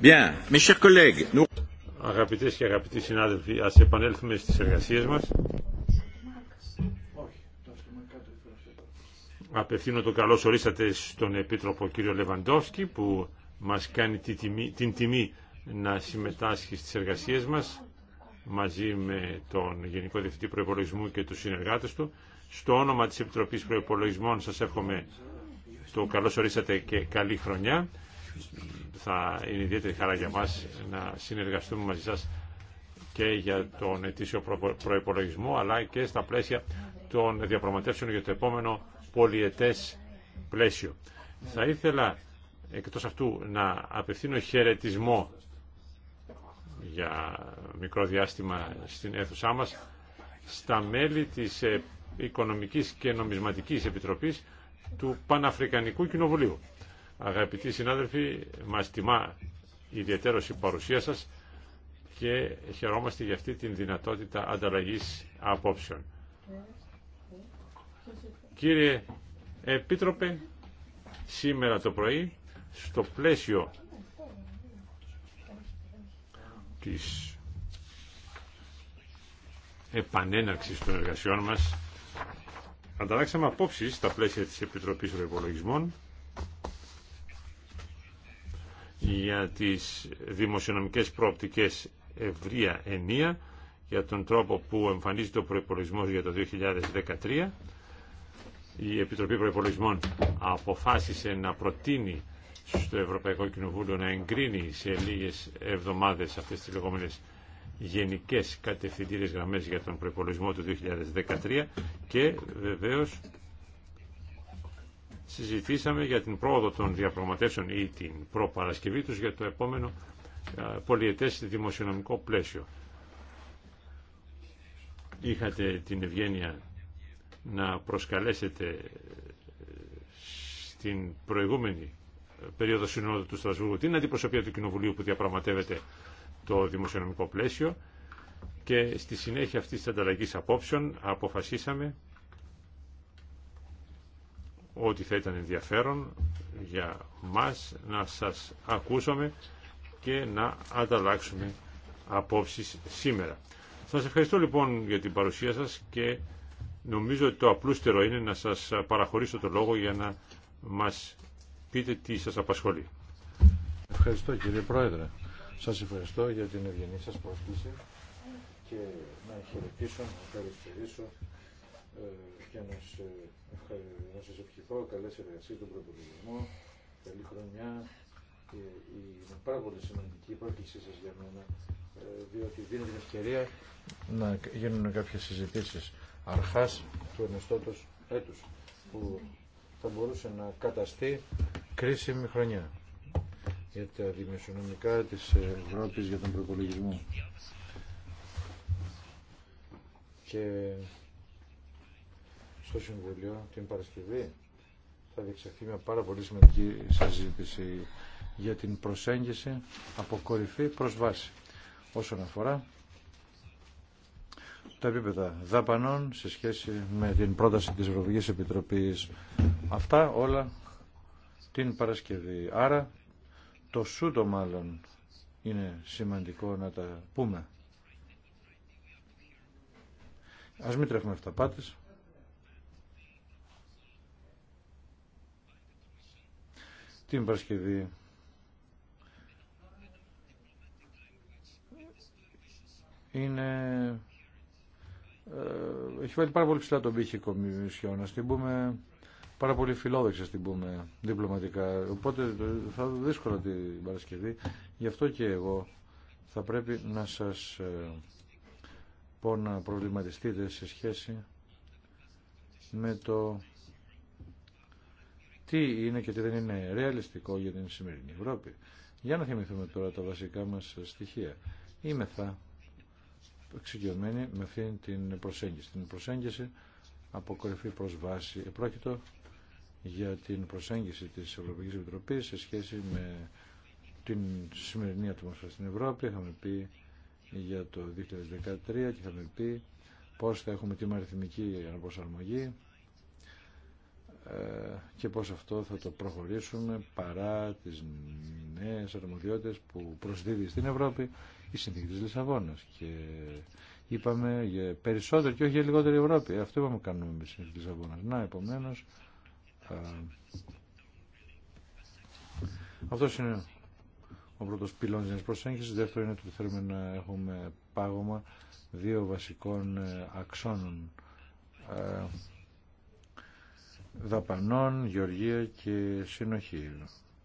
Bien. Mes chers collègues, nous... Αγαπητές και αγαπητοί συνάδελφοι, ας επανέλθουμε στις εργασίες μας. Απευθύνω το καλό ορίσατε στον Επίτροπο κύριο Λεβαντόφσκι που μας κάνει την τιμή, την τιμή να συμμετάσχει στις εργασίες μας μαζί με τον Γενικό Διευθυντή Προπολογισμού και τους συνεργάτες του. Στο όνομα της Επιτροπής Προπολογισμών σας εύχομαι το καλό ορίσατε και καλή χρονιά θα είναι ιδιαίτερη χαρά για μας να συνεργαστούμε μαζί σας και για τον ετήσιο προϋπολογισμό αλλά και στα πλαίσια των διαπραγματεύσεων για το επόμενο πολιετές πλαίσιο. Θα ήθελα εκτός αυτού να απευθύνω χαιρετισμό για μικρό διάστημα στην αίθουσά μας στα μέλη της Οικονομικής και Νομισματικής Επιτροπής του Παναφρικανικού Κοινοβουλίου. Αγαπητοί συνάδελφοι, μας τιμά ιδιαίτερος η παρουσία σας και χαιρόμαστε για αυτή την δυνατότητα ανταλλαγής απόψεων. Κύριε Επίτροπε, σήμερα το πρωί, στο πλαίσιο της επανέναρξης των εργασιών μας, ανταλλάξαμε απόψεις στα πλαίσια της Επιτροπής Ρεπολογισμών για τις δημοσιονομικές προοπτικές ευρεία ενία για τον τρόπο που εμφανίζεται ο προϋπολογισμός για το 2013. Η Επιτροπή Προϋπολογισμών αποφάσισε να προτείνει στο Ευρωπαϊκό Κοινοβούλιο να εγκρίνει σε λίγες εβδομάδες αυτές τις λεγόμενες γενικές κατευθυντήρες γραμμές για τον προπολογισμό του 2013 και βεβαίως συζητήσαμε για την πρόοδο των διαπραγματεύσεων ή την προπαρασκευή τους για το επόμενο πολιετές δημοσιονομικό πλαίσιο. Είχατε την ευγένεια να προσκαλέσετε ε, στην προηγούμενη ε, περίοδο συνόδου του Στρασβούργου την αντιπροσωπεία του Κοινοβουλίου που διαπραγματεύεται το δημοσιονομικό πλαίσιο και στη συνέχεια αυτής της ανταλλαγής απόψεων αποφασίσαμε ότι θα ήταν ενδιαφέρον για μας να σας ακούσουμε και να ανταλλάξουμε απόψεις σήμερα. Σας ευχαριστώ λοιπόν για την παρουσία σας και νομίζω ότι το απλούστερο είναι να σας παραχωρήσω το λόγο για να μας πείτε τι σας απασχολεί. Ευχαριστώ κύριε Πρόεδρε. Σας ευχαριστώ για την ευγενή σας πρόσκληση και να χαιρετήσω, να ευχαριστήσω ε, και να, σε, να ευχηθώ καλές εργασίες στον προπολογισμό, καλή χρονιά. Ε, είναι πάρα πολύ σημαντική η πρόκλησή σας για μένα, ε, διότι δίνει την ευκαιρία να γίνουν κάποιες συζητήσεις αρχάς του ενεστώτος έτους, που θα μπορούσε να καταστεί κρίσιμη χρονιά για τα δημοσιονομικά της Ευρώπης για τον προπολογισμό. Και στο Συμβουλίο την Παρασκευή θα διεξαχθεί μια πάρα πολύ σημαντική συζήτηση για την προσέγγιση από κορυφή προς βάση όσον αφορά τα επίπεδα δαπανών σε σχέση με την πρόταση της Ευρωπαϊκής Επιτροπής. Αυτά όλα την Παρασκευή. Άρα το σούτο μάλλον είναι σημαντικό να τα πούμε. Ας μην τρέχουμε αυτά την Παρασκευή. Είναι... Ε, έχει βάλει πάρα πολύ ψηλά τον πύχη κομισιόν. την πούμε πάρα πολύ φιλόδοξα, την πούμε διπλωματικά. Οπότε ε, θα δω δύσκολα την Παρασκευή. Γι' αυτό και εγώ θα πρέπει να σας ε, πω να προβληματιστείτε σε σχέση με το τι είναι και τι δεν είναι ρεαλιστικό για την σημερινή Ευρώπη. Για να θυμηθούμε τώρα τα βασικά μας στοιχεία. Είμεθα εξοικειωμένοι με αυτήν την προσέγγιση. Την προσέγγιση από κορυφή προς βάση. Επρόκειτο για την προσέγγιση της Ευρωπαϊκής Επιτροπής σε σχέση με την σημερινή ατμόσφαιρα στην Ευρώπη. Είχαμε πει για το 2013 και είχαμε πει πώς θα έχουμε τη μαριθμική αναπροσαρμογή και πώς αυτό θα το προχωρήσουμε παρά τις νέες αρμοδιότητες που προσδίδει στην Ευρώπη η συνθήκη της Λισαβόνας. Και είπαμε για περισσότερο και όχι για λιγότερη Ευρώπη. Αυτό είπαμε κάνουμε με τη συνθήκη της Λισαβόνας. Να, επομένως, α, αυτός είναι ο πρώτος πυλών της προσέγγισης. Δεύτερο είναι ότι θέλουμε να έχουμε πάγωμα δύο βασικών ε, αξώνων. Ε, δαπανών, γεωργία και συνοχή.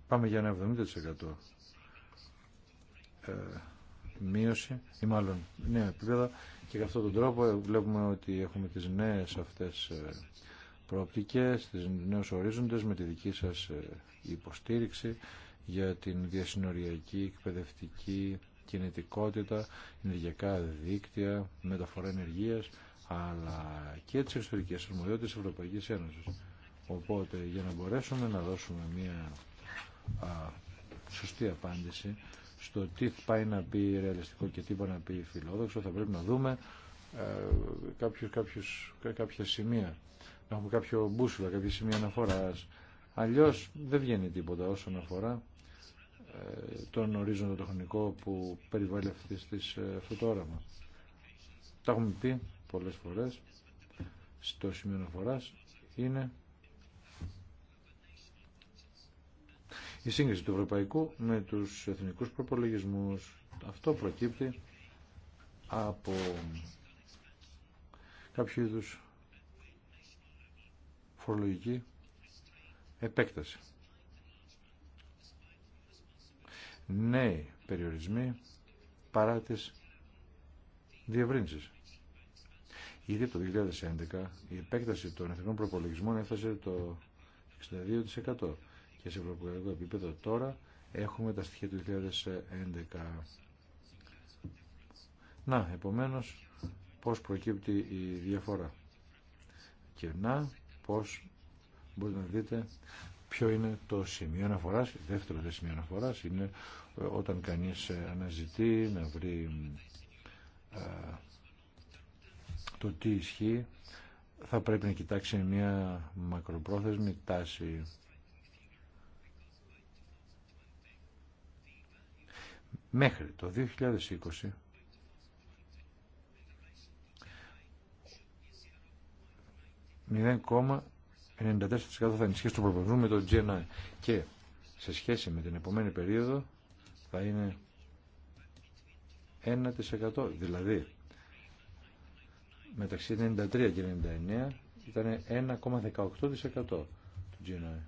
Πάμε για ένα 70% ε, μείωση ή μάλλον νέα επίπεδα και γι' αυτόν τον τρόπο ε, βλέπουμε ότι έχουμε τις νέες αυτές ε, προοπτικές, τις νέους ορίζοντες με τη δική σας ε, υποστήριξη για την διασυνοριακή εκπαιδευτική κινητικότητα, ενεργειακά δίκτυα, μεταφορά ενεργείας αλλά και τις εξωτερικές αρμοδιότητες Ευρωπαϊκής Ένωσης. Οπότε για να μπορέσουμε να δώσουμε μια σωστή απάντηση στο τι πάει να πει ρεαλιστικό και τι πάει να πει φιλόδοξο θα πρέπει να δούμε ε, κάποιους, κάποιους, κάποια σημεία. Να έχουμε κάποιο μπούσουλα, κάποια σημεία αναφοράς. Αλλιώς δεν βγαίνει τίποτα όσον αφορά ε, τον ορίζοντα το που περιβάλλει αυτή, στις, ε, αυτό το όραμα. Τα έχουμε πει πολλές φορές στο σημείο αναφοράς είναι η σύγκριση του ευρωπαϊκού με τους εθνικούς προπολογισμούς. Αυτό προκύπτει από κάποιο είδου φορολογική επέκταση. Νέοι περιορισμοί παρά τις διευρύνσεις. Ήδη το 2011 η επέκταση των εθνικών προπολογισμών έφτασε το 62% και σε ευρωπαϊκό επίπεδο τώρα έχουμε τα στοιχεία του 2011. Να, επομένως, πώς προκύπτει η διαφορά. Και να, πώς μπορείτε να δείτε ποιο είναι το σημείο αναφοράς. Δεύτερο δε σημείο αναφοράς είναι ε, όταν κανείς ε, αναζητεί να βρει α, ε, το τι ισχύει, θα πρέπει να κοιτάξει μια μακροπρόθεσμη τάση μέχρι το 2020 0,94% θα ενισχύσει το προπολογισμό με το GNI και σε σχέση με την επόμενη περίοδο θα είναι 1% δηλαδή μεταξύ 93 και 99 ήταν 1,18% του GNI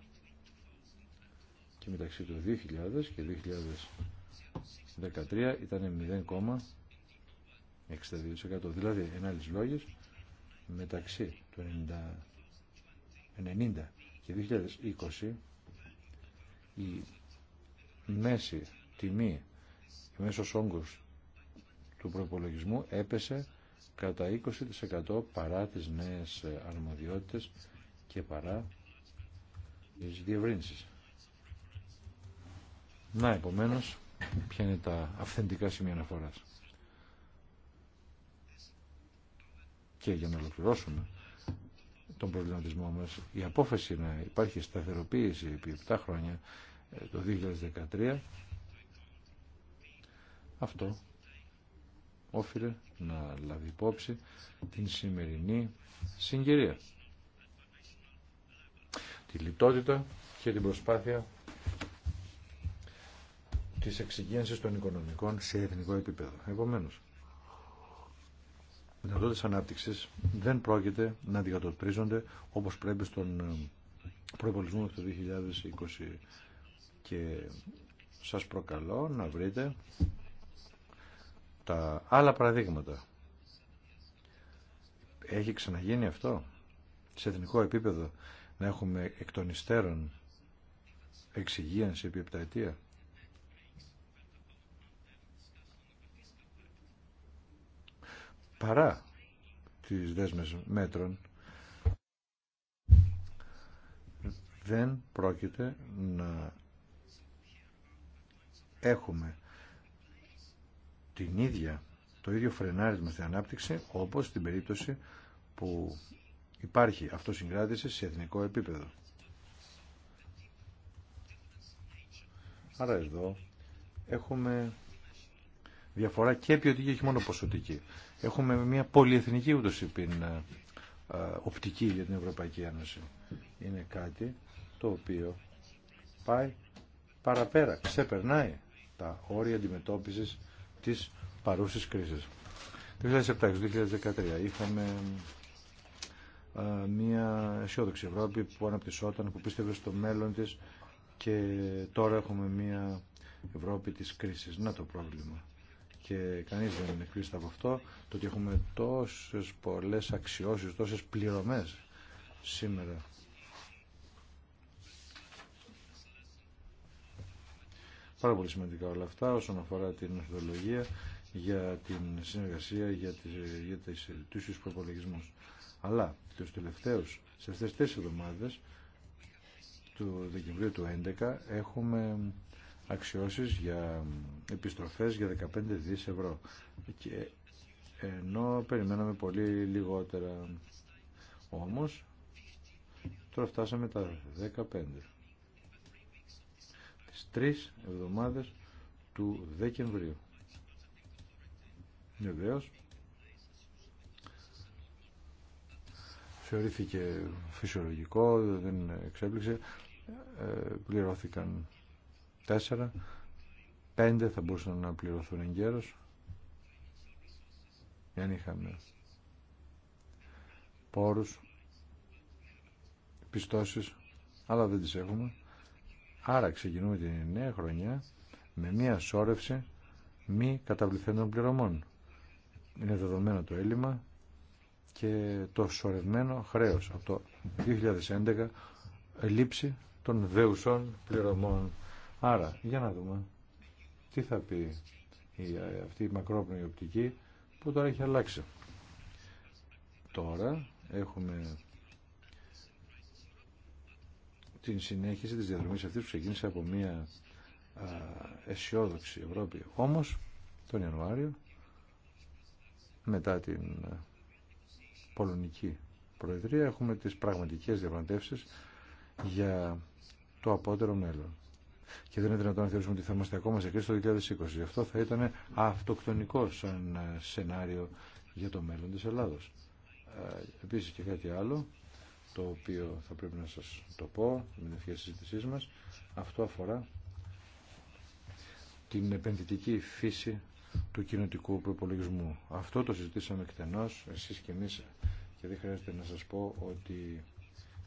και μεταξύ του 2000 και 2000 13 ήταν 0,62%. Δηλαδή, εν άλλες λόγες, μεταξύ του 90 και 2020 η μέση τιμή, η μέσος όγκος του προπολογισμού έπεσε κατά 20% παρά τις νέες αρμοδιότητες και παρά τις διευρύνσεις. Να, επομένως, ποια είναι τα αυθεντικά σημεία αναφοράς. Και για να ολοκληρώσουμε τον προβληματισμό μας, η απόφαση να υπάρχει σταθεροποίηση επί 7 χρόνια ε, το 2013, αυτό όφιλε να λάβει υπόψη την σημερινή συγκυρία. Τη λιτότητα και την προσπάθεια της εξυγίανση των οικονομικών σε εθνικό επίπεδο. Επομένως, οι δυνατότητες ανάπτυξης δεν πρόκειται να αντικατοπτρίζονται όπως πρέπει στον ε, προπολογισμό του 2020 και σας προκαλώ να βρείτε τα άλλα παραδείγματα. Έχει ξαναγίνει αυτό σε εθνικό επίπεδο να έχουμε εκ των υστέρων εξυγίανση επί επταετία. παρά τις δέσμες μέτρων δεν πρόκειται να έχουμε την ίδια, το ίδιο φρενάρισμα στην ανάπτυξη όπως στην περίπτωση που υπάρχει αυτοσυγκράτηση σε εθνικό επίπεδο. Άρα εδώ έχουμε διαφορά και ποιοτική, όχι μόνο ποσοτική. Έχουμε μια πολυεθνική ούτω ή ε, ε, οπτική για την Ευρωπαϊκή Ένωση. Είναι κάτι το οποίο πάει παραπέρα, ξεπερνάει τα όρια αντιμετώπισης της παρούσης κρίσης. Το 2007-2013 είχαμε ε, μια αισιόδοξη Ευρώπη που αναπτυσσόταν, που πίστευε στο μέλλον της και τώρα έχουμε μια Ευρώπη της κρίσης. Να το πρόβλημα και κανείς δεν είναι από αυτό το ότι έχουμε τόσες πολλές αξιώσεις, τόσες πληρωμές σήμερα. Πάρα πολύ σημαντικά όλα αυτά όσον αφορά την μεθοδολογία για την συνεργασία, για, τις, για τις, τους προπολογισμούς. Αλλά τους τελευταίους, σε αυτές τις εβδομάδες του Δεκεμβρίου του 2011 έχουμε αξιώσεις για επιστροφές για 15 δις ευρώ. Και ενώ περιμέναμε πολύ λιγότερα. Όμως, τώρα φτάσαμε τα 15. Τις τρεις εβδομάδες του Δεκεμβρίου. Βεβαίω. Θεωρήθηκε φυσιολογικό, δεν εξέπληξε. Ε, πληρώθηκαν Τέσσερα, πέντε θα μπορούσαν να πληρωθούν εγκαίρως. αν είχαμε πόρους, πιστώσεις, αλλά δεν τις έχουμε. Άρα ξεκινούμε την νέα χρονιά με μία σόρευση μη καταβληθέντων πληρωμών. Είναι δεδομένο το έλλειμμα και το σορευμένο χρέος από το 2011 λήψη των δεουσών πληρωμών. Άρα, για να δούμε τι θα πει η, αυτή η μακρόπνοη οπτική που τώρα έχει αλλάξει. Τώρα έχουμε την συνέχιση της διαδρομής αυτής που ξεκίνησε από μια α, αισιόδοξη Ευρώπη. Όμως, τον Ιανουάριο, μετά την Πολωνική Προεδρία, έχουμε τις πραγματικές διαπραγματεύσεις για το απότερο μέλλον και δεν είναι δυνατόν να θεωρήσουμε ότι θα είμαστε ακόμα σε κρίση το 2020. Γι' αυτό θα ήταν αυτοκτονικό σαν ε, σενάριο για το μέλλον της Ελλάδος. Ε, επίσης και κάτι άλλο, το οποίο θα πρέπει να σας το πω με την ευκαιρία συζήτησής μας, αυτό αφορά την επενδυτική φύση του κοινοτικού προπολογισμού. Αυτό το συζητήσαμε εκτενώς, εσείς και εμείς, και δεν χρειάζεται να σας πω ότι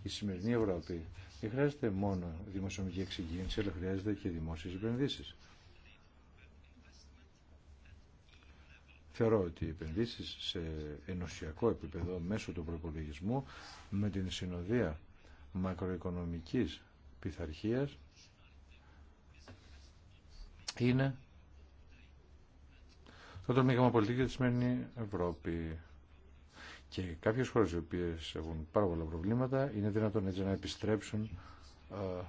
η σημερινή Ευρώπη δεν χρειάζεται μόνο δημοσιονομική εξυγίανση, αλλά χρειάζεται και δημόσιες επενδύσεις. Θεωρώ ότι οι επενδύσεις σε ενωσιακό επίπεδο μέσω του προπολογισμού με την συνοδεία μακροοικονομικής πειθαρχία είναι το τρομήγμα πολιτική της σημερινή Ευρώπη. Και κάποιες χώρες οι οποίες έχουν πάρα πολλά προβλήματα είναι δυνατόν έτσι να επιστρέψουν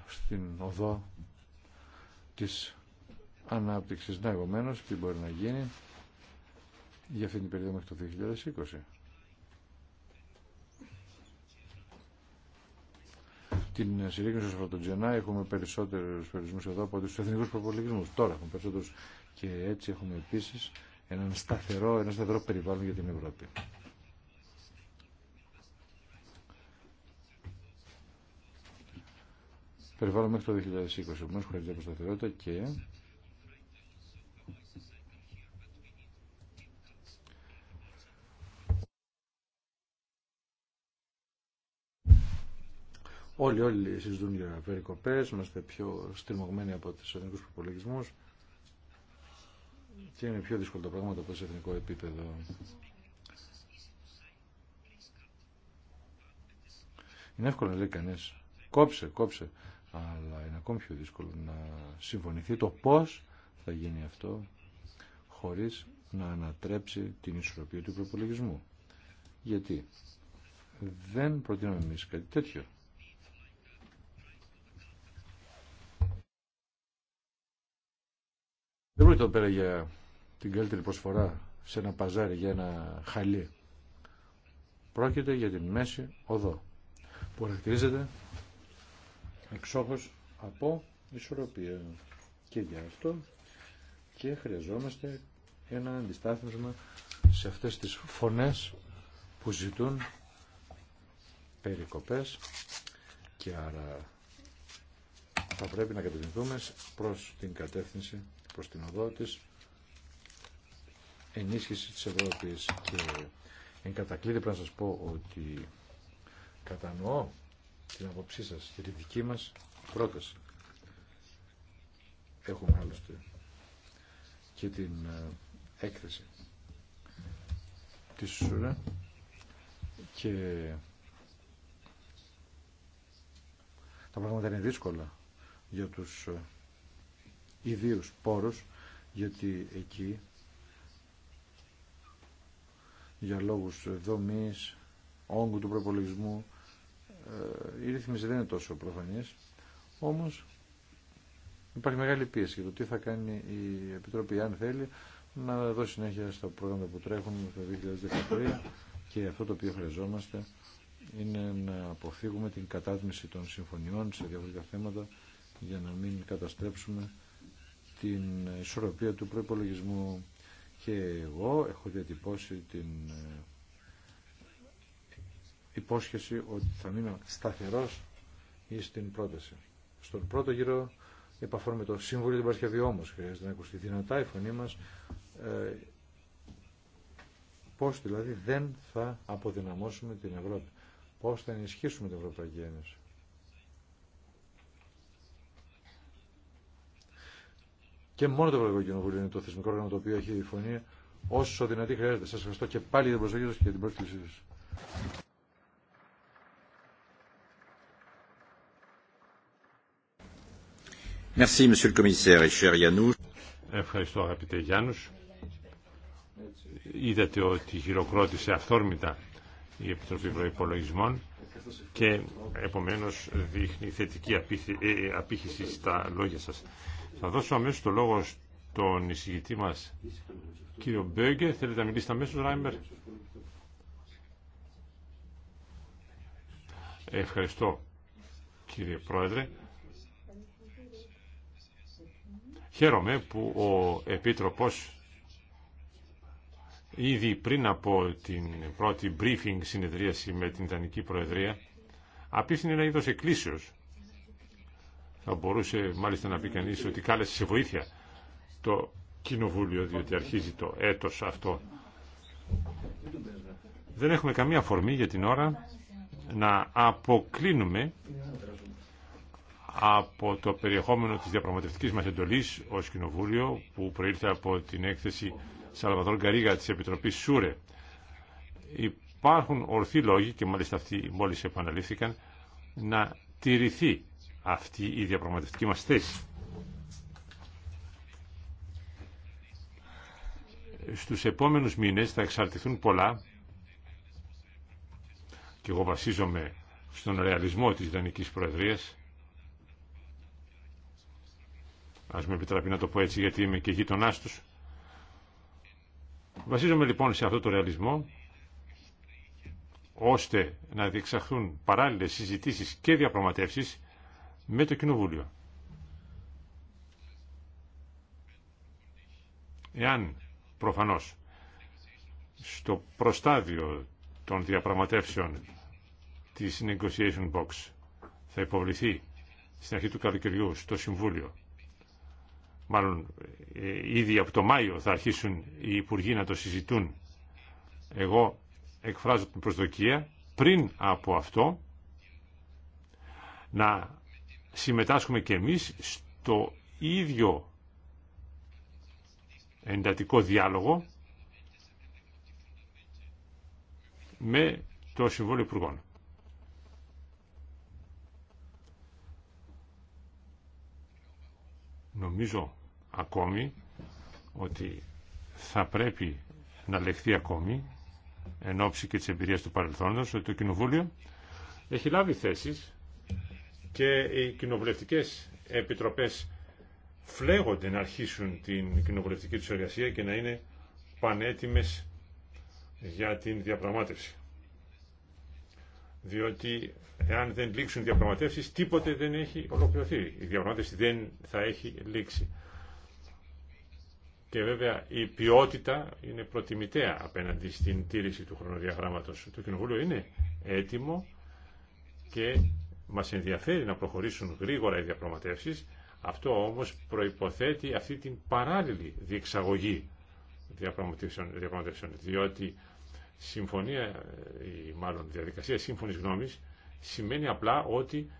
στην οδό της ανάπτυξης. Να, εγωμένως, τι μπορεί να γίνει για αυτή την περίοδο μέχρι το 2020. Την συρρήκνωση στο Φρωτοτζενά έχουμε περισσότερους περιορισμού εδώ από τους εθνικούς προπολογισμούς. Τώρα έχουμε περισσότερους και έτσι έχουμε επίσης σταθερό, ένα σταθερό περιβάλλον για την Ευρώπη. περιβάλλον μέχρι το 2020. Όμως προσταθερότητα και Όλοι, όλοι συζητούν για περικοπές, είμαστε πιο στριμωγμένοι από τους εθνικούς προπολογισμούς και είναι πιο δύσκολα τα πράγματα από το εθνικό επίπεδο. Είναι εύκολο να λέει κανείς, κόψε, κόψε, αλλά είναι ακόμη πιο δύσκολο να συμφωνηθεί το πώς θα γίνει αυτό χωρίς να ανατρέψει την ισορροπία του προπολογισμού. Γιατί δεν προτείνουμε εμεί κάτι τέτοιο. Δεν πρόκειται εδώ πέρα για την καλύτερη προσφορά σε ένα παζάρι, για ένα χαλί. Πρόκειται για την μέση οδό που χαρακτηρίζεται εξόχως από ισορροπία. Και για αυτό και χρειαζόμαστε ένα αντιστάθμισμα σε αυτές τις φωνές που ζητούν περικοπές και άρα θα πρέπει να κατευθυνθούμε προς την κατεύθυνση, προς την οδό της ενίσχυση της Ευρώπης και εν κατακλείδη πρέπει να σας πω ότι κατανοώ την απόψή σας για τη δική μας πρόταση. Έχουμε άλλωστε και την ε, έκθεση της Σούρα και τα πράγματα είναι δύσκολα για τους ε, ιδίους πόρους γιατί εκεί για λόγους δομής, όγκου του προπολογισμού ε, η ρύθμιση δεν είναι τόσο προφανής, όμως υπάρχει μεγάλη πίεση για το τι θα κάνει η Επιτροπή, αν θέλει, να δώσει συνέχεια στα πρόγραμμα που τρέχουν το 2013 και αυτό το οποίο χρειαζόμαστε είναι να αποφύγουμε την κατάτμιση των συμφωνιών σε διαφορετικά θέματα για να μην καταστρέψουμε την ισορροπία του προϋπολογισμού και εγώ έχω διατυπώσει την ε, υπόσχεση ότι θα μείνω σταθερός στην πρόταση. Στον πρώτο γύρο επαφώνουμε το Σύμβουλο την Παρασκευή όμως χρειάζεται να ακουστεί δυνατά η φωνή μας ε, πώς δηλαδή δεν θα αποδυναμώσουμε την Ευρώπη. Πώς θα ενισχύσουμε την Ευρωπαϊκή Ένωση. Και μόνο το Ευρωπαϊκό Κοινοβούλιο είναι το θεσμικό όργανο το οποίο έχει φωνή όσο δυνατή χρειάζεται. Σας ευχαριστώ και πάλι την προσοχή σας και την πρόσκλησή Ευχαριστώ αγαπητέ Γιάννους. Είδατε ότι χειροκρότησε αυθόρμητα η Επιτροπή Προϋπολογισμών και επομένως δείχνει θετική ε, ε, απήχηση στα λόγια σας. Θα δώσω αμέσως το λόγο στον εισηγητή μας κύριο Μπέγκε. Θέλετε να μιλήσετε αμέσως Ράιμπερ. Ευχαριστώ κύριε Πρόεδρε. Χαίρομαι που ο Επίτροπος ήδη πριν από την πρώτη briefing συνεδρίαση με την Ιτανική Προεδρία απίθυνε ένα είδος εκκλήσεως. Θα μπορούσε μάλιστα να πει κανείς ότι κάλεσε σε βοήθεια το Κοινοβούλιο διότι αρχίζει το έτος αυτό. Δεν έχουμε καμία αφορμή για την ώρα να αποκλίνουμε από το περιεχόμενο της διαπραγματευτικής μας εντολής ως Κοινοβούλιο που προήλθε από την έκθεση Σαλβαδόρ Γκαρίγα της Επιτροπής ΣΟΥΡΕ. Υπάρχουν ορθοί λόγοι και μάλιστα αυτοί μόλις επαναλήφθηκαν να τηρηθεί αυτή η διαπραγματευτική μας θέση. Στους επόμενους μήνες θα εξαρτηθούν πολλά και εγώ βασίζομαι στον ρεαλισμό της Ιδανικής Προεδρίας Ας με επιτραπεί να το πω έτσι γιατί είμαι και γείτονά του. Βασίζομαι λοιπόν σε αυτό το ρεαλισμό ώστε να διεξαχθούν παράλληλες συζητήσεις και διαπραγματεύσεις με το Κοινοβούλιο. Εάν προφανώς στο προστάδιο των διαπραγματεύσεων της Negotiation Box θα υποβληθεί στην αρχή του καλοκαιριού στο Συμβούλιο μάλλον ε, ήδη από το Μάιο θα αρχίσουν οι Υπουργοί να το συζητούν. Εγώ εκφράζω την προσδοκία πριν από αυτό να συμμετάσχουμε και εμείς στο ίδιο εντατικό διάλογο με το Συμβούλιο Υπουργών. Νομίζω ακόμη ότι θα πρέπει να λεχθεί ακόμη εν ώψη και της εμπειρίας του παρελθόντος ότι το Κοινοβούλιο έχει λάβει θέσεις και οι κοινοβουλευτικές επιτροπές φλέγονται να αρχίσουν την κοινοβουλευτική του εργασία και να είναι πανέτοιμες για την διαπραγμάτευση. Διότι εάν δεν λήξουν διαπραγματεύσεις, τίποτε δεν έχει ολοκληρωθεί. Η διαπραγμάτευση δεν θα έχει λήξει. Και βέβαια η ποιότητα είναι προτιμητέα απέναντι στην τήρηση του χρονοδιαγράμματος. Το Κοινοβούλιο είναι έτοιμο και μας ενδιαφέρει να προχωρήσουν γρήγορα οι διαπραγματεύσεις. Αυτό όμως προϋποθέτει αυτή την παράλληλη διεξαγωγή διαπραγματεύσεων, διαπραγματεύσεων διότι συμφωνία, ή μάλλον διαδικασία σύμφωνης γνώμης σημαίνει απλά ότι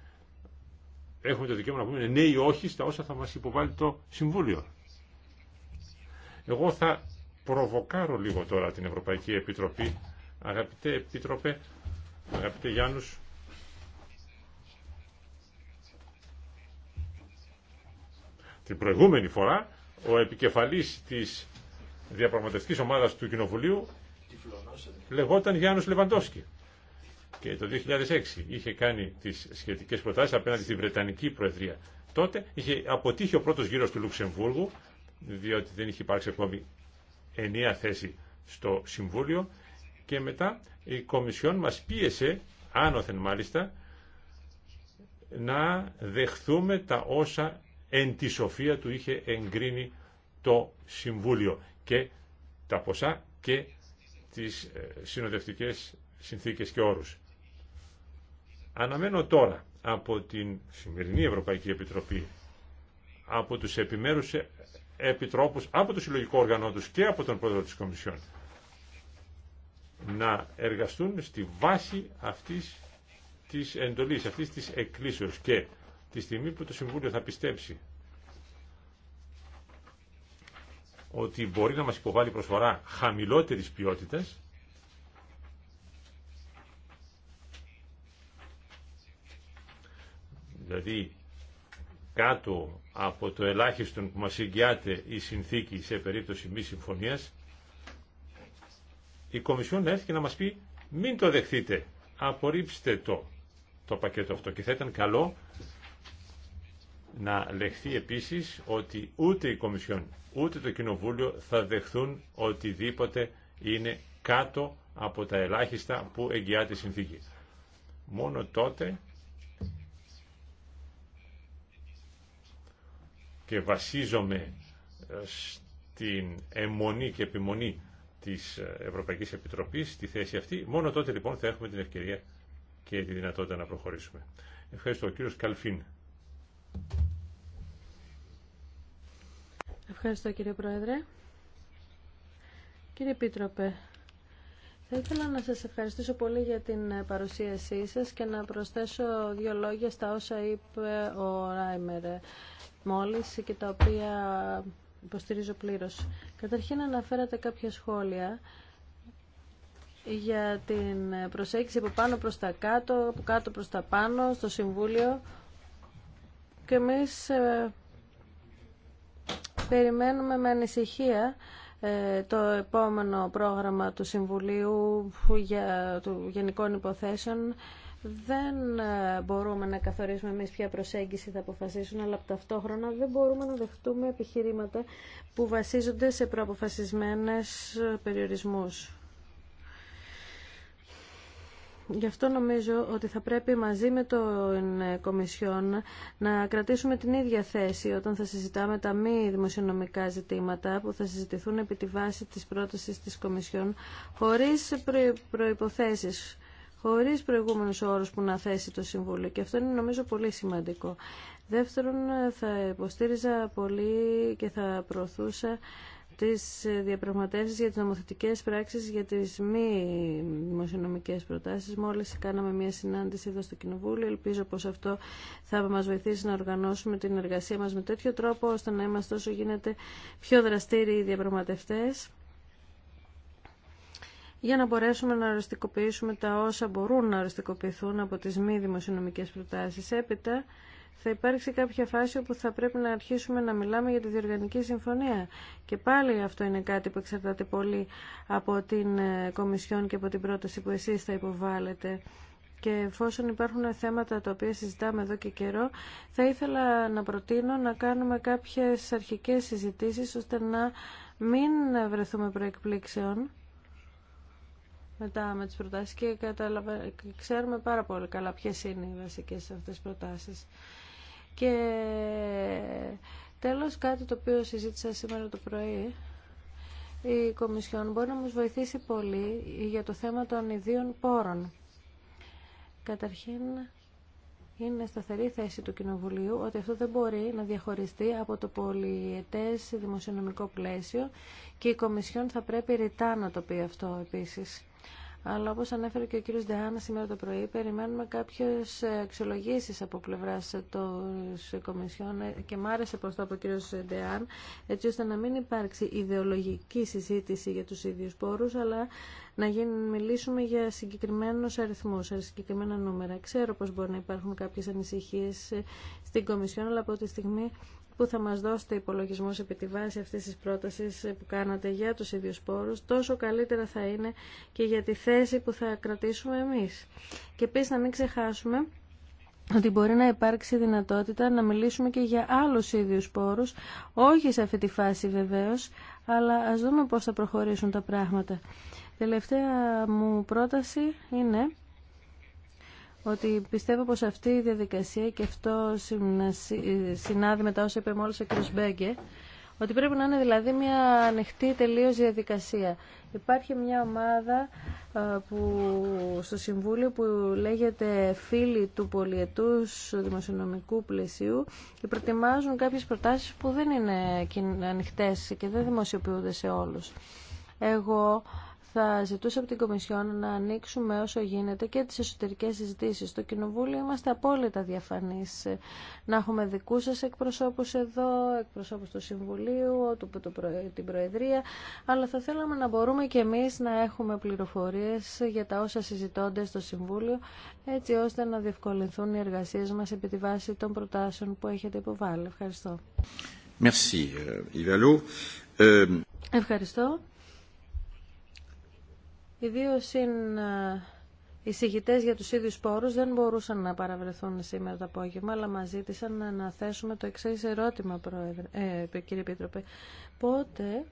έχουμε το δικαίωμα να πούμε ναι ή όχι στα όσα θα μας υποβάλει το Συμβούλιο. Εγώ θα προβοκάρω λίγο τώρα την Ευρωπαϊκή Επιτροπή. Αγαπητέ Επίτροπε, αγαπητέ Γιάννους, την προηγούμενη φορά ο επικεφαλής της διαπραγματευτικής ομάδας του Κοινοβουλίου λεγόταν Γιάννους Λεβαντόσκη. Και το 2006 είχε κάνει τις σχετικές προτάσεις απέναντι στη Βρετανική Προεδρία. Τότε είχε αποτύχει ο πρώτος γύρος του Λουξεμβούργου διότι δεν είχε υπάρξει ακόμη ενία θέση στο Συμβούλιο και μετά η Κομισιόν μας πίεσε, άνωθεν μάλιστα, να δεχθούμε τα όσα εν τη σοφία του είχε εγκρίνει το Συμβούλιο και τα ποσά και τις ε, συνοδευτικές συνθήκες και όρους. Αναμένω τώρα από την σημερινή Ευρωπαϊκή Επιτροπή, από τους επιμέρους επιτρόπους από το συλλογικό όργανό τους και από τον πρόεδρο της Κομισιόν να εργαστούν στη βάση αυτής της εντολής, αυτής της εκκλήσεως και τη στιγμή που το Συμβούλιο θα πιστέψει ότι μπορεί να μας υποβάλει προσφορά χαμηλότερης ποιότητας δηλαδή κάτω από το ελάχιστον που μας εγγυάται η συνθήκη σε περίπτωση μη συμφωνίας, η Κομισιόν έρχεται να μας πει μην το δεχτείτε, απορρίψτε το, το πακέτο αυτό. Και θα ήταν καλό να λεχθεί επίσης ότι ούτε η Κομισιόν ούτε το Κοινοβούλιο θα δεχθούν οτιδήποτε είναι κάτω από τα ελάχιστα που εγγυάται η συνθήκη. Μόνο τότε και βασίζομαι ε, στην αιμονή και επιμονή της ε, Ευρωπαϊκής Επιτροπής στη θέση αυτή. Μόνο τότε λοιπόν θα έχουμε την ευκαιρία και τη δυνατότητα να προχωρήσουμε. Ευχαριστώ. Ο κύριος Καλφίν. Ευχαριστώ κύριε Πρόεδρε. Κύριε Επίτροπε, θα ήθελα να σας ευχαριστήσω πολύ για την παρουσίασή σας και να προσθέσω δύο λόγια στα όσα είπε ο Ράιμερ μόλις και τα οποία υποστηρίζω πλήρως. Καταρχήν αναφέρατε κάποια σχόλια για την προσέγγιση από πάνω προς τα κάτω, από κάτω προς τα πάνω, στο Συμβούλιο και εμείς ε, περιμένουμε με ανησυχία ε, το επόμενο πρόγραμμα του Συμβουλίου για, του Γενικών Υποθέσεων δεν ε, μπορούμε να καθορίσουμε εμεί ποια προσέγγιση θα αποφασίσουν, αλλά ταυτόχρονα δεν μπορούμε να δεχτούμε επιχειρήματα που βασίζονται σε προαποφασισμένες ε, περιορισμούς. Γι' αυτό νομίζω ότι θα πρέπει μαζί με τον ε, Κομισιόν να κρατήσουμε την ίδια θέση όταν θα συζητάμε τα μη δημοσιονομικά ζητήματα που θα συζητηθούν επί τη βάση της πρότασης της Κομισιόν χωρίς προϋποθέσεις, χωρίς προηγούμενους όρους που να θέσει το Συμβούλιο. Και αυτό είναι νομίζω πολύ σημαντικό. Δεύτερον, ε, θα υποστήριζα πολύ και θα προωθούσα τις ε, διαπραγματεύσεις για τις νομοθετικές πράξεις για τις μη δημοσιονομικές προτάσεις. Μόλις κάναμε μια συνάντηση εδώ στο Κοινοβούλιο. Ελπίζω πως αυτό θα μας βοηθήσει να οργανώσουμε την εργασία μας με τέτοιο τρόπο ώστε να είμαστε όσο γίνεται πιο δραστήριοι οι διαπραγματευτές για να μπορέσουμε να οριστικοποιήσουμε τα όσα μπορούν να οριστικοποιηθούν από τις μη δημοσιονομικές προτάσεις. Έπειτα, θα υπάρξει κάποια φάση όπου θα πρέπει να αρχίσουμε να μιλάμε για τη διοργανική συμφωνία. Και πάλι αυτό είναι κάτι που εξαρτάται πολύ από την ε, Κομισιόν και από την πρόταση που εσείς θα υποβάλλετε. Και εφόσον υπάρχουν θέματα τα οποία συζητάμε εδώ και καιρό, θα ήθελα να προτείνω να κάνουμε κάποιες αρχικές συζητήσεις ώστε να μην βρεθούμε προεκπλήξεων μετά με τις προτάσεις και, καταλαβα... ξέρουμε πάρα πολύ καλά ποιες είναι οι βασικές αυτές προτάσεις. Και τέλος κάτι το οποίο συζήτησα σήμερα το πρωί η Κομισιόν μπορεί να μας βοηθήσει πολύ για το θέμα των ιδίων πόρων. Καταρχήν, είναι σταθερή θέση του Κοινοβουλίου ότι αυτό δεν μπορεί να διαχωριστεί από το πολυετές δημοσιονομικό πλαίσιο και η Κομισιόν θα πρέπει ρητά να το πει αυτό επίσης. Αλλά όπως ανέφερε και ο κύριος Ντεάν σήμερα το πρωί, περιμένουμε κάποιες αξιολογήσεις από πλευράς των Κομισιών και μ' άρεσε πως το από ο κύριος Ντεάν έτσι ώστε να μην υπάρξει ιδεολογική συζήτηση για τους ίδιους πόρους, αλλά να μιλήσουμε για συγκεκριμένους αριθμούς, συγκεκριμένα νούμερα. Ξέρω πως μπορεί να υπάρχουν κάποιες ανησυχίες στην Κομισιόν, αλλά από τη στιγμή που θα μας δώσετε υπολογισμούς επί τη βάση αυτής της πρότασης που κάνατε για τους ίδιους πόρους, τόσο καλύτερα θα είναι και για τη θέση που θα κρατήσουμε εμείς. Και επίση να μην ξεχάσουμε ότι μπορεί να υπάρξει δυνατότητα να μιλήσουμε και για άλλους ίδιους πόρους, όχι σε αυτή τη φάση βεβαίως, αλλά ας δούμε πώς θα προχωρήσουν τα πράγματα. Τελευταία μου πρόταση είναι ότι πιστεύω πως αυτή η διαδικασία και αυτό συνάδει με τα όσα είπε μόλις ο κ. Μπέγκε, ότι πρέπει να είναι δηλαδή μια ανοιχτή τελείως διαδικασία. Υπάρχει μια ομάδα ε, που, στο Συμβούλιο που λέγεται φίλοι του πολιετούς δημοσιονομικού πλαισίου και προτιμάζουν κάποιες προτάσεις που δεν είναι ανοιχτές και δεν δημοσιοποιούνται σε όλους. Εγώ θα ζητούσα από την Κομισιόν να ανοίξουμε όσο γίνεται και τις εσωτερικές συζητήσεις. Στο Κοινοβούλιο είμαστε απόλυτα διαφανείς. Να έχουμε δικούς σας εκπροσώπους εδώ, εκπροσώπους του Συμβουλίου, του, το την Προεδρία, αλλά θα θέλαμε να μπορούμε και εμείς να έχουμε πληροφορίες για τα όσα συζητώνται στο Συμβούλιο, έτσι ώστε να διευκολυνθούν οι εργασίες μας επί τη βάση των προτάσεων που έχετε υποβάλει. Ευχαριστώ. Euh, euh, Ευχαριστώ. Οι δύο ε, για του ίδιου πόρου δεν μπορούσαν να παραβρεθούν σήμερα το απόγευμα, αλλά μα ζήτησαν να θέσουμε το εξή ερώτημα, πρόεδρε, ε, κύριε Πίτροπε. Πότε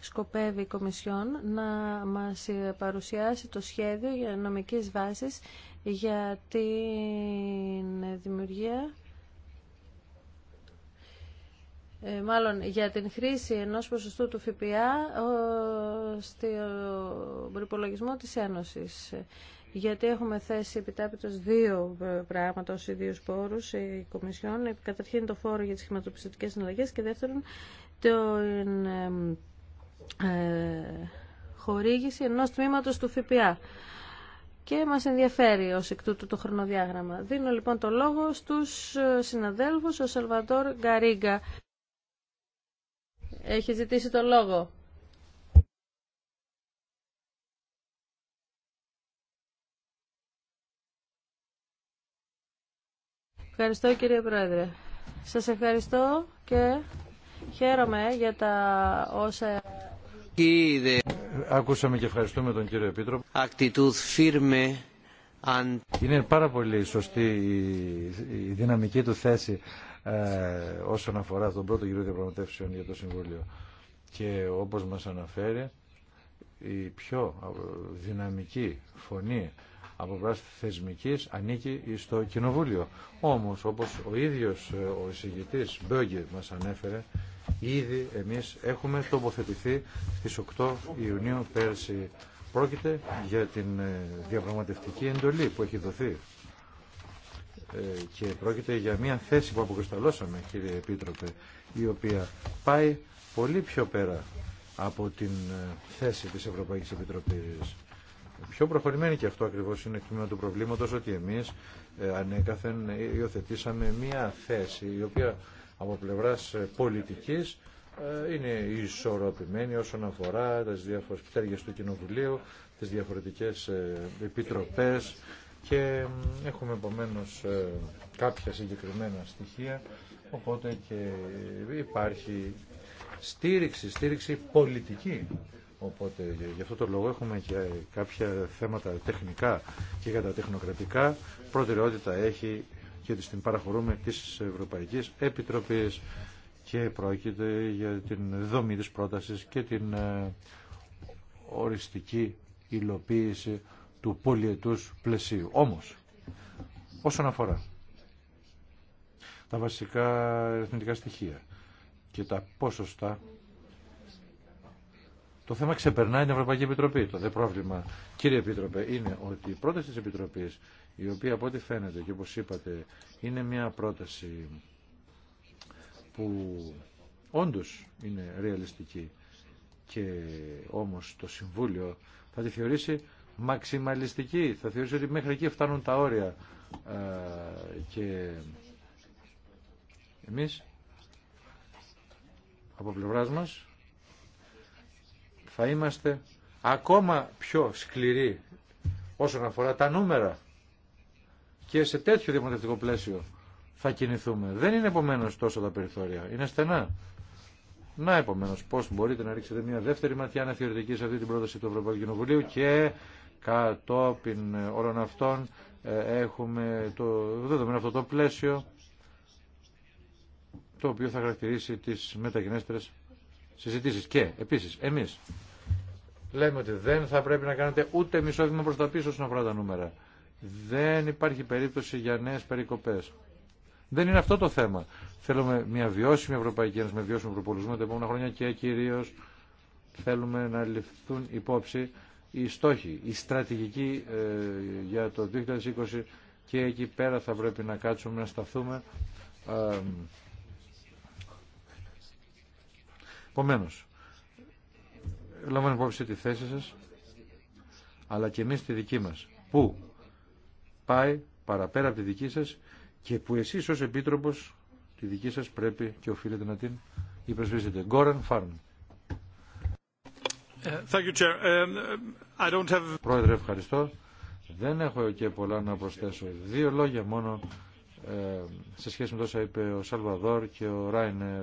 σκοπεύει η Κομισιόν να μας ε, παρουσιάσει το σχέδιο για νομικής βάσης για την δημιουργία ε, μάλλον για την χρήση ενός ποσοστού του ΦΠΑ στο προπολογισμό της Ένωσης. Γιατί έχουμε θέσει επιτάπητος δύο ε, πράγματα ως ιδίους πόρους η Κομισιόν. Ε, καταρχήν το φόρο για τις χρηματοπιστωτικές συναλλαγές και δεύτερον την χορήγηση ενός τμήματος του ΦΠΑ και μας ενδιαφέρει ως εκ τούτου το χρονοδιάγραμμα. Δίνω λοιπόν το λόγο στους συναδέλφους, ο Σαλβαντόρ Γκαρίγκα έχει ζητήσει το λόγο. Ευχαριστώ κύριε Πρόεδρε. Σας ευχαριστώ και χαίρομαι για τα όσα... Ακούσαμε και ευχαριστούμε τον κύριο Επίτροπο. Είναι πάρα πολύ σωστή η δυναμική του θέση ε, όσον αφορά τον πρώτο γύρο διαπραγματεύσεων για το Συμβούλιο. Και όπως μας αναφέρει, η πιο δυναμική φωνή από θεσμικής ανήκει στο Κοινοβούλιο. Όμως, όπως ο ίδιος ε, ο εισηγητής Μπέγκε μας ανέφερε, ήδη εμείς έχουμε τοποθετηθεί στις 8 Ιουνίου πέρσι. Πρόκειται για την ε, διαπραγματευτική εντολή που έχει δοθεί ε, και πρόκειται για μια θέση που αποκρισταλώσαμε κύριε Επίτροπε η οποία πάει πολύ πιο πέρα από την ε, θέση της Ευρωπαϊκής Επιτροπής. Πιο προχωρημένη και αυτό ακριβώς είναι κείμενο του προβλήματος ότι εμείς ε, ανέκαθεν υιοθετήσαμε μια θέση η οποία από πλευράς πολιτικής είναι ισορροπημένη όσον αφορά τις διάφορες πτέρυγες του Κοινοβουλίου, τις διαφορετικές επιτροπές, και έχουμε επομένω ε, κάποια συγκεκριμένα στοιχεία οπότε και υπάρχει στήριξη, στήριξη πολιτική οπότε γι' αυτό το λόγο έχουμε και κάποια θέματα τεχνικά και κατα τεχνοκρατικά προτεραιότητα έχει και την παραχωρούμε της Ευρωπαϊκής Επιτροπής και πρόκειται για την δομή της πρότασης και την ε, οριστική υλοποίηση του πολιετούς πλαισίου. Όμως, όσον αφορά τα βασικά αριθμητικά στοιχεία και τα ποσοστά, το θέμα ξεπερνάει την Ευρωπαϊκή Επιτροπή. Το δε πρόβλημα, κύριε Επίτροπε, είναι ότι η πρόταση της Επιτροπής, η οποία από ό,τι φαίνεται και όπως είπατε, είναι μια πρόταση που όντως είναι ρεαλιστική και όμως το Συμβούλιο θα τη θεωρήσει μαξιμαλιστική. Θα θεωρήσω ότι μέχρι εκεί φτάνουν τα όρια. Ε, και εμείς από πλευρά μας θα είμαστε ακόμα πιο σκληροί όσον αφορά τα νούμερα και σε τέτοιο δημοτευτικό πλαίσιο θα κινηθούμε. Δεν είναι επομένως τόσο τα περιθώρια, είναι στενά. Να επομένως πώς μπορείτε να ρίξετε μια δεύτερη ματιά αναθεωρητική σε αυτή την πρόταση του Ευρωπαϊκού Κοινοβουλίου και Κατόπιν όλων αυτών ε, έχουμε το δεδομένο αυτό το πλαίσιο το οποίο θα χαρακτηρίσει τις μεταγενέστερες συζητήσεις. Και επίσης εμείς λέμε ότι δεν θα πρέπει να κάνετε ούτε μισό βήμα προς τα πίσω όσον αφορά τα νούμερα. Δεν υπάρχει περίπτωση για νέες περικοπές. Δεν είναι αυτό το θέμα. Θέλουμε μια βιώσιμη Ευρωπαϊκή Ένωση με βιώσιμο προπολισμό τα επόμενα χρόνια και κυρίω θέλουμε να ληφθούν υπόψη οι στόχοι, η στρατηγική ε, για το 2020 και εκεί πέρα θα πρέπει να κάτσουμε να σταθούμε. Επομένω, λαμβάνω υπόψη τη θέση σας, αλλά και εμείς τη δική μας, που πάει παραπέρα από τη δική σας και που εσείς ως Επίτροπος τη δική σας πρέπει και οφείλετε να την υπερσβήσετε. Γκόραν Φάρν. Thank um, Πρόεδρε, ευχαριστώ. Δεν έχω και πολλά να προσθέσω. Δύο λόγια μόνο ε, σε σχέση με τόσα είπε ο Σαλβαδόρ και ο Ράινερ.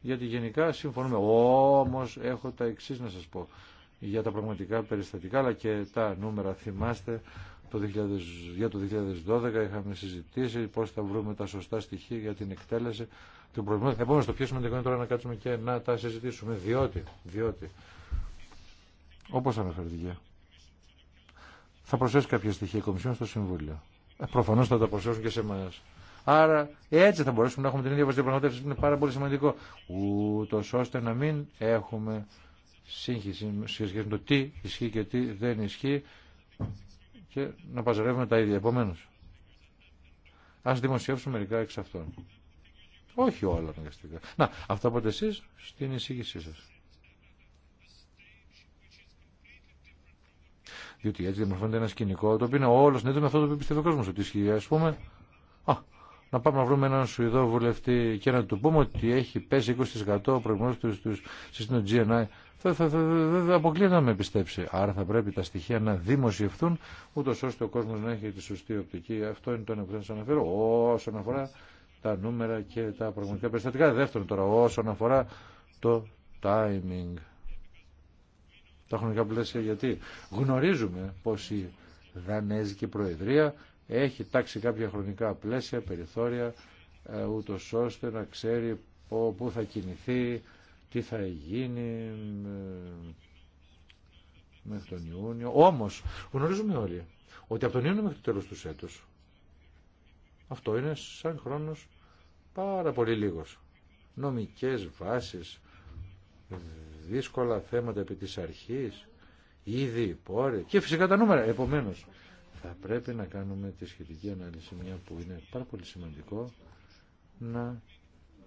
Γιατί γενικά συμφωνούμε. Όμως έχω τα εξής να σας πω για τα πραγματικά περιστατικά αλλά και τα νούμερα. Θυμάστε το για το 2012 είχαμε συζητήσει πώς θα βρούμε τα σωστά στοιχεία για την εκτέλεση του προβλήματος. Επόμενος το πιο σημαντικό τώρα να κάτσουμε και να τα συζητήσουμε διότι, διότι Όπω αναφέρθηκε. Θα προσθέσει κάποια στοιχεία η Κομισιόν στο Συμβούλιο. Ε, προφανώς θα τα προσθέσουν και σε εμά. Άρα έτσι θα μπορέσουμε να έχουμε την ίδια βασική πραγματεύση που είναι πάρα πολύ σημαντικό. Ούτω ώστε να μην έχουμε σύγχυση σε σχέση με το τι ισχύει και τι δεν ισχύει και να παζαρεύουμε τα ίδια. Επομένω, α δημοσιεύσουμε μερικά εξ αυτών. Όχι όλα αναγκαστικά. Να, Αυτό από εσεί στην εισήγησή σα. Διότι έτσι διαμορφώνεται ένα σκηνικό το οποίο είναι όλο συνέδριο με αυτό το οποίο πιστεύει ο κόσμο. Ότι ισχύει, α πούμε, α, να πάμε να βρούμε έναν Σουηδό βουλευτή και να του πούμε ότι έχει πέσει 20% ο προηγούμενο του σύστημα GNI. Θα, θα, θα, θα να με πιστέψει. Άρα θα πρέπει τα στοιχεία να δημοσιευθούν, ούτω ώστε ο κόσμο να έχει τη σωστή οπτική. Αυτό είναι το ένα που θα σα αναφέρω όσον αφορά τα νούμερα και τα πραγματικά περιστατικά. Δεύτερον τώρα, όσον αφορά το timing τα χρονικά πλαίσια γιατί γνωρίζουμε πως η Δανέζικη Προεδρία έχει τάξει κάποια χρονικά πλαίσια, περιθώρια, ε, ούτω ώστε να ξέρει πού θα κινηθεί, τι θα γίνει μέχρι τον Ιούνιο. Όμως γνωρίζουμε όλοι ότι από τον Ιούνιο μέχρι το τέλος του έτους αυτό είναι σαν χρόνος πάρα πολύ λίγος. Νομικές βάσεις, δύσκολα θέματα επί της αρχής, ήδη, πόρε και φυσικά τα νούμερα. Επομένως, θα πρέπει να κάνουμε τη σχετική ανάλυση, μια που είναι πάρα πολύ σημαντικό, να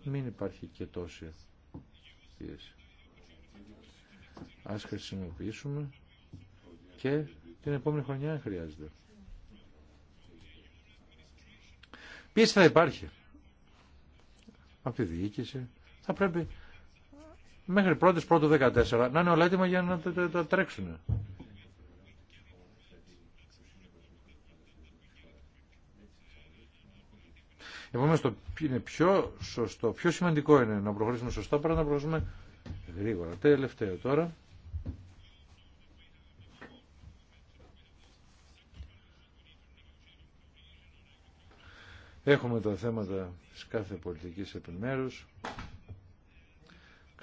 μην υπάρχει και τόση πίεση. Ας χρησιμοποιήσουμε και την επόμενη χρονιά χρειάζεται. Πίεση θα υπάρχει από τη διοίκηση. Θα πρέπει μέχρι πρώτης πρώτου 14 να είναι όλα έτοιμα για να τα τρέξουν. Επομένως το είναι πιο σωστό, πιο σημαντικό είναι να προχωρήσουμε σωστά παρά να προχωρήσουμε γρήγορα. Τελευταίο τώρα. Έχουμε τα θέματα της κάθε πολιτικής επιμέρους.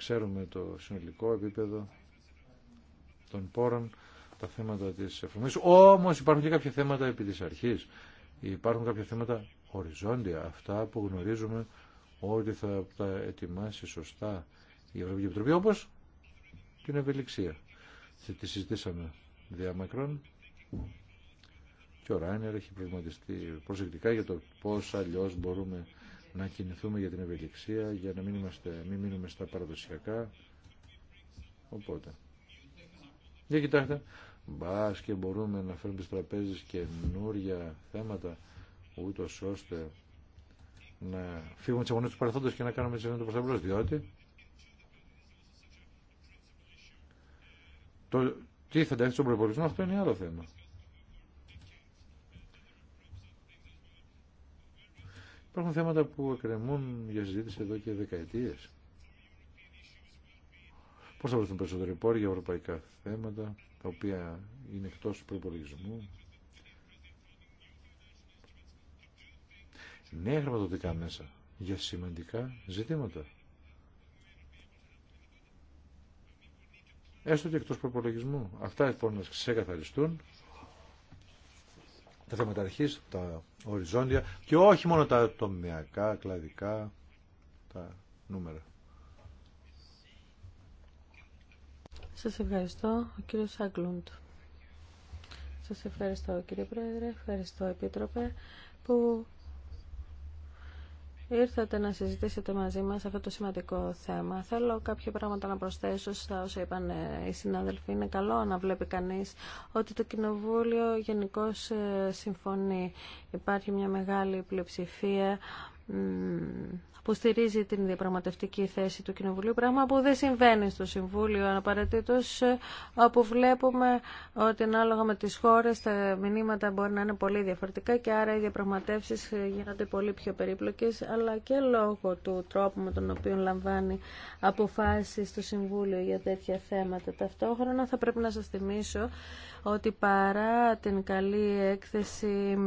Ξέρουμε το συνολικό επίπεδο των πόρων, τα θέματα της εφαρμογής. Όμως υπάρχουν και κάποια θέματα επί της αρχής. Υπάρχουν κάποια θέματα οριζόντια, αυτά που γνωρίζουμε ότι θα τα ετοιμάσει σωστά η Ευρωπαϊκή Επιτροπή, όπως την ευελιξία. Τη συζητήσαμε διαμακρών και ο Ράινερ έχει προβληματιστεί προσεκτικά για το πώς αλλιώς μπορούμε να κινηθούμε για την ευελιξία, για να μην, μείνουμε στα παραδοσιακά. Οπότε. Για κοιτάξτε, μπα και μπορούμε να φέρουμε στις τραπέζες καινούρια θέματα, ούτω ώστε να φύγουμε τι αγωνίε του παρελθόντο και να κάνουμε τι αγωνίε του Διότι το τι θα τον στον προπολογισμό, αυτό είναι άλλο θέμα. Υπάρχουν θέματα που εκκρεμούν για συζήτηση εδώ και δεκαετίες. Πώς θα βρεθούν περισσότεροι πόροι για ευρωπαϊκά θέματα, τα οποία είναι εκτός του προπολογισμού. Νέα χρηματοδοτικά μέσα για σημαντικά ζητήματα. Έστω και εκτός προπολογισμού. Αυτά λοιπόν να ξεκαθαριστούν τα θέματα αρχή, τα οριζόντια και όχι μόνο τα ατομιακά, κλαδικά, τα νούμερα. Σας ευχαριστώ, ο κύριος Σάγκλουντ. Σας ευχαριστώ κύριε Πρόεδρε, ευχαριστώ Επίτροπε που ήρθατε να συζητήσετε μαζί μας αυτό το σημαντικό θέμα. Θέλω κάποια πράγματα να προσθέσω στα όσα είπαν ε, οι συνάδελφοι. Είναι καλό να βλέπει κανεί ότι το Κοινοβούλιο γενικώ ε, συμφωνεί. Υπάρχει μια μεγάλη πλειοψηφία που στηρίζει την διαπραγματευτική θέση του Κοινοβουλίου, πράγμα που δεν συμβαίνει στο Συμβούλιο. Αναπαρατήτως, ε, όπου βλέπουμε ότι ανάλογα με τις χώρες τα μηνύματα μπορεί να είναι πολύ διαφορετικά και άρα οι διαπραγματεύσει ε, γίνονται πολύ πιο περίπλοκες, αλλά και λόγω του τρόπου με τον οποίο λαμβάνει αποφάσεις στο Συμβούλιο για τέτοια θέματα. Ταυτόχρονα θα πρέπει να σας θυμίσω ότι παρά την καλή έκθεση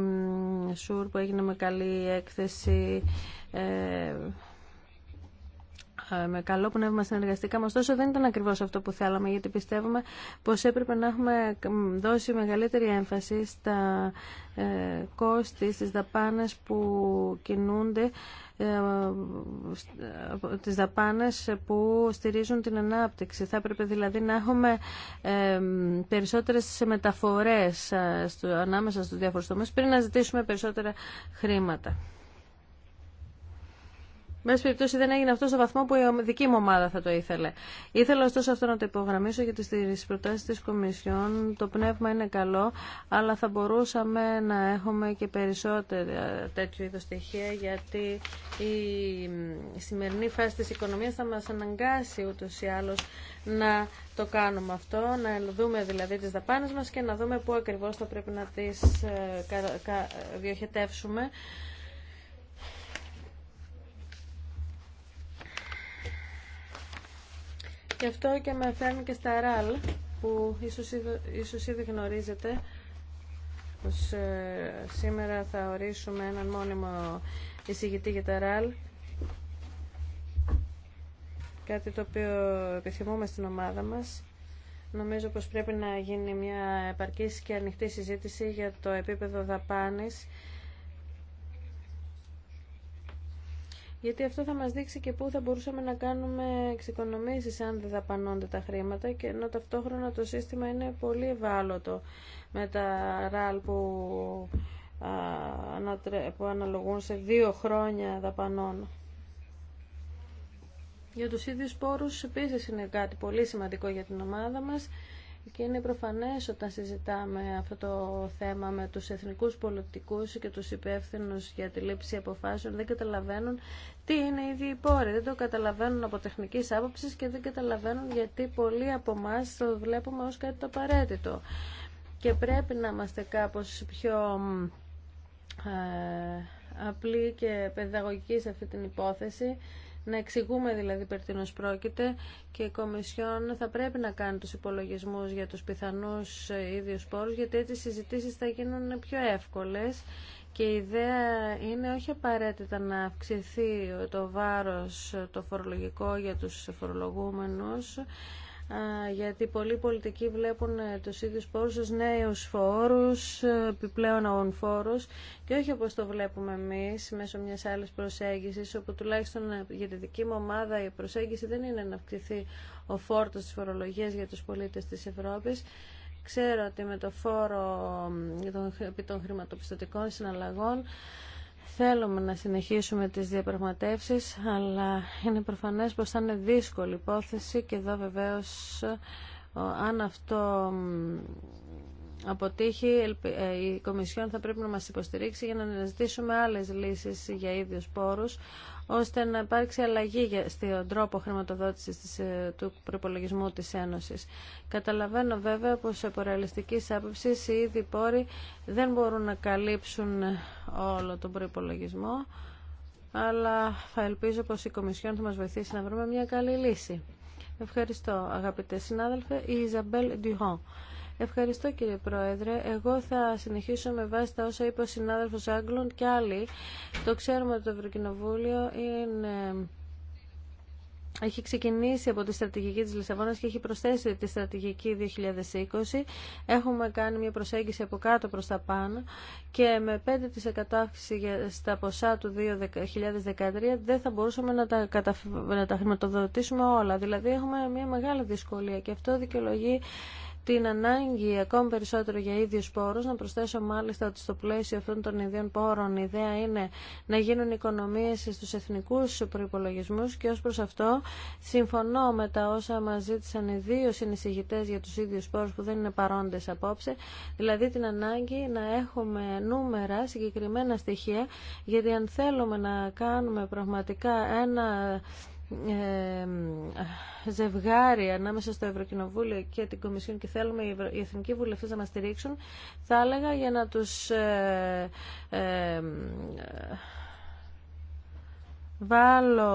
ΣΟΥΡ που έγινε με καλή έκθεση ε, ε, με καλό πνεύμα συνεργαστήκαμε. Ωστόσο δεν ήταν ακριβώς αυτό που θέλαμε γιατί πιστεύουμε πως έπρεπε να έχουμε δώσει μεγαλύτερη έμφαση στα ε, κόστη, στι δαπάνες που κινούνται τις δαπάνες που στηρίζουν την ανάπτυξη. Θα έπρεπε δηλαδή να έχουμε περισσότερες μεταφορές ανάμεσα στου διάφορου τομεί, πριν να ζητήσουμε περισσότερα χρήματα. Μέσα περιπτώσει δεν έγινε αυτό στο βαθμό που η δική μου ομάδα θα το ήθελε. Ήθελα ωστόσο αυτό να το υπογραμμίσω γιατί στι προτάσει τη Κομισιόν το πνεύμα είναι καλό, αλλά θα μπορούσαμε να έχουμε και περισσότερα τέτοιου είδου στοιχεία γιατί η σημερινή φάση τη οικονομία θα μα αναγκάσει ούτω ή άλλω να το κάνουμε αυτό, να δούμε δηλαδή τις δαπάνες μας και να δούμε πού ακριβώς θα πρέπει να τις ε, διοχετεύσουμε. Και αυτό και με φέρνει και στα ΡΑΛ, που ίσως, ίσως ήδη γνωρίζετε, πως ε, σήμερα θα ορίσουμε έναν μόνιμο εισηγητή για τα ΡΑΛ, κάτι το οποίο επιθυμούμε στην ομάδα μας. Νομίζω πως πρέπει να γίνει μια επαρκής και ανοιχτή συζήτηση για το επίπεδο δαπάνης γιατί αυτό θα μας δείξει και πού θα μπορούσαμε να κάνουμε εξοικονομήσεις αν δεν δαπανώνται τα χρήματα και ενώ ταυτόχρονα το σύστημα είναι πολύ ευάλωτο με τα ραλ που, αναλογούν σε δύο χρόνια δαπανών. Για τους ίδιους πόρους επίσης είναι κάτι πολύ σημαντικό για την ομάδα μας. Και είναι προφανές όταν συζητάμε αυτό το θέμα με τους εθνικούς πολιτικούς και τους υπεύθυνου για τη λήψη αποφάσεων δεν καταλαβαίνουν τι είναι ήδη οι πόροι. Δεν το καταλαβαίνουν από τεχνική άποψη και δεν καταλαβαίνουν γιατί πολλοί από εμά το βλέπουμε ως κάτι το απαραίτητο. Και πρέπει να είμαστε κάπως πιο ε, απλοί και παιδαγωγικοί σε αυτή την υπόθεση να εξηγούμε δηλαδή περί πρόκειται και η Κομισιόν θα πρέπει να κάνει τους υπολογισμούς για τους πιθανούς ε, ίδιους πόρους γιατί έτσι οι συζητήσεις θα γίνουν πιο εύκολες και η ιδέα είναι όχι απαραίτητα να αυξηθεί το βάρος ε, το φορολογικό για τους φορολογούμενους γιατί πολλοί πολιτικοί βλέπουν ε, τους ίδιους πόρους ως νέους φόρους, ε, επιπλέον αγών φόρους και όχι όπως το βλέπουμε εμείς μέσω μιας άλλης προσέγγισης όπου τουλάχιστον ε, για τη δική μου ομάδα η προσέγγιση δεν είναι να αυξηθεί ο φόρτος της φορολογίας για τους πολίτες της Ευρώπης Ξέρω ότι με το φόρο επί των χρηματοπιστωτικών συναλλαγών Θέλουμε να συνεχίσουμε τις διαπραγματεύσεις, αλλά είναι προφανές πως θα είναι δύσκολη υπόθεση και εδώ βεβαίως αν αυτό αποτύχει, ε, η Κομισιόν θα πρέπει να μας υποστηρίξει για να αναζητήσουμε άλλες λύσεις για ίδιους πόρους, ώστε να υπάρξει αλλαγή στον τρόπο χρηματοδότηση ε, του προπολογισμού της Ένωσης. Καταλαβαίνω βέβαια πως από ρεαλιστική άποψη οι ίδιοι πόροι δεν μπορούν να καλύψουν ε, όλο τον προπολογισμό, αλλά θα ελπίζω πω η Κομισιόν θα μας βοηθήσει να βρούμε μια καλή λύση. Ευχαριστώ αγαπητέ συνάδελφε, η Ιζαμπέλ Ευχαριστώ κύριε Πρόεδρε. Εγώ θα συνεχίσω με βάση τα όσα είπε ο συνάδελφος Άγγλων και άλλοι. Το ξέρουμε ότι το Ευρωκοινοβούλιο είναι... Έχει ξεκινήσει από τη στρατηγική της Λισαβόνας και έχει προσθέσει τη στρατηγική 2020. Έχουμε κάνει μια προσέγγιση από κάτω προς τα πάνω και με 5% αύξηση στα ποσά του 2013 δεν θα μπορούσαμε να τα, να τα χρηματοδοτήσουμε όλα. Δηλαδή έχουμε μια μεγάλη δυσκολία και αυτό δικαιολογεί την ανάγκη ακόμη περισσότερο για ίδιου πόρου. Να προσθέσω μάλιστα ότι στο πλαίσιο αυτών των ιδίων πόρων η ιδέα είναι να γίνουν οικονομίε στου εθνικού προπολογισμού και ω προ αυτό συμφωνώ με τα όσα μα ζήτησαν οι δύο συνεισηγητέ για του ίδιου πόρου που δεν είναι παρόντε απόψε, δηλαδή την ανάγκη να έχουμε νούμερα, συγκεκριμένα στοιχεία, γιατί αν θέλουμε να κάνουμε πραγματικά ένα ε, ζευγάρι ανάμεσα στο Ευρωκοινοβούλιο και την Κομισιόν και θέλουμε οι εθνικοί βουλευτές να μας στηρίξουν, θα έλεγα για να τους ε, ε, βάλω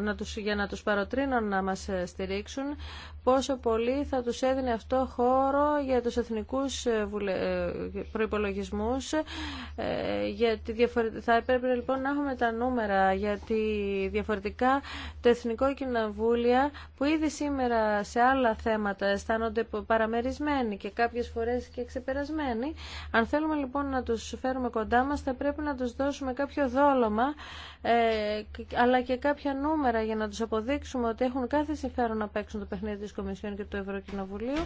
να τους, για να τους παροτρύνω να μας ε, στηρίξουν πόσο πολύ θα τους έδινε αυτό χώρο για τους εθνικούς ε, ε, προϋπολογισμούς γιατί θα έπρεπε λοιπόν να έχουμε τα νούμερα γιατί διαφορετικά το Εθνικό Κοινοβούλια που ήδη σήμερα σε άλλα θέματα αισθάνονται παραμερισμένοι και κάποιες φορές και ξεπερασμένοι αν θέλουμε λοιπόν να τους φέρουμε κοντά μας θα πρέπει να τους δώσουμε κάποιο δόλωμα ε, αλλά και κάποια νούμερα για να τους αποδείξουμε ότι έχουν κάθε συμφέρον να παίξουν το παιχνίδι της Κομισιόν και του Ευρωκοινοβουλίου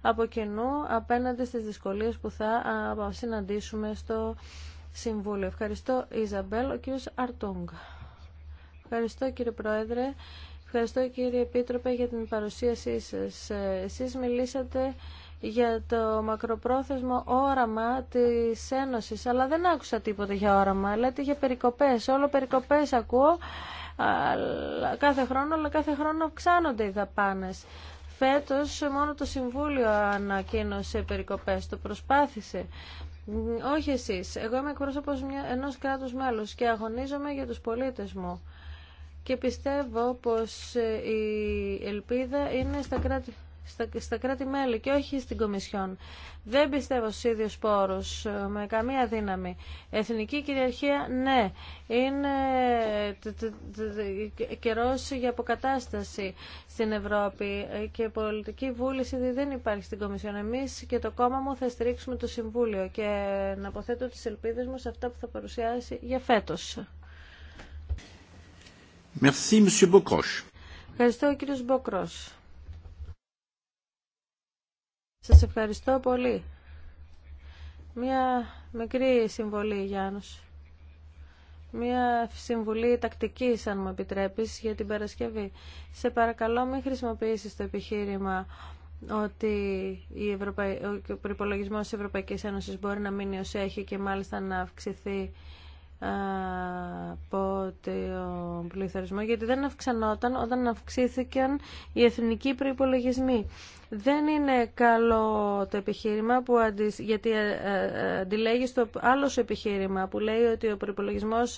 από κοινού απέναντι στις δυσκολίες που θα συναντήσουμε στο Συμβούλιο. Ευχαριστώ Ιζαμπέλ, ο κύριος Αρτούγκ. Ευχαριστώ κύριε Πρόεδρε. Ευχαριστώ κύριε Επίτροπε για την παρουσίασή σας. Ε, εσείς μιλήσατε για το μακροπρόθεσμο όραμα της Ένωσης. Αλλά δεν άκουσα τίποτα για όραμα. Λέτε για περικοπές. Όλο περικοπές ακούω κάθε χρόνο, αλλά κάθε χρόνο αυξάνονται οι δαπάνες. Φέτος μόνο το Συμβούλιο ανακοίνωσε περικοπές, το προσπάθησε. Όχι εσείς. Εγώ είμαι εκπρόσωπος ενός κράτους μέλους και αγωνίζομαι για τους πολίτες μου. Και πιστεύω πως ε, η ελπίδα είναι στα κράτη στα, στα κράτη-μέλη και όχι στην Κομισιόν. Δεν πιστεύω στους ίδιους πόρους, ε, με καμία δύναμη. Εθνική κυριαρχία, ναι. Είναι καιρός για αποκατάσταση στην Ευρώπη ε, και πολιτική βούληση δεν υπάρχει στην Κομισιόν. Εμείς και το κόμμα μου θα στηρίξουμε το Συμβούλιο και να αποθέτω τις ελπίδες μου σε αυτά που θα παρουσιάσει για φέτος. Merci, Monsieur Bocroche. Ευχαριστώ, κύριος Μποκρός. Σας ευχαριστώ πολύ. Μια μικρή συμβολή, Γιάννος. Μια συμβολή τακτική, αν μου επιτρέπεις, για την Παρασκευή. Σε παρακαλώ μην χρησιμοποιήσεις το επιχείρημα ότι η Ευρωπαϊ... ο προπολογισμό της Ευρωπαϊκής Ένωσης μπορεί να μείνει ως έχει και μάλιστα να αυξηθεί από τον πληθωρισμό γιατί δεν αυξανόταν όταν αυξήθηκαν οι εθνικοί προϋπολογισμοί. Δεν είναι καλό το επιχείρημα που αντι... γιατί ε, ε, αντιλέγει το άλλο σου επιχείρημα που λέει ότι ο προϋπολογισμός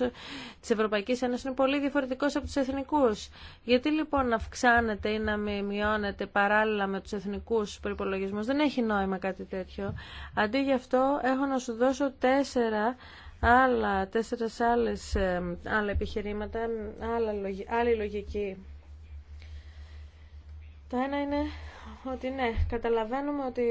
της Ευρωπαϊκής Ένωσης είναι πολύ διαφορετικός από τους εθνικούς. Γιατί λοιπόν να αυξάνεται ή να μειώνεται παράλληλα με τους εθνικούς προϋπολογισμούς. Δεν έχει νόημα κάτι τέτοιο. Αντί γι' αυτό έχω να σου δώσω τέσσερα άλλα, τέσσερας άλλες, ε, άλλα επιχειρήματα, άλλα, άλλη λογική. Το ένα είναι ότι ναι, καταλαβαίνουμε ότι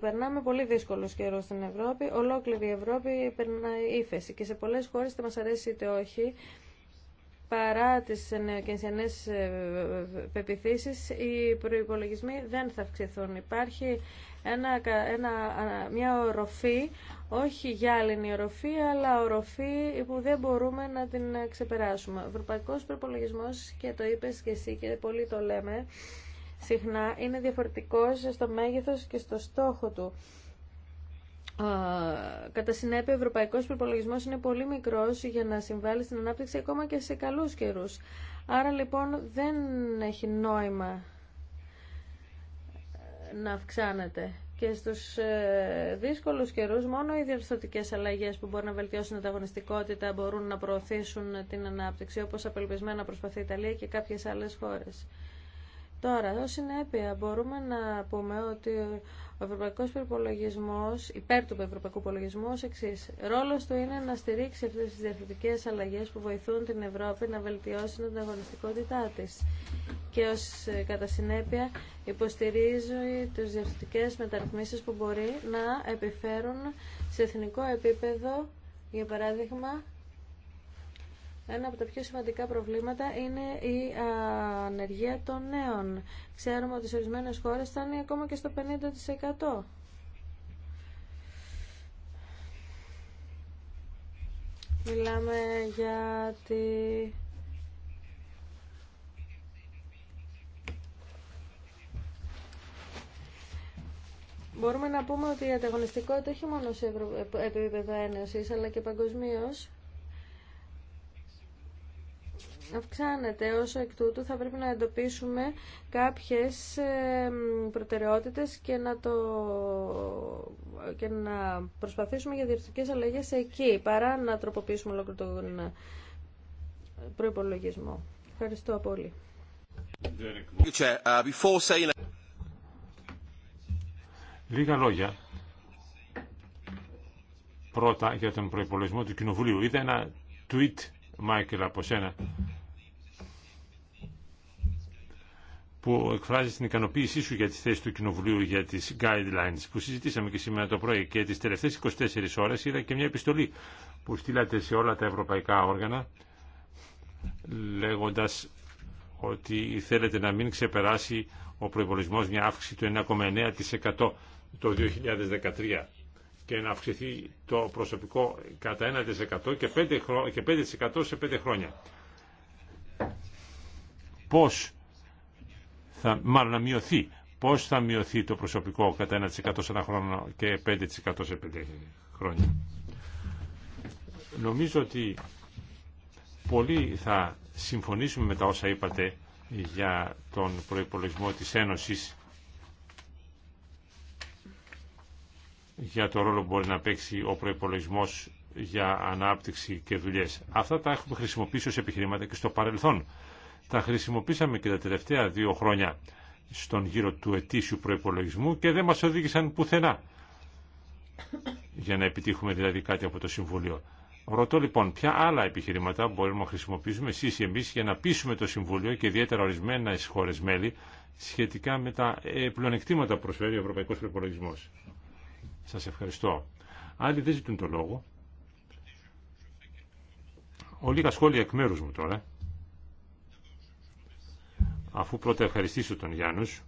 περνάμε πολύ δύσκολο καιρό στην Ευρώπη. Ολόκληρη η Ευρώπη περνάει ύφεση και σε πολλές χώρες, είτε μας αρέσει είτε όχι, παρά τις νεοκενσιανές ε, πεπιθήσεις, οι προϋπολογισμοί δεν θα αυξηθούν. Υπάρχει ένα, ένα, μια οροφή, όχι γυάλινη οροφή, αλλά οροφή που δεν μπορούμε να την ξεπεράσουμε. Ο ευρωπαϊκός προϋπολογισμός, και το είπες και εσύ και πολύ το λέμε, συχνά είναι διαφορετικός στο μέγεθος και στο στόχο του. Κατά συνέπεια, ο Ευρωπαϊκό Προπολογισμό είναι πολύ μικρό για να συμβάλλει στην ανάπτυξη ακόμα και σε καλού καιρού. Άρα λοιπόν δεν έχει νόημα να αυξάνεται. Και στους ε, δύσκολους καιρούς μόνο οι διορθωτικές αλλαγές που μπορούν να βελτιώσουν την ανταγωνιστικότητα μπορούν να προωθήσουν την ανάπτυξη, όπως απελπισμένα προσπαθεί η Ιταλία και κάποιες άλλες χώρες. Τώρα, ως συνέπεια, μπορούμε να πούμε ότι ο ευρωπαϊκό προπολογισμό, υπέρ του ευρωπαϊκού υπολογισμού, ω εξή. Ρόλο του είναι να στηρίξει αυτέ τι διαφορετικέ αλλαγέ που βοηθούν την Ευρώπη να βελτιώσει την ανταγωνιστικότητά τη. Και ω ε, κατά συνέπεια υποστηρίζει τι διαφορετικέ μεταρρυθμίσει που μπορεί να επιφέρουν σε εθνικό επίπεδο, για παράδειγμα, ένα από τα πιο σημαντικά προβλήματα είναι η ανεργία των νέων. Ξέρουμε ότι σε ορισμένε χώρε φτάνει ακόμα και στο 50%. Μιλάμε για τη... Μπορούμε να πούμε ότι η ανταγωνιστικότητα όχι μόνο σε επίπεδο ένωσης αλλά και παγκοσμίως αυξάνεται. Όσο εκ τούτου θα πρέπει να εντοπίσουμε κάποιες προτεραιότητες και να, το... και να προσπαθήσουμε για διευθυντικές αλλαγές εκεί, παρά να τροποποιήσουμε ολόκληρο τον ε, προϋπολογισμό. Ευχαριστώ πολύ. Uh, Λίγα λόγια. Πρώτα για τον προϋπολογισμό του Κοινοβουλίου. Είδα ένα tweet, Μάικελ, από σένα που εκφράζει την ικανοποίησή σου για τις θέσεις του Κοινοβουλίου για τις guidelines που συζητήσαμε και σήμερα το πρωί και τις τελευταίες 24 ώρες είδα και μια επιστολή που στείλατε σε όλα τα ευρωπαϊκά όργανα λέγοντας ότι θέλετε να μην ξεπεράσει ο προϋπολογισμός μια αύξηση του 1,9% το 2013 και να αυξηθεί το προσωπικό κατά 1% και 5% σε 5 χρόνια. Πώς θα, μάλλον να μειωθεί. Πώς θα μειωθεί το προσωπικό κατά 1% σε ένα χρόνο και 5% σε 5 χρόνια. Νομίζω ότι πολλοί θα συμφωνήσουμε με τα όσα είπατε για τον προϋπολογισμό της Ένωσης για το ρόλο που μπορεί να παίξει ο προϋπολογισμός για ανάπτυξη και δουλειές. Αυτά τα έχουμε χρησιμοποιήσει ως επιχειρήματα και στο παρελθόν τα χρησιμοποίησαμε και τα τελευταία δύο χρόνια στον γύρο του ετήσιου προϋπολογισμού και δεν μας οδήγησαν πουθενά για να επιτύχουμε δηλαδή κάτι από το Συμβούλιο. Ρωτώ λοιπόν ποια άλλα επιχειρήματα μπορούμε να χρησιμοποιήσουμε εσείς ή εμείς για να πείσουμε το Συμβούλιο και ιδιαίτερα ορισμένα στις χώρες μέλη σχετικά με τα ε, πλεονεκτήματα που προσφέρει ο Ευρωπαϊκός Προϋπολογισμός. Σας ευχαριστώ. Άλλοι δεν ζητούν το λόγο. Ο λίγα σχόλια εκ μέρους μου τώρα αφού πρώτα ευχαριστήσω τον Γιάννους,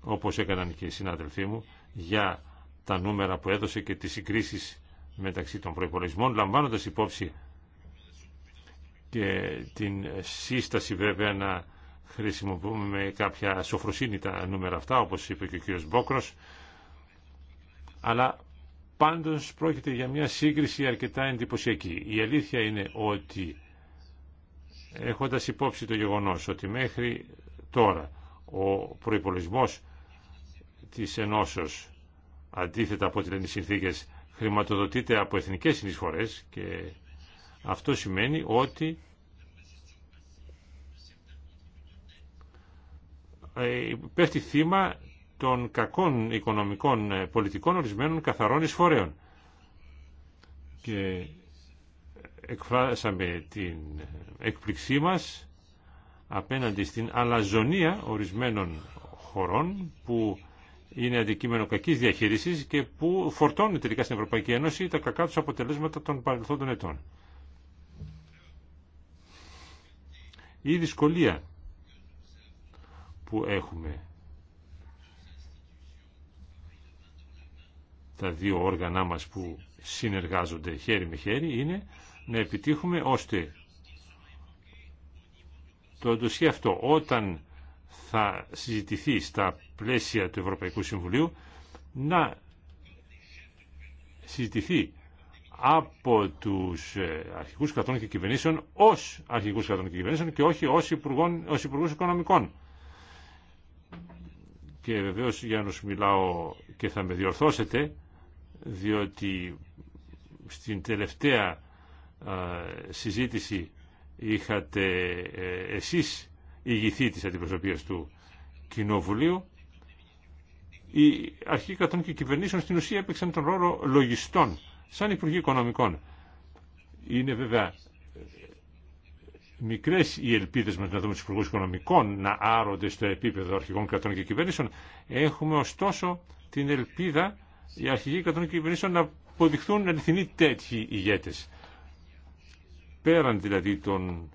όπως έκαναν και οι συνάδελφοί μου, για τα νούμερα που έδωσε και τις συγκρίσεις μεταξύ των προϋπολογισμών, λαμβάνοντας υπόψη και την σύσταση βέβαια να χρησιμοποιούμε με κάποια σοφροσύνη τα νούμερα αυτά, όπως είπε και ο κ. Μπόκρος, αλλά πάντως πρόκειται για μια σύγκριση αρκετά εντυπωσιακή. Η αλήθεια είναι ότι έχοντας υπόψη το γεγονός ότι μέχρι Τώρα, ο προϋπολογισμός της ενώσεως, αντίθετα από ό,τι λένε οι συνθήκες, χρηματοδοτείται από εθνικές συνεισφορές και αυτό σημαίνει ότι ε, πέφτει θύμα των κακών οικονομικών ε, πολιτικών ορισμένων καθαρών εισφορέων. Και εκφράσαμε την έκπληξή μας απέναντι στην αλαζονία ορισμένων χωρών που είναι αντικείμενο κακής διαχείρισης και που φορτώνουν τελικά στην Ευρωπαϊκή Ένωση τα κακά τους αποτελέσματα των παρελθόντων ετών. Η δυσκολία που έχουμε τα δύο όργανα μας που συνεργάζονται χέρι με χέρι είναι να επιτύχουμε ώστε το ντοσχέ αυτό όταν θα συζητηθεί στα πλαίσια του Ευρωπαϊκού Συμβουλίου να συζητηθεί από τους ε, αρχικούς κρατών και κυβερνήσεων ως αρχικούς κρατών και κυβερνήσεων και όχι ως, υπουργών, ως υπουργούς οικονομικών. Και βεβαίως για να μιλάω και θα με διορθώσετε διότι στην τελευταία ε, συζήτηση είχατε ε, εσείς ηγηθεί της αντιπροσωπείας του Κοινοβουλίου οι αρχή κατών και κυβερνήσεων στην ουσία έπαιξαν τον ρόλο λογιστών σαν Υπουργοί Οικονομικών. Είναι βέβαια ε, μικρέ οι ελπίδε μα να δούμε του υπουργού οικονομικών να άρονται στο επίπεδο αρχηγών κρατών και κυβερνήσεων. Έχουμε ωστόσο την ελπίδα οι αρχηγοί κρατών και κυβερνήσεων να αποδειχθούν αληθινοί τέτοιοι ηγέτε πέραν δηλαδή των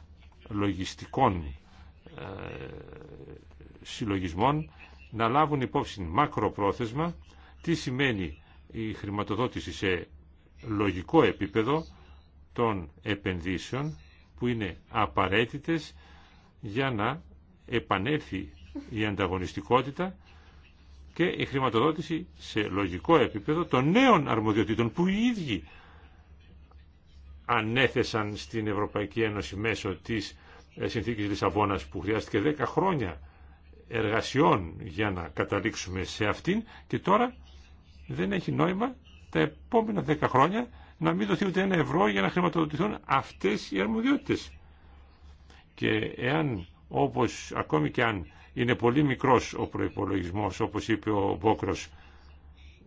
λογιστικών ε, συλλογισμών να λάβουν υπόψη μακροπρόθεσμα τι σημαίνει η χρηματοδότηση σε λογικό επίπεδο των επενδύσεων που είναι απαραίτητες για να επανέλθει η ανταγωνιστικότητα και η χρηματοδότηση σε λογικό επίπεδο των νέων αρμοδιοτήτων που οι ίδιοι ανέθεσαν στην Ευρωπαϊκή Ένωση μέσω της ε, συνθήκης Λισαβόνας που χρειάστηκε 10 χρόνια εργασιών για να καταλήξουμε σε αυτήν και τώρα δεν έχει νόημα τα επόμενα 10 χρόνια να μην δοθεί ούτε ένα ευρώ για να χρηματοδοτηθούν αυτές οι αρμοδιότητες. Και εάν όπως ακόμη και αν είναι πολύ μικρός ο προϋπολογισμός όπως είπε ο Μπόκρος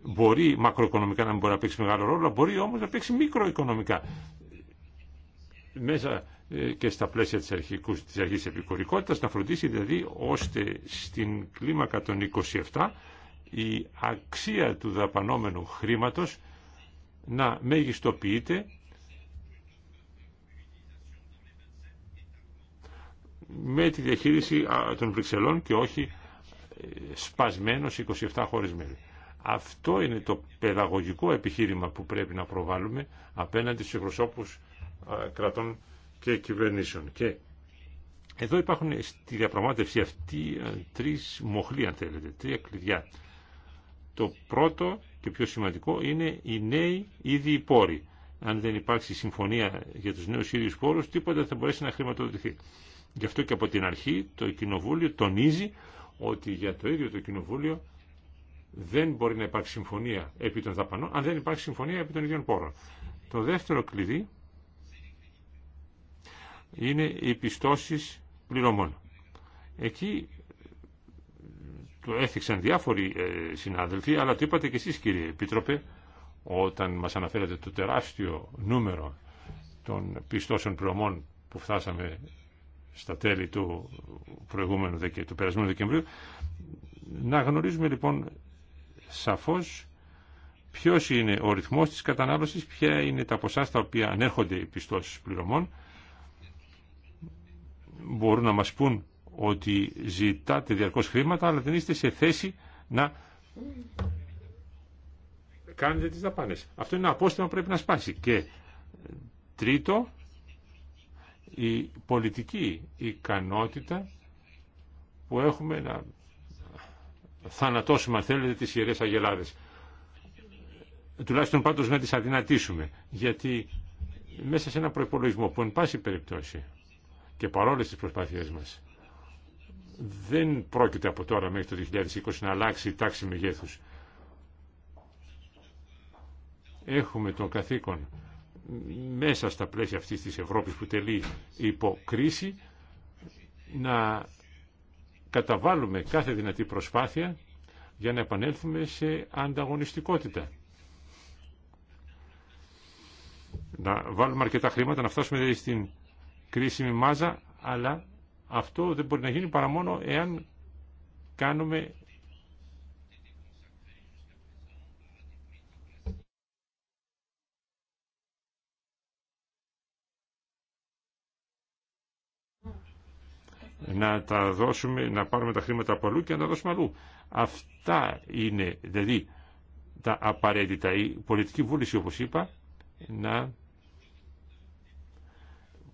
μπορεί μακροοικονομικά να μην μπορεί να παίξει μεγάλο ρόλο, μπορεί όμως να παίξει μικροοικονομικά μέσα ε, και στα πλαίσια της, αρχικής, της αρχής επικορικότητας να φροντίσει δηλαδή ώστε στην κλίμακα των 27 η αξία του δαπανόμενου χρήματος να μεγιστοποιείται με τη διαχείριση των Βρυξελών και όχι ε, σπασμένος 27 χώρες μέλη. Αυτό είναι το παιδαγωγικό επιχείρημα που πρέπει να προβάλλουμε απέναντι στους εκπροσώπους κρατών και κυβερνήσεων. Και εδώ υπάρχουν στη διαπραγμάτευση αυτή ε, τρεις μοχλοί, αν θέλετε, τρία κλειδιά. Το πρώτο και πιο σημαντικό είναι οι νέοι ήδη οι πόροι. Αν δεν υπάρξει συμφωνία για τους νέους ίδιους πόρους, τίποτα δεν θα μπορέσει να χρηματοδοτηθεί. Γι' αυτό και από την αρχή το Κοινοβούλιο τονίζει ότι για το ίδιο το Κοινοβούλιο δεν μπορεί να υπάρξει συμφωνία επί των δαπανών, αν δεν υπάρχει συμφωνία επί των ίδιων πόρων. Το δεύτερο κλειδί είναι οι πιστώσεις πληρωμών. Εκεί το έθιξαν διάφοροι ε, συνάδελφοι, αλλά το είπατε και εσείς κύριε Επίτροπε, όταν μας αναφέρατε το τεράστιο νούμερο των πιστώσεων πληρωμών που φτάσαμε στα τέλη του, προηγούμενου, του περασμένου Δεκεμβρίου. Να γνωρίζουμε λοιπόν σαφώς ποιος είναι ο ρυθμός της κατανάλωσης, ποια είναι τα ποσά στα οποία ανέρχονται οι πιστώσεις πληρωμών μπορούν να μας πούν ότι ζητάτε διαρκώς χρήματα αλλά δεν είστε σε θέση να κάνετε τις δαπάνες. Αυτό είναι ένα απόστημα που πρέπει να σπάσει. Και ε, τρίτο, η πολιτική ικανότητα που έχουμε να θανατώσουμε αν θέλετε τις Ιερές Αγελάδες. Τουλάχιστον πάντως να τις αδυνατήσουμε. Γιατί μέσα σε ένα προπολογισμό που εν πάση περιπτώσει και παρόλες τις προσπάθειές μας δεν πρόκειται από τώρα μέχρι το 2020 να αλλάξει η τάξη μεγέθους. Έχουμε τον καθήκον μέσα στα πλαίσια αυτής της Ευρώπης που τελεί υπό κρίση να καταβάλουμε κάθε δυνατή προσπάθεια για να επανέλθουμε σε ανταγωνιστικότητα. Να βάλουμε αρκετά χρήματα να φτάσουμε στην κρίσιμη μάζα, αλλά αυτό δεν μπορεί να γίνει παρά μόνο εάν κάνουμε να τα δώσουμε, να πάρουμε τα χρήματα από αλλού και να τα δώσουμε αλλού. Αυτά είναι δηλαδή τα απαραίτητα. Η πολιτική βούληση, όπως είπα, να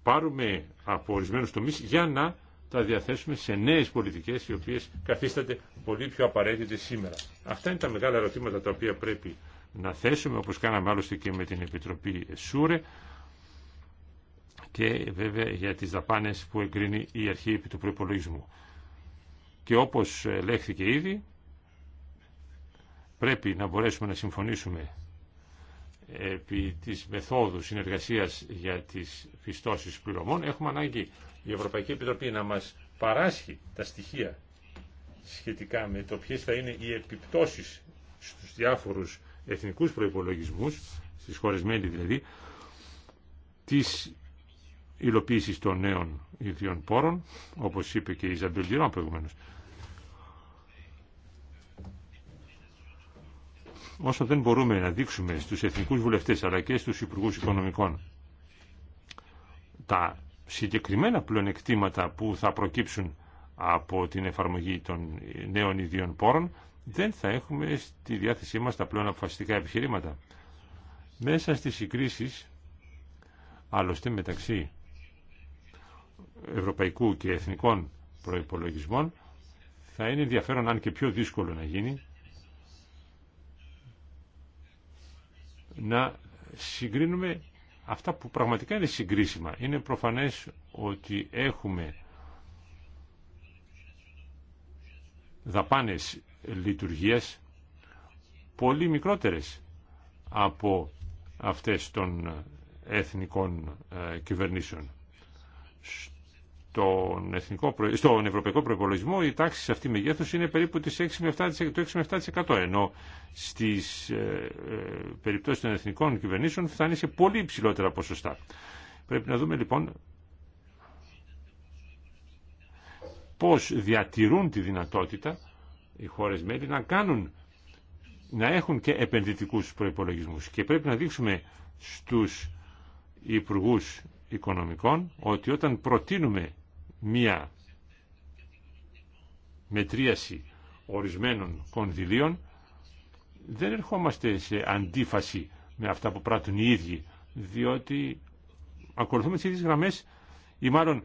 πάρουμε από ορισμένου τομεί για να τα διαθέσουμε σε νέε πολιτικέ οι οποίε καθίσταται πολύ πιο απαραίτητε σήμερα. Αυτά είναι τα μεγάλα ερωτήματα τα οποία πρέπει να θέσουμε, όπω κάναμε άλλωστε και με την Επιτροπή ΣΟΥΡΕ και βέβαια για τι δαπάνε που εγκρίνει η αρχή επί του προπολογισμού. Και όπω λέχθηκε ήδη, πρέπει να μπορέσουμε να συμφωνήσουμε επί της μεθόδου συνεργασίας για τις φυστώσεις πληρωμών έχουμε ανάγκη η Ευρωπαϊκή Επιτροπή να μας παράσχει τα στοιχεία σχετικά με το ποιες θα είναι οι επιπτώσεις στους διάφορους εθνικούς προϋπολογισμούς, στις χώρες μέλη δηλαδή, της υλοποίησης των νέων ιδιών πόρων, όπως είπε και η Ιζαμπέλ προηγουμένως. όσο δεν μπορούμε να δείξουμε στους εθνικούς βουλευτές αλλά και στους υπουργούς οικονομικών τα συγκεκριμένα πλεονεκτήματα που θα προκύψουν από την εφαρμογή των νέων ιδίων πόρων, δεν θα έχουμε στη διάθεσή μας τα πλέον αποφασιστικά επιχειρήματα. Μέσα στις συγκρίσεις, άλλωστε μεταξύ ευρωπαϊκού και εθνικών προϋπολογισμών, θα είναι ενδιαφέρον αν και πιο δύσκολο να γίνει, να συγκρίνουμε αυτά που πραγματικά είναι συγκρίσιμα. Είναι προφανές ότι έχουμε δαπάνες λειτουργίας πολύ μικρότερες από αυτές των εθνικών ε, κυβερνήσεων στον, εθνικό, στον ευρωπαϊκό προπολογισμό η τάξη σε αυτή μεγέθου είναι περίπου 6 το 6 με 7% ενώ στι ε, ε, περιπτώσεις των εθνικών κυβερνήσεων φτάνει σε πολύ υψηλότερα ποσοστά. Πρέπει να δούμε λοιπόν πώ διατηρούν τη δυνατότητα οι χώρε μέλη να κάνουν να έχουν και επενδυτικούς προϋπολογισμούς και πρέπει να δείξουμε στους υπουργούς οικονομικών ότι όταν προτείνουμε μία μετρίαση ορισμένων κονδυλίων δεν ερχόμαστε σε αντίφαση με αυτά που πράττουν οι ίδιοι διότι ακολουθούμε τις ίδιες γραμμές ή μάλλον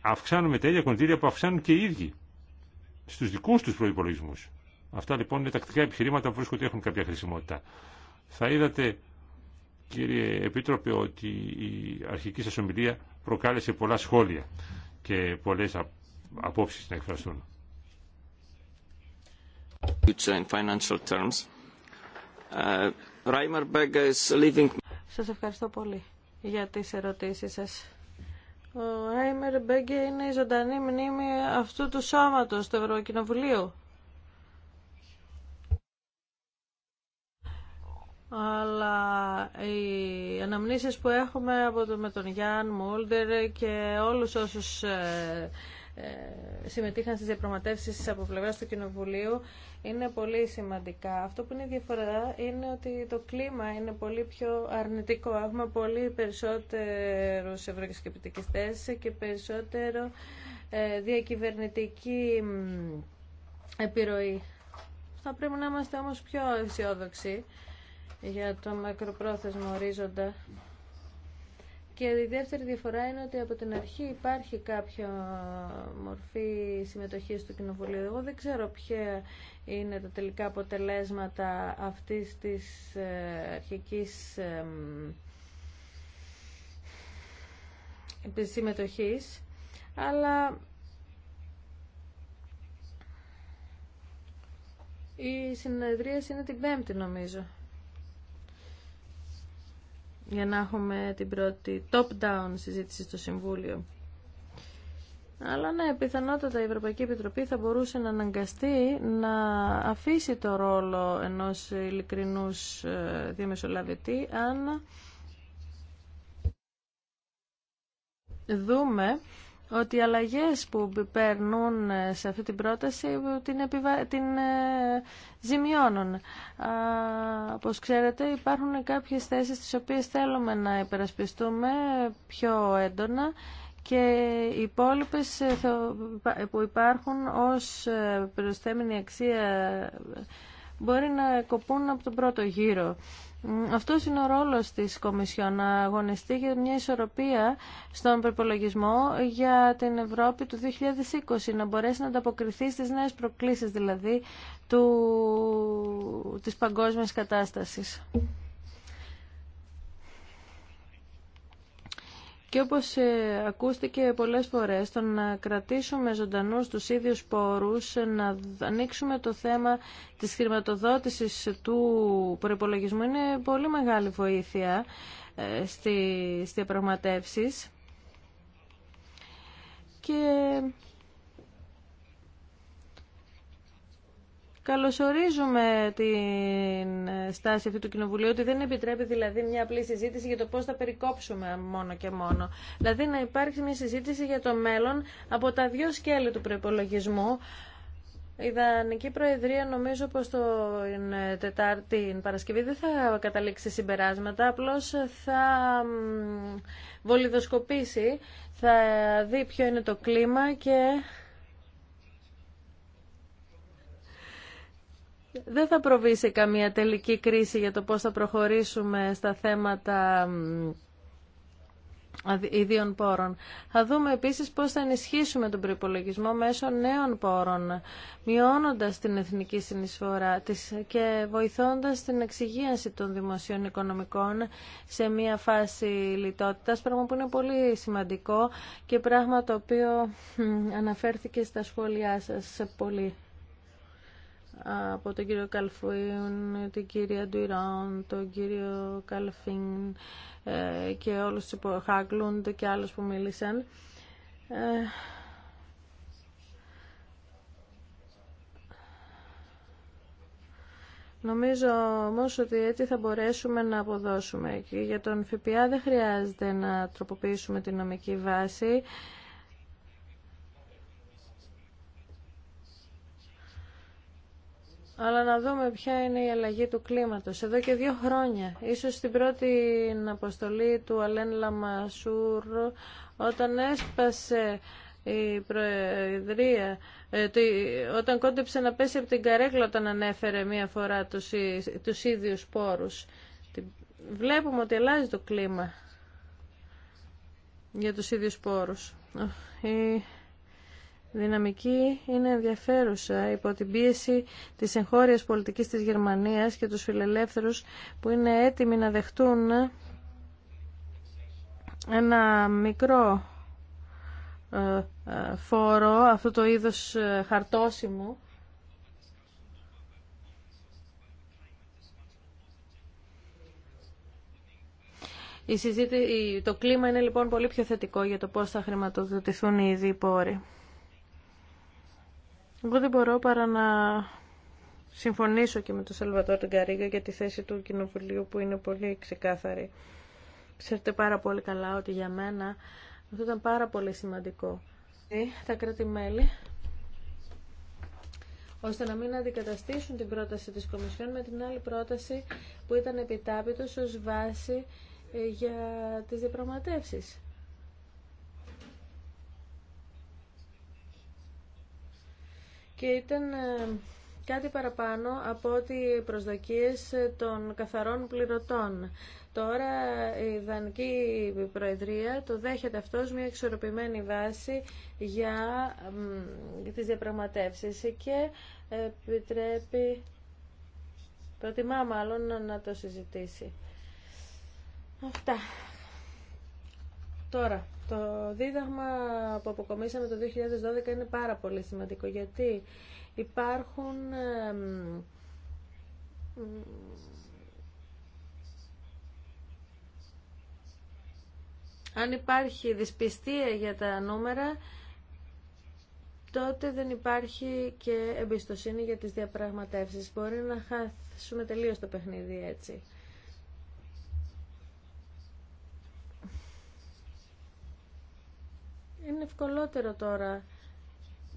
αυξάνουμε τα ίδια κονδύλια που αυξάνουν και οι ίδιοι στους δικούς τους προϋπολογισμούς. Αυτά λοιπόν είναι τακτικά επιχειρήματα που βρίσκονται ότι έχουν κάποια χρησιμότητα. Θα είδατε κύριε Επίτροπε ότι η αρχική σας ομιλία προκάλεσε πολλά σχόλια και πολλές απόψεις να εκφραστούν. Uh, σας ευχαριστώ πολύ για τις ερωτήσεις σας. Ο Ράιμερ Μπέγκε είναι η ζωντανή μνήμη αυτού του σώματος του Ευρωκοινοβουλίου. αλλά οι αναμνήσεις που έχουμε από με τον Γιάν Μούλτερ και όλους όσους ε, ε, συμμετείχαν στις διαπραγματεύσεις από πλευράς του Κοινοβουλίου είναι πολύ σημαντικά. Αυτό που είναι διαφορά είναι ότι το κλίμα είναι πολύ πιο αρνητικό. Έχουμε πολύ περισσότερους ευρωσκεπτικιστές και περισσότερο ε, διακυβερνητική επιρροή. Θα πρέπει να είμαστε όμως πιο αισιόδοξοι για το μακροπρόθεσμο ορίζοντα. Και η δεύτερη διαφορά είναι ότι από την αρχή υπάρχει κάποια μορφή συμμετοχής του Κοινοβουλίου. Εγώ δεν ξέρω ποια είναι τα τελικά αποτελέσματα αυτής της ε, αρχικής συμμετοχής, αλλά η συνεδρία είναι την πέμπτη νομίζω για να έχουμε την πρώτη top-down συζήτηση στο Συμβούλιο. Αλλά ναι, πιθανότατα η Ευρωπαϊκή Επιτροπή θα μπορούσε να αναγκαστεί να αφήσει το ρόλο ενός ειλικρινούς ε, διαμεσολαβητή αν δούμε ότι οι αλλαγές που περνούν σε αυτή την πρόταση την, επιβα... την ε, ζημιώνουν. Όπως ξέρετε υπάρχουν κάποιες θέσεις τις οποίες θέλουμε να υπερασπιστούμε πιο έντονα και οι υπόλοιπε ε, που υπάρχουν ως ε, προσθέμενη αξία μπορεί να κοπούν από τον πρώτο γύρο. Αυτό είναι ο ρόλο τη Κομισιόν, να αγωνιστεί για μια ισορροπία στον προπολογισμό για την Ευρώπη του 2020, να μπορέσει να ανταποκριθεί στι νέε προκλήσει δηλαδή του... τη παγκόσμια κατάσταση. Και όπως ε, ακούστηκε πολλές φορές, το να κρατήσουμε ζωντανούς τους ίδιους πόρους, να ανοίξουμε το θέμα της χρηματοδότησης του προϋπολογισμού είναι πολύ μεγάλη βοήθεια ε, στις διαπραγματεύσεις. Καλωσορίζουμε την στάση αυτή του Κοινοβουλίου ότι δεν επιτρέπει δηλαδή μια απλή συζήτηση για το πώς θα περικόψουμε μόνο και μόνο. Δηλαδή να υπάρχει μια συζήτηση για το μέλλον από τα δύο σκέλη του προπολογισμού. Η Δανική Προεδρία νομίζω πως το ε, Τετάρτη, την Παρασκευή, δεν θα καταλήξει συμπεράσματα, απλώς θα βολιδοσκοπήσει, θα δει ποιο είναι το κλίμα και δεν θα προβεί σε καμία τελική κρίση για το πώς θα προχωρήσουμε στα θέματα ιδίων πόρων. Θα δούμε επίσης πώς θα ενισχύσουμε τον προϋπολογισμό μέσω νέων πόρων, μειώνοντας την εθνική συνεισφορά της και βοηθώντας την εξυγίανση των δημοσίων οικονομικών σε μια φάση λιτότητας, πράγμα που είναι πολύ σημαντικό και πράγμα το οποίο αναφέρθηκε στα σχόλιά σας πολύ από τον κύριο Καλφούιν, την κυρία Ντουιρόν, τον κύριο Καλφίν ε, και όλους τους Χάγκλουντ και άλλους που μίλησαν. Ε, νομίζω όμω ότι έτσι θα μπορέσουμε να αποδώσουμε. Και για τον ΦΠΑ δεν χρειάζεται να τροποποιήσουμε την νομική βάση. αλλά να δούμε ποια είναι η αλλαγή του κλίματος. Εδώ και δύο χρόνια, ίσως στην πρώτη αποστολή του Αλέν Λαμασούρ, όταν έσπασε η Προεδρία, ε, όταν κόντεψε να πέσει από την καρέκλα όταν ανέφερε μία φορά τους, τους ίδιους πόρους. Βλέπουμε ότι αλλάζει το κλίμα για τους ίδιους πόρους δυναμική είναι ενδιαφέρουσα υπό την πίεση της εγχώριας πολιτικής της Γερμανίας και τους φιλελεύθερους που είναι έτοιμοι να δεχτούν ένα μικρό ε, ε, φόρο, αυτό το είδος ε, χαρτώσιμου. το κλίμα είναι λοιπόν πολύ πιο θετικό για το πώς θα χρηματοδοτηθούν οι ίδιοι πόροι. Εγώ δεν μπορώ παρά να συμφωνήσω και με τον Σαλβατόρ τον Καρίγα για τη θέση του Κοινοβουλίου που είναι πολύ ξεκάθαρη. Ξέρετε πάρα πολύ καλά ότι για μένα αυτό ήταν πάρα πολύ σημαντικό. Ε, τα κράτη-μέλη ώστε να μην αντικαταστήσουν την πρόταση της Κομισιόν με την άλλη πρόταση που ήταν επιτάπητος ως βάση ε, για τις διαπραγματεύσεις. και ήταν ε, κάτι παραπάνω από ό,τι οι προσδοκίες των καθαρών πληρωτών. Τώρα η Δανική Προεδρία το δέχεται αυτός μια εξορροπημένη βάση για τις διαπραγματεύσεις και επιτρέπει, προτιμά μάλλον να το συζητήσει. Αυτά. Τώρα, το δίδαγμα που αποκομίσαμε το 2012 είναι πάρα πολύ σημαντικό γιατί υπάρχουν αν υπάρχει δυσπιστία για τα νούμερα τότε δεν υπάρχει και εμπιστοσύνη για τις διαπραγματεύσεις. Μπορεί να χάσουμε τελείως το παιχνίδι έτσι. Είναι ευκολότερο τώρα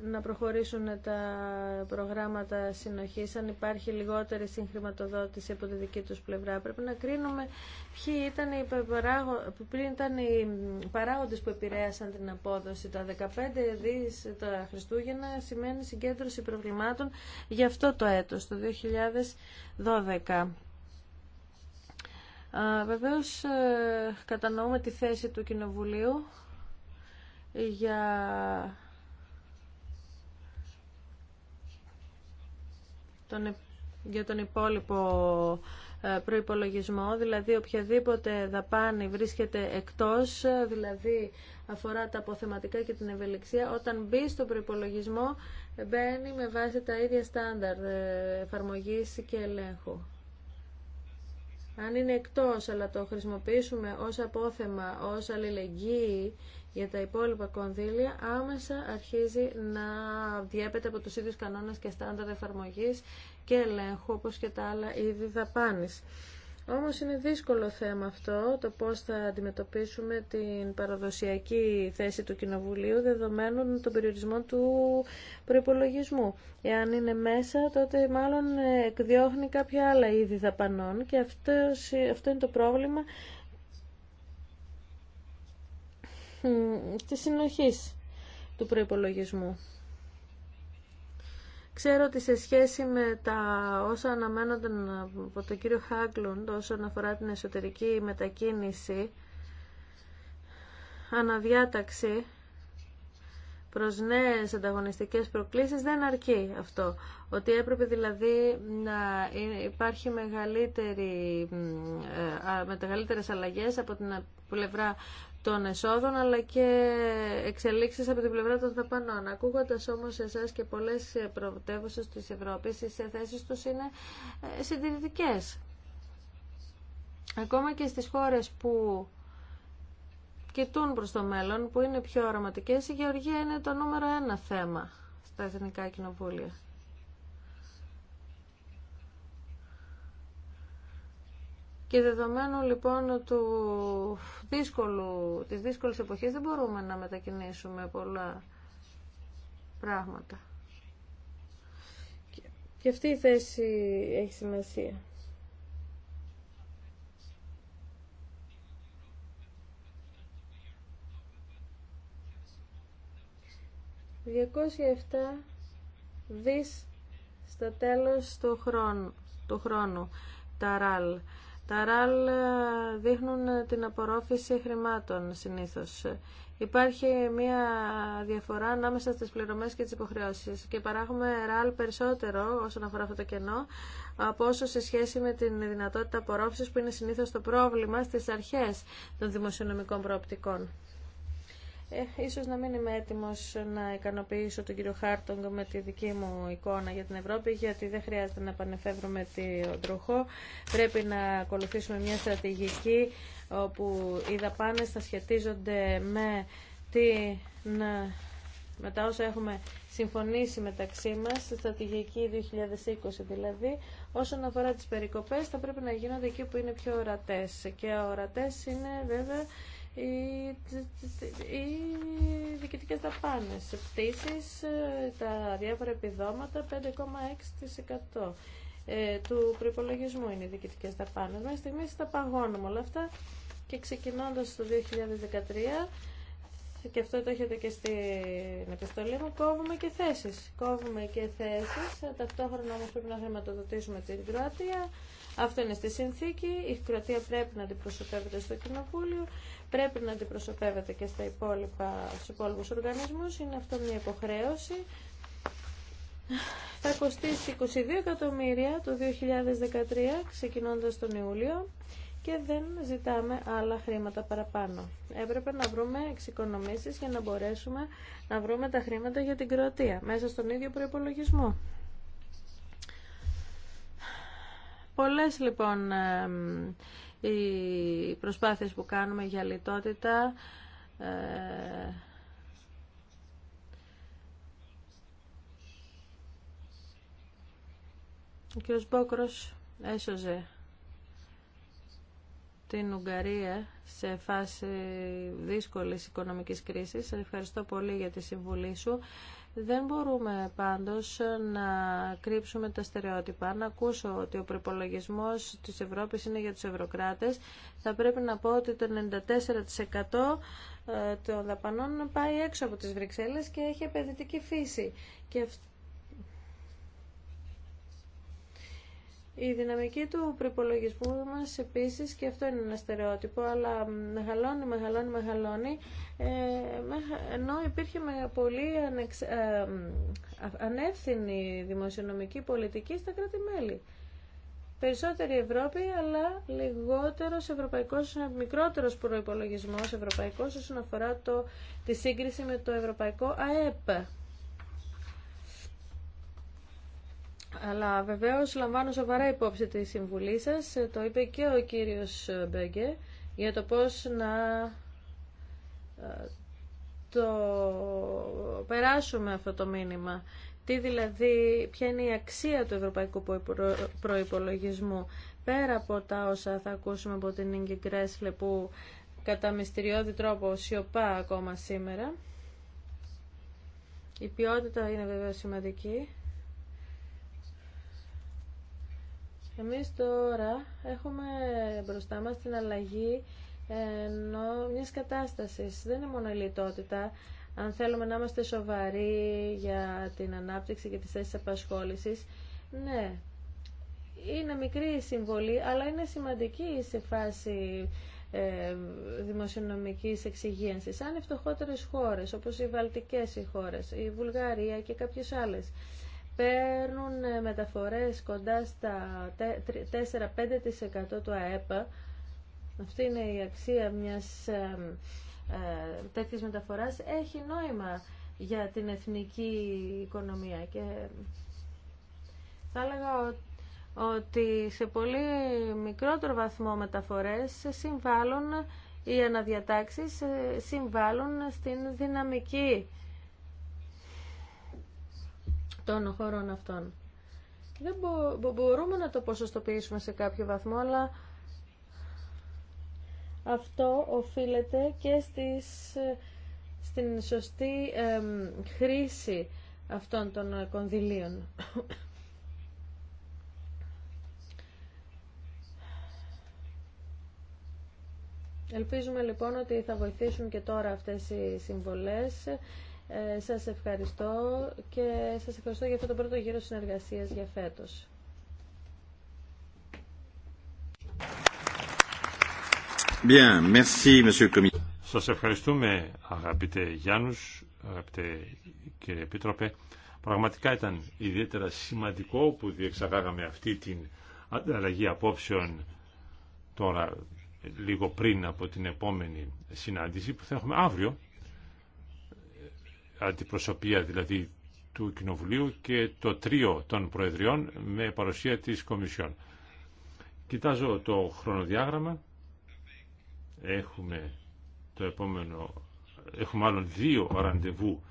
να προχωρήσουν τα προγράμματα συνοχής αν υπάρχει λιγότερη συγχρηματοδότηση από τη δική τους πλευρά. Πρέπει να κρίνουμε ποιοι ήταν οι, πριν ήταν οι παράγοντες που επηρέασαν την απόδοση. Τα 15 δις τα Χριστούγεννα σημαίνει συγκέντρωση προβλημάτων για αυτό το έτος, το 2012. Βεβαίως ε, κατανοούμε τη θέση του Κοινοβουλίου για τον, για τον υπόλοιπο ε, προϋπολογισμό, δηλαδή οποιαδήποτε δαπάνη βρίσκεται εκτός, ε, δηλαδή αφορά τα αποθεματικά και την ευελιξία, όταν μπει στο προϋπολογισμό μπαίνει με βάση τα ίδια στάνταρ ε, εφαρμογής και ελέγχου. Αν είναι εκτός αλλά το χρησιμοποιήσουμε ως απόθεμα, ως αλληλεγγύη για τα υπόλοιπα κονδύλια άμεσα αρχίζει να διέπεται από τους ίδιους κανόνες και στάνταρ εφαρμογής και ελέγχου όπως και τα άλλα είδη δαπάνης. Όμως είναι δύσκολο θέμα αυτό, το πώς θα αντιμετωπίσουμε την παραδοσιακή θέση του Κοινοβουλίου δεδομένων των περιορισμών του προϋπολογισμού. Εάν είναι μέσα, τότε μάλλον εκδιώχνει κάποια άλλα είδη δαπανών και αυτό, αυτό είναι το πρόβλημα της συνοχής του προϋπολογισμού. Ξέρω ότι σε σχέση με τα όσα αναμένονταν από τον κύριο Χάγκλουντ όσον αφορά την εσωτερική μετακίνηση, αναδιάταξη προς νέες ανταγωνιστικές προκλήσεις δεν αρκεί αυτό. Ότι έπρεπε δηλαδή να υπάρχει μεγαλύτερη, ε, με μεγαλύτερες αλλαγές από την πλευρά των εσόδων αλλά και εξελίξεις από την πλευρά των δαπανών. Ακούγοντας όμως εσάς και πολλές πρωτεύουσες της Ευρώπης, οι θέσεις τους είναι ε, συντηρητικές. Ακόμα και στις χώρες που κοιτούν προς το μέλλον, που είναι πιο αρωματικές, η γεωργία είναι το νούμερο ένα θέμα στα εθνικά κοινοβούλια. Και δεδομένου λοιπόν του δύσκολου, της δύσκολης εποχής δεν μπορούμε να μετακινήσουμε πολλά πράγματα. Και αυτή η θέση έχει σημασία. «207 δις στα τέλος του χρόνου, του χρόνου τα τα ραλ ε, δείχνουν ε, την απορρόφηση χρημάτων συνήθως. Υπάρχει μια διαφορά ανάμεσα στις πληρωμές και τις υποχρεώσεις και παράγουμε ραλ περισσότερο όσον αφορά αυτό το κενό από όσο σε σχέση με την δυνατότητα απορρόφησης που είναι συνήθως το πρόβλημα στις αρχές των δημοσιονομικών προοπτικών ε, ίσως να μην είμαι έτοιμος να ικανοποιήσω τον κύριο Χάρτογκ με τη δική μου εικόνα για την Ευρώπη, γιατί δεν χρειάζεται να πανεφεύρουμε τον τροχό. Πρέπει να ακολουθήσουμε μια στρατηγική όπου οι δαπάνες θα σχετίζονται με, την, με τα όσα έχουμε συμφωνήσει μεταξύ μας, στη στρατηγική 2020 δηλαδή, όσον αφορά τις περικοπές θα πρέπει να γίνονται εκεί που είναι πιο ορατές. Και ορατές είναι βέβαια οι διοικητικές δαπάνες, πτήσει τα διάφορα επιδόματα 5,6% ε, του προπολογισμού είναι οι διοικητικέ δαπάνε. Μέχρι στιγμή τα παγώνουμε όλα αυτά και ξεκινώντας το 2013 και αυτό το έχετε και στην επιστολή μου, κόβουμε και θέσεις. Κόβουμε και θέσεις, ταυτόχρονα όμως πρέπει να χρηματοδοτήσουμε την Κροατία. Αυτό είναι στη συνθήκη, η Κροατία πρέπει να αντιπροσωπεύεται στο Κοινοβούλιο πρέπει να αντιπροσωπεύεται και στα υπόλοιπα, στους υπόλοιπους οργανισμούς. Είναι αυτό μια υποχρέωση. Θα κοστίσει 22 εκατομμύρια το 2013, ξεκινώντας τον Ιούλιο και δεν ζητάμε άλλα χρήματα παραπάνω. Έπρεπε να βρούμε εξοικονομήσεις για να μπορέσουμε να βρούμε τα χρήματα για την Κροατία μέσα στον ίδιο προϋπολογισμό. Πολλές λοιπόν οι προσπάθειες που κάνουμε για λιτότητα ε, ο κ. Μπόκρος έσωζε την Ουγγαρία σε φάση δύσκολης οικονομικής κρίσης. Ευχαριστώ πολύ για τη συμβουλή σου. Δεν μπορούμε πάντως να κρύψουμε τα στερεότυπα. Αν ακούσω ότι ο προπολογισμό της Ευρώπης είναι για τους ευρωκράτες, θα πρέπει να πω ότι το 94% ε, των δαπανών πάει έξω από τις Βρυξέλλες και έχει επενδυτική φύση. Και αυτό Η δυναμική του προπολογισμού μα επίσης, και αυτό είναι ένα στερεότυπο, αλλά μεγαλώνει, μεγαλώνει, μεγαλώνει, ε, ενώ υπήρχε πολύ ανεξ, ε, ανεύθυνη δημοσιονομική πολιτική στα κράτη-μέλη. Περισσότερη Ευρώπη, αλλά λιγότερος ευρωπαϊκός, μικρότερος προϋπολογισμός ευρωπαϊκός όσον αφορά το, τη σύγκριση με το ευρωπαϊκό ΑΕΠ. Αλλά βεβαίως λαμβάνω σοβαρά υπόψη τη συμβουλή σας. Το είπε και ο κύριος Μπέγκε για το πώς να ε, το περάσουμε αυτό το μήνυμα. Τι δηλαδή, ποια είναι η αξία του ευρωπαϊκού προϋπολογισμού πέρα από τα όσα θα ακούσουμε από την Ίγκη Γκρέσλε που κατά μυστηριώδη τρόπο σιωπά ακόμα σήμερα. Η ποιότητα είναι βέβαια σημαντική. Εμείς τώρα έχουμε μπροστά μας την αλλαγή ενώ μιας κατάστασης. Δεν είναι μόνο η λιτότητα. Αν θέλουμε να είμαστε σοβαροί για την ανάπτυξη και τις θέσεις απασχόλησης, ναι, είναι μικρή η συμβολή, αλλά είναι σημαντική σε φάση ε, δημοσιονομικής Αν οι φτωχότερες χώρες, όπως οι βαλτικές οι χώρες, η Βουλγαρία και κάποιες άλλες, παίρνουν ε, μεταφορές κοντά στα 4-5% του ΑΕΠ. Αυτή είναι η αξία μιας ε, τέτοιας μεταφοράς. Έχει νόημα για την εθνική οικονομία και θα έλεγα ότι σε πολύ μικρότερο βαθμό μεταφορές συμβάλλουν οι αναδιατάξεις ε, συμβάλλουν στην δυναμική των χωρών αυτών. Δεν μπορούμε να το ποσοστοποιήσουμε σε κάποιο βαθμό, αλλά αυτό οφείλεται και στις, στην σωστή χρήση αυτών των κονδυλίων. Ελπίζουμε λοιπόν ότι θα βοηθήσουν και τώρα αυτές οι συμβολές ε, σας ευχαριστώ και σας ευχαριστώ για αυτό το πρώτο γύρο συνεργασίας για φέτος. Bien, σας ευχαριστούμε αγαπητέ Γιάννους, αγαπητέ κύριε Επίτροπε. Πραγματικά ήταν ιδιαίτερα σημαντικό που διεξαγάγαμε αυτή την ανταλλαγή απόψεων τώρα λίγο πριν από την επόμενη συνάντηση που θα έχουμε αύριο αντιπροσωπεία δηλαδή του Κοινοβουλίου και το τρίο των Προεδριών με παρουσία της Κομισιόν. Κοιτάζω το χρονοδιάγραμμα. Έχουμε το επόμενο, έχουμε μάλλον δύο ραντεβού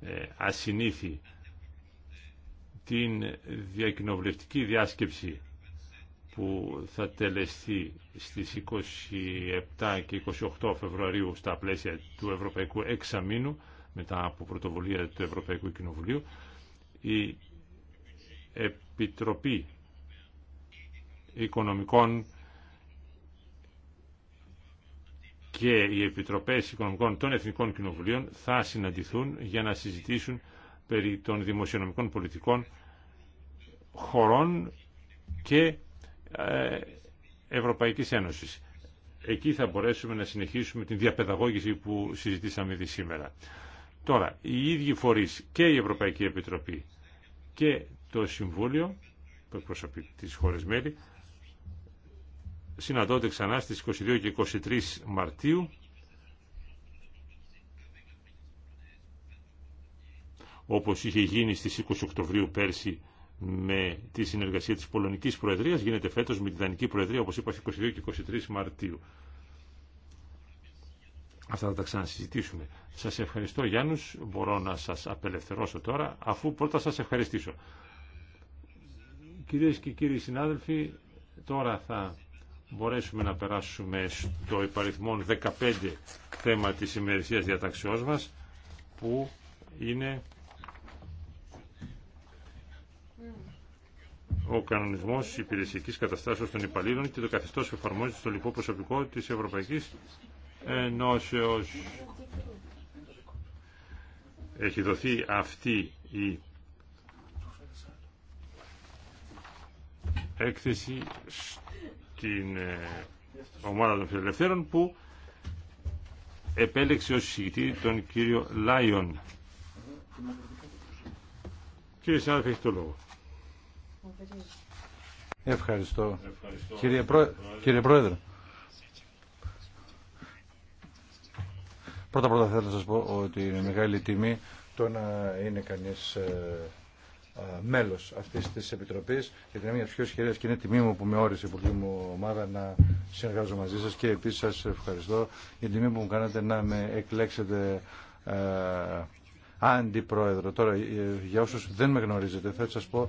ε, ασυνήθι την διακοινοβουλευτική διάσκεψη που θα τελεστεί στις 27 και 28 Φεβρουαρίου στα πλαίσια του Ευρωπαϊκού Εξαμήνου μετά από πρωτοβουλία του Ευρωπαϊκού Κοινοβουλίου η Επιτροπή Οικονομικών και οι Επιτροπές Οικονομικών των Εθνικών Κοινοβουλίων θα συναντηθούν για να συζητήσουν περί των δημοσιονομικών πολιτικών χωρών και ε, Ευρωπαϊκής Ένωσης. Εκεί θα μπορέσουμε να συνεχίσουμε την διαπαιδαγώγηση που συζητήσαμε ήδη σήμερα. Τώρα, οι ίδιοι φορείς και η Ευρωπαϊκή Επιτροπή και το Συμβούλιο που εκπροσωπεί τις χώρες μέλη συναντώνται ξανά στις 22 και 23 Μαρτίου όπως είχε γίνει στις 20 Οκτωβρίου πέρσι με τη συνεργασία της Πολωνικής Προεδρίας γίνεται φέτος με τη Δανική Προεδρία όπως είπα στις 22 και 23 Μαρτίου. Αυτά θα τα ξανασυζητήσουμε. Σας ευχαριστώ Γιάννους, μπορώ να σας απελευθερώσω τώρα, αφού πρώτα σας ευχαριστήσω. Κυρίε και κύριοι συνάδελφοι, τώρα θα μπορέσουμε να περάσουμε στο υπαριθμόν 15 θέμα τη ημερησία διαταξιό μα, που είναι ο κανονισμός υπηρεσιακής καταστάσεως των υπαλλήλων και το καθεστώ εφαρμόζεται στο λοιπό προσωπικό της Ευρωπαϊκής ενώσεως έχει δοθεί αυτή η έκθεση στην ε, ομάδα των φιλελευθέρων που επέλεξε ως συζητητή τον κύριο Λάιον. Κύριε Σάρφ, έχει το λόγο. Ευχαριστώ. Κύριε, Κύριε Πρόεδρε. Πρώτα πρώτα θέλω να σας πω ότι είναι μεγάλη τιμή το να είναι κανείς ε, ε, μέλος αυτής της Επιτροπής και είναι μια πιο χειρές και είναι τιμή μου που με όρισε η πολιτική μου ομάδα να συνεργάζω μαζί σας και επίσης σας ευχαριστώ για την τιμή που μου κάνατε να με εκλέξετε ε, αντιπρόεδρο. Τώρα, για όσους δεν με γνωρίζετε, θα σας πω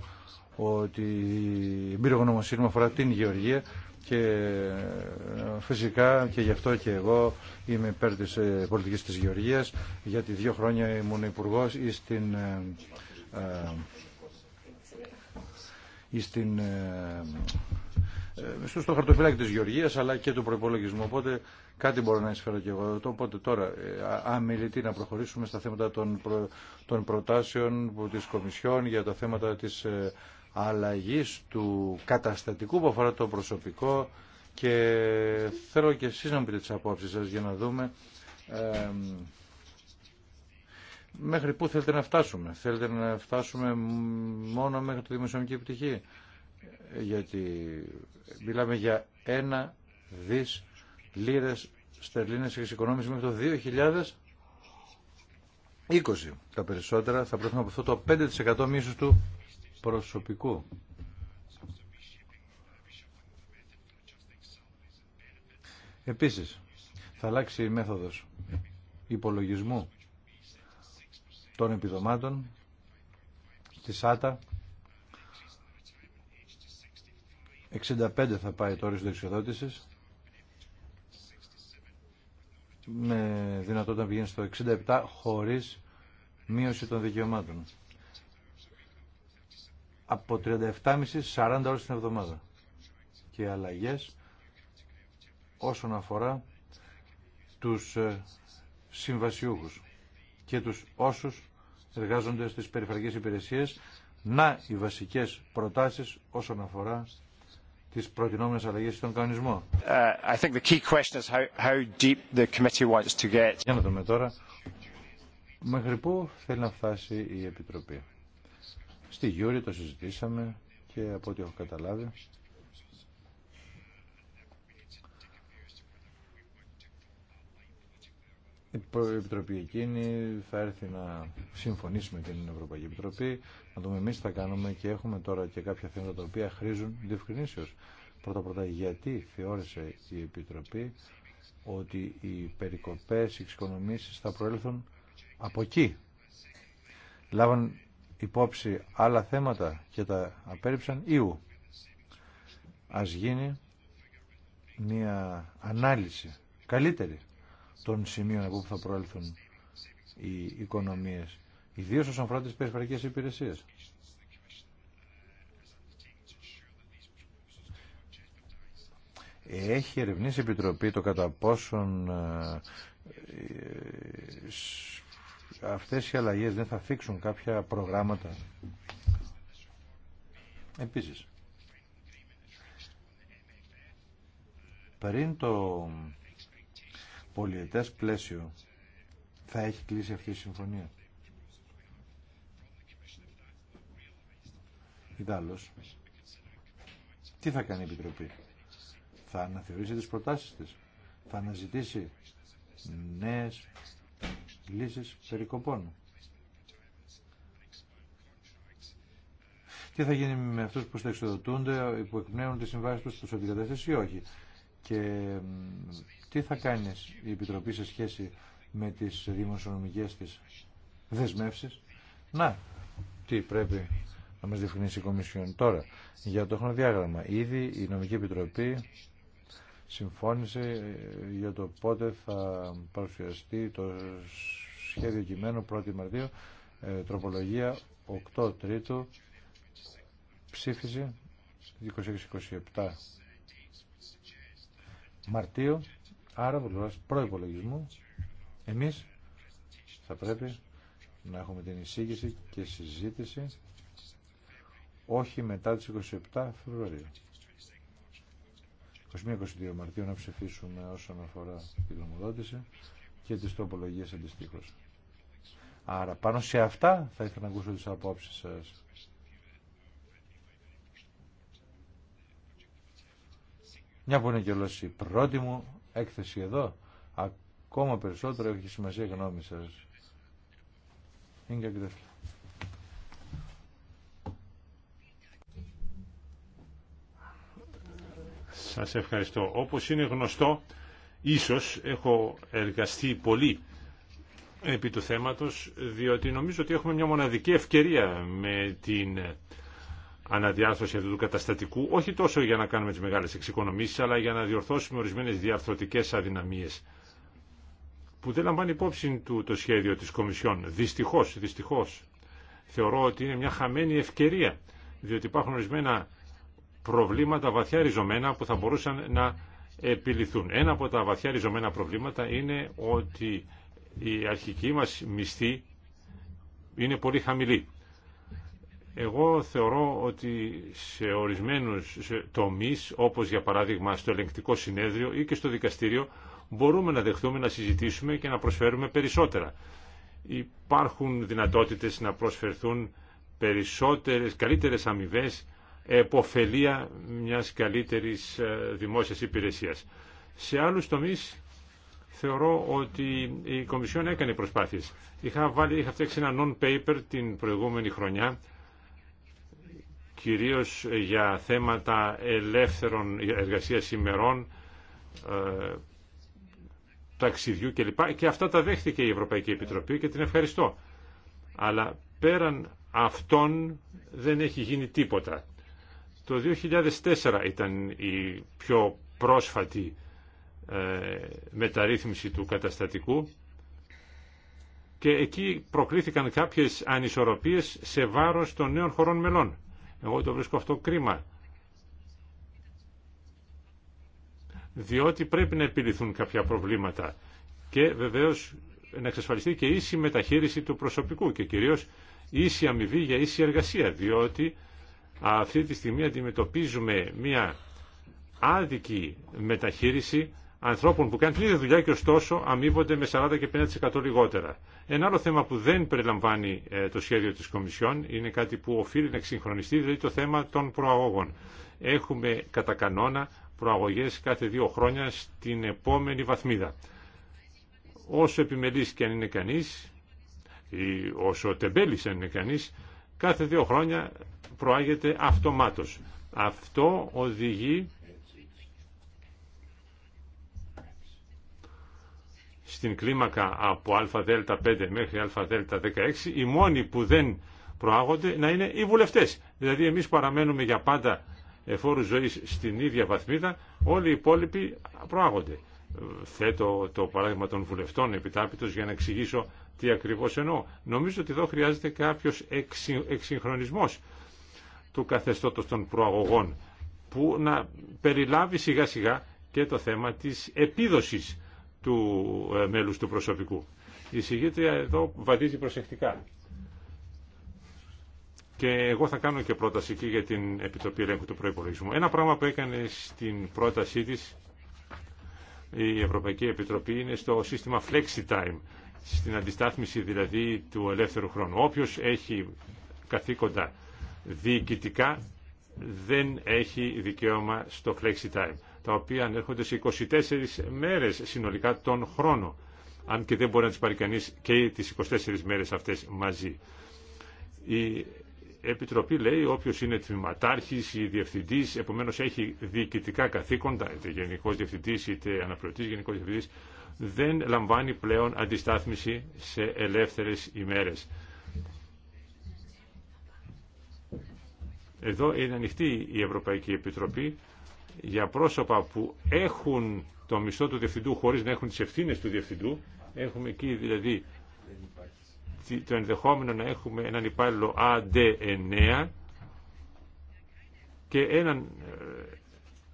ότι η εμπειρογνωμοσύνη μου αφορά την Γεωργία και ε, φυσικά και γι' αυτό και εγώ είμαι υπέρ της ε, πολιτικής της Γεωργίας γιατί δύο χρόνια ήμουν υπουργό ή στην, ε, στην στο χαρτοφυλάκι της Γεωργίας αλλά και του προπολογισμού. Οπότε κάτι μπορώ να εισφέρω και εγώ. Οπότε τώρα αμιλητή να προχωρήσουμε στα θέματα των, των προτάσεων της Κομισιόν για τα θέματα της αλλαγής του καταστατικού που αφορά το προσωπικό και θέλω και εσείς να μου πείτε τις απόψεις σας για να δούμε μέχρι πού θέλετε να φτάσουμε. Θέλετε να φτάσουμε μόνο μέχρι το δημοσιονομική επιτυχία. Γιατί μιλάμε για ένα δις λίρες στερλίνες εξοικονόμηση μέχρι το 2020. Τα περισσότερα θα πρέπει από αυτό το 5% μίσους του προσωπικού. Επίσης, θα αλλάξει η μέθοδος υπολογισμού των επιδομάτων της ΣΑΤΑ, 65 θα πάει το όριο εξοδότησης με δυνατότητα να πηγαίνει στο 67 χωρίς μείωση των δικαιωμάτων από 37,5-40 ώρες την εβδομάδα και αλλαγές όσον αφορά τους ε, συμβασιούχους και τους όσους εργάζονται στις περιφερειακές υπηρεσίες να οι βασικές προτάσεις όσον αφορά τις προτινόμενες αλλαγές στον κανονισμό. Για να δούμε τώρα μέχρι πού θέλει να φτάσει η Επιτροπή. Στη Γιούρη το συζητήσαμε και από ό,τι έχω καταλάβει Η Επιτροπή εκείνη θα έρθει να συμφωνήσει με την Ευρωπαϊκή Επιτροπή, να δούμε εμεί τι θα κάνουμε και έχουμε τώρα και κάποια θέματα τα οποία χρήζουν διευκρινήσεω. Πρώτα-πρώτα, γιατί θεώρησε η Επιτροπή ότι οι περικοπές, οι εξοικονομήσεις θα προέλθουν από εκεί. Λάβαν υπόψη άλλα θέματα και τα απέρριψαν ου. Ας γίνει μια ανάλυση καλύτερη των σημείων από που θα προέλθουν οι οικονομίες, ιδίως όσον αφορά τις περιφερειακές υπηρεσίες. Έχει ερευνήσει η Επιτροπή το κατά πόσον ε, ε, αυτές οι αλλαγές δεν θα φύξουν κάποια προγράμματα. Επίσης, πριν το πολιετές πλαίσιο θα έχει κλείσει αυτή η συμφωνία. Ιδάλλως, τι θα κάνει η Επιτροπή. Θα αναθεωρήσει τις προτάσεις της. Θα αναζητήσει νέες λύσεις περικοπών. Τι θα γίνει με αυτούς που στεξιδοτούνται, που εκπνέουν τις συμβάσεις τους στους αντικαταστήσεις ή όχι. Και τι θα κάνει η Επιτροπή σε σχέση με τις δημοσιονομικές της δεσμεύσεις. Να, τι πρέπει να μας διευκρινίσει η Κομισιόν. Τώρα, για το χρονοδιάγραμμα, ήδη η Νομική Επιτροπή συμφώνησε ε, για το πότε θα παρουσιαστεί το σχέδιο κειμένου 1η Μαρτίου, ε, τροπολογία 8 Τρίτου, ψήφιση 26-27 Μαρτίου, άρα βουλευάς προϋπολογισμού, εμείς θα πρέπει να έχουμε την εισήγηση και συζήτηση όχι μετά τις 27 Φεβρουαρίου. 21-22 Μαρτίου να ψηφίσουμε όσον αφορά τη γνωμοδότηση και τις τροπολογίες αντιστοίχω. Άρα πάνω σε αυτά θα ήθελα να ακούσω τις απόψεις σας. Μια που είναι και η πρώτη μου έκθεση εδώ, ακόμα περισσότερο έχει σημασία η γνώμη σας. Είναι και Σας ευχαριστώ. Όπως είναι γνωστό, ίσως έχω εργαστεί πολύ επί του θέματος, διότι νομίζω ότι έχουμε μια μοναδική ευκαιρία με την αναδιάρθρωση αυτού του καταστατικού, όχι τόσο για να κάνουμε τις μεγάλες εξοικονομήσεις, αλλά για να διορθώσουμε ορισμένες διαρθρωτικές αδυναμίες που δεν λαμβάνει υπόψη του το σχέδιο της Κομισιόν. Δυστυχώς, δυστυχώς. Θεωρώ ότι είναι μια χαμένη ευκαιρία, διότι υπάρχουν ορισμένα προβλήματα βαθιά ριζωμένα που θα μπορούσαν να επιληθούν. Ένα από τα βαθιά ριζωμένα προβλήματα είναι ότι η αρχική μας μισθή είναι πολύ χαμηλή. Εγώ θεωρώ ότι σε ορισμένους τομείς, όπως για παράδειγμα στο ελεγκτικό συνέδριο ή και στο δικαστήριο, μπορούμε να δεχθούμε να συζητήσουμε και να προσφέρουμε περισσότερα. Υπάρχουν δυνατότητες να προσφερθούν περισσότερες, καλύτερες αμοιβέ εποφελία μιας καλύτερης ε, δημόσιας υπηρεσίας. Σε άλλους τομείς θεωρώ ότι η Κομισιόν έκανε προσπάθειες. Είχα, βάλει, είχα φτιάξει ένα non-paper την προηγούμενη χρονιά, κυρίως για θέματα ελεύθερων εργασίας ημερών, ε, ταξιδιού κλπ. Και αυτά τα δέχτηκε η Ευρωπαϊκή Επιτροπή και την ευχαριστώ. Αλλά πέραν αυτών δεν έχει γίνει τίποτα. Το 2004 ήταν η πιο πρόσφατη ε, μεταρρύθμιση του καταστατικού και εκεί προκλήθηκαν κάποιες ανισορροπίες σε βάρος των νέων χωρών μελών. Εγώ το βρίσκω αυτό κρίμα. Διότι πρέπει να επιληθούν κάποια προβλήματα και βεβαίως να εξασφαλιστεί και ίση μεταχείριση του προσωπικού και κυρίως ίση αμοιβή για ίση εργασία, διότι αυτή τη στιγμή αντιμετωπίζουμε μια άδικη μεταχείριση ανθρώπων που κάνουν την ίδια δουλειά και ωστόσο αμείβονται με 40 και 50% λιγότερα. Ένα άλλο θέμα που δεν περιλαμβάνει ε, το σχέδιο της Κομισιόν είναι κάτι που οφείλει να εξυγχρονιστεί, δηλαδή το θέμα των προαγωγών. Έχουμε κατά κανόνα προαγωγές κάθε δύο χρόνια στην επόμενη βαθμίδα. Όσο επιμελής και αν είναι κανείς, ή όσο τεμπέλης αν είναι κανείς, κάθε δύο χρόνια προάγεται αυτομάτως. Αυτό οδηγεί στην κλίμακα από ΑΔ5 μέχρι ΑΔ16 οι μόνοι που δεν προάγονται να είναι οι βουλευτές. Δηλαδή εμείς παραμένουμε για πάντα εφόρου ζωής στην ίδια βαθμίδα, όλοι οι υπόλοιποι προάγονται. Θέτω το παράδειγμα των βουλευτών επιτάπητος για να εξηγήσω τι ακριβώς εννοώ. Νομίζω ότι εδώ χρειάζεται κάποιος εξυγχρονισμός του καθεστώτος των προαγωγών που να περιλάβει σιγά σιγά και το θέμα της επίδοσης του ε, μέλους του προσωπικού. Η συγγήτρια εδώ βαδίζει προσεκτικά. Και εγώ θα κάνω και πρόταση και για την Επιτροπή Ελέγχου του Προϋπολογισμού. Ένα πράγμα που έκανε στην πρότασή της η Ευρωπαϊκή Επιτροπή είναι στο σύστημα FlexiTime στην αντιστάθμιση δηλαδή του ελεύθερου χρόνου. Όποιος έχει καθήκοντα διοικητικά δεν έχει δικαίωμα στο flexi time, τα οποία ανέρχονται σε 24 μέρες συνολικά τον χρόνο, αν και δεν μπορεί να τις πάρει κανείς και τις 24 μέρες αυτές μαζί. Η Επιτροπή λέει όποιος είναι τμηματάρχης ή διευθυντής, επομένως έχει διοικητικά καθήκοντα, είτε γενικός διευθυντής είτε αναπληρωτής γενικός διευθυντής, δεν λαμβάνει πλέον αντιστάθμιση σε ελεύθερες ημέρες. Εδώ είναι ανοιχτή η Ευρωπαϊκή Επιτροπή για πρόσωπα που έχουν το μισθό του διευθυντού χωρίς να έχουν τις ευθύνες του διευθυντού. Έχουμε εκεί δηλαδή το ενδεχόμενο να έχουμε έναν υπάλληλο AD9 και έναν ε,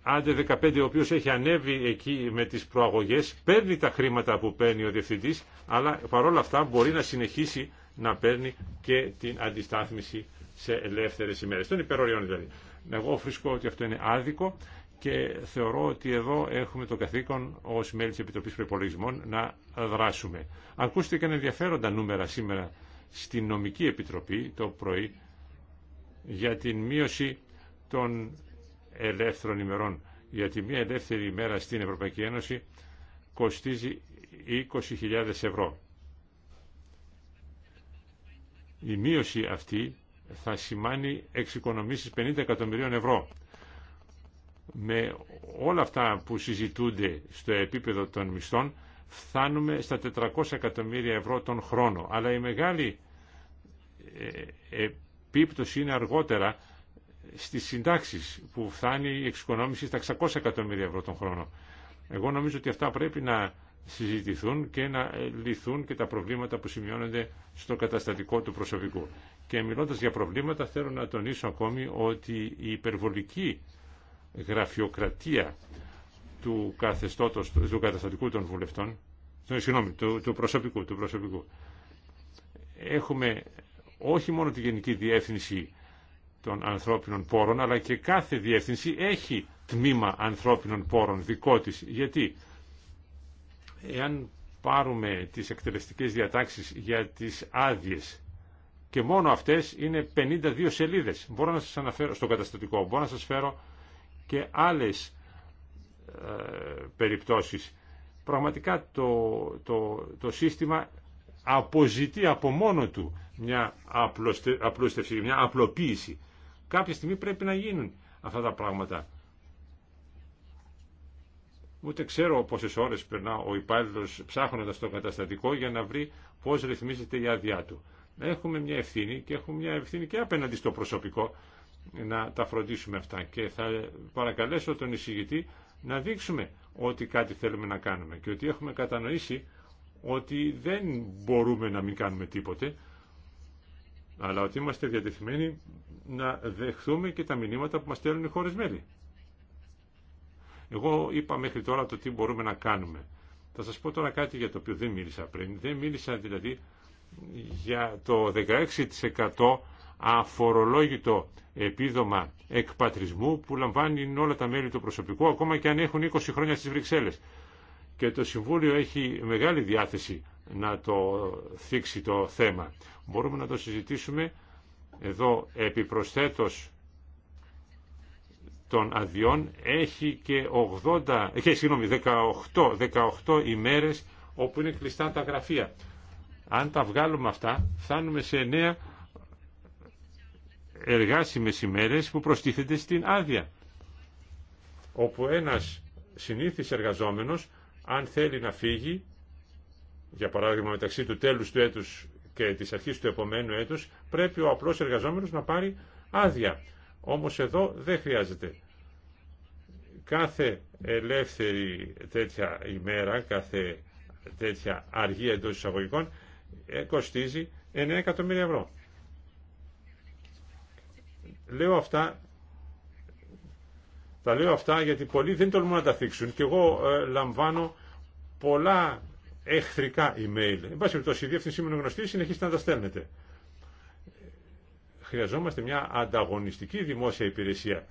άντε 15 ο οποίο έχει ανέβει εκεί με τις προαγωγές, παίρνει τα χρήματα που παίρνει ο διευθυντή, αλλά παρόλα αυτά μπορεί να συνεχίσει να παίρνει και την αντιστάθμιση σε ελεύθερε ημέρε. των υπεροριών δηλαδή. Εγώ βρίσκω ότι αυτό είναι άδικο και θεωρώ ότι εδώ έχουμε το καθήκον ως μέλη της Επιτροπή Προπολογισμών να δράσουμε. Ακούστηκαν ενδιαφέροντα νούμερα σήμερα στην Νομική Επιτροπή το πρωί για την μείωση των ελεύθερων ημερών. Γιατί μια ελεύθερη ημέρα στην Ευρωπαϊκή Ένωση κοστίζει 20.000 ευρώ. Η μείωση αυτή θα σημάνει εξοικονομήσεις 50 εκατομμυρίων ευρώ. Με όλα αυτά που συζητούνται στο επίπεδο των μισθών φτάνουμε στα 400 εκατομμύρια ευρώ τον χρόνο. Αλλά η μεγάλη ε, επίπτωση είναι αργότερα στις συντάξεις που φτάνει η εξοικονόμηση στα 600 εκατομμύρια ευρώ τον χρόνο. Εγώ νομίζω ότι αυτά πρέπει να συζητηθούν και να λυθούν και τα προβλήματα που σημειώνονται στο καταστατικό του προσωπικού. Και μιλώντας για προβλήματα θέλω να τονίσω ακόμη ότι η υπερβολική γραφειοκρατία του, καθεστώτος, του καταστατικού των βουλευτών, συγγνώμη, του, προσωπικού, του προσωπικού. Έχουμε όχι μόνο τη Γενική Διεύθυνση των ανθρώπινων πόρων, αλλά και κάθε διεύθυνση έχει τμήμα ανθρώπινων πόρων δικό της. Γιατί, εάν πάρουμε τις εκτελεστικές διατάξεις για τις άδειες και μόνο αυτές είναι 52 σελίδες. Μπορώ να σας αναφέρω στο καταστατικό, μπορώ να σας φέρω και άλλες ε, περιπτώσεις. Πραγματικά το, το, το σύστημα αποζητεί από μόνο του μια απλούστευση, μια απλοποίηση. Κάποια στιγμή πρέπει να γίνουν αυτά τα πράγματα. Ούτε ξέρω πόσες ώρες περνά ο υπάλληλο ψάχνοντα το καταστατικό για να βρει πώς ρυθμίζεται η άδειά του. Έχουμε μια ευθύνη και έχουμε μια ευθύνη και απέναντι στο προσωπικό να τα φροντίσουμε αυτά και θα παρακαλέσω τον εισηγητή να δείξουμε ότι κάτι θέλουμε να κάνουμε και ότι έχουμε κατανοήσει ότι δεν μπορούμε να μην κάνουμε τίποτε αλλά ότι είμαστε διατεθειμένοι να δεχθούμε και τα μηνύματα που μας στέλνουν οι χώρες μέλη. Εγώ είπα μέχρι τώρα το τι μπορούμε να κάνουμε. Θα σας πω τώρα κάτι για το οποίο δεν μίλησα πριν. Δεν μίλησα δηλαδή για το 16% αφορολόγητο επίδομα εκπατρισμού που λαμβάνει όλα τα μέλη του προσωπικού ακόμα και αν έχουν 20 χρόνια στις Βρυξέλλες. Και το Συμβούλιο έχει μεγάλη διάθεση να το θίξει το θέμα. Μπορούμε να το συζητήσουμε εδώ επιπροσθέτως των αδειών έχει και 80, ε, και, συγγνώμη, 18, 18 ημέρες όπου είναι κλειστά τα γραφεία. Αν τα βγάλουμε αυτά, φτάνουμε σε 9 εργάσιμες ημέρες που προστίθεται στην άδεια. Όπου ένας συνήθις εργαζόμενος, αν θέλει να φύγει, για παράδειγμα μεταξύ του τέλους του έτους και της αρχής του επομένου έτους, πρέπει ο απλός εργαζόμενος να πάρει άδεια. Όμως εδώ δεν χρειάζεται. Κάθε ελεύθερη τέτοια ημέρα, κάθε τέτοια αργή εντός εισαγωγικών, ε, κοστίζει 9 εκατομμύρια ευρώ. Λέω αυτά, τα λέω αυτά γιατί πολλοί δεν τολμούν να τα θίξουν και εγώ ε, λαμβάνω πολλά εχθρικά email. Εν πάση περιπτώσει, η διεύθυνσή μου είναι γνωστή, συνεχίστε να τα στέλνετε. Χρειαζόμαστε μια ανταγωνιστική δημόσια υπηρεσία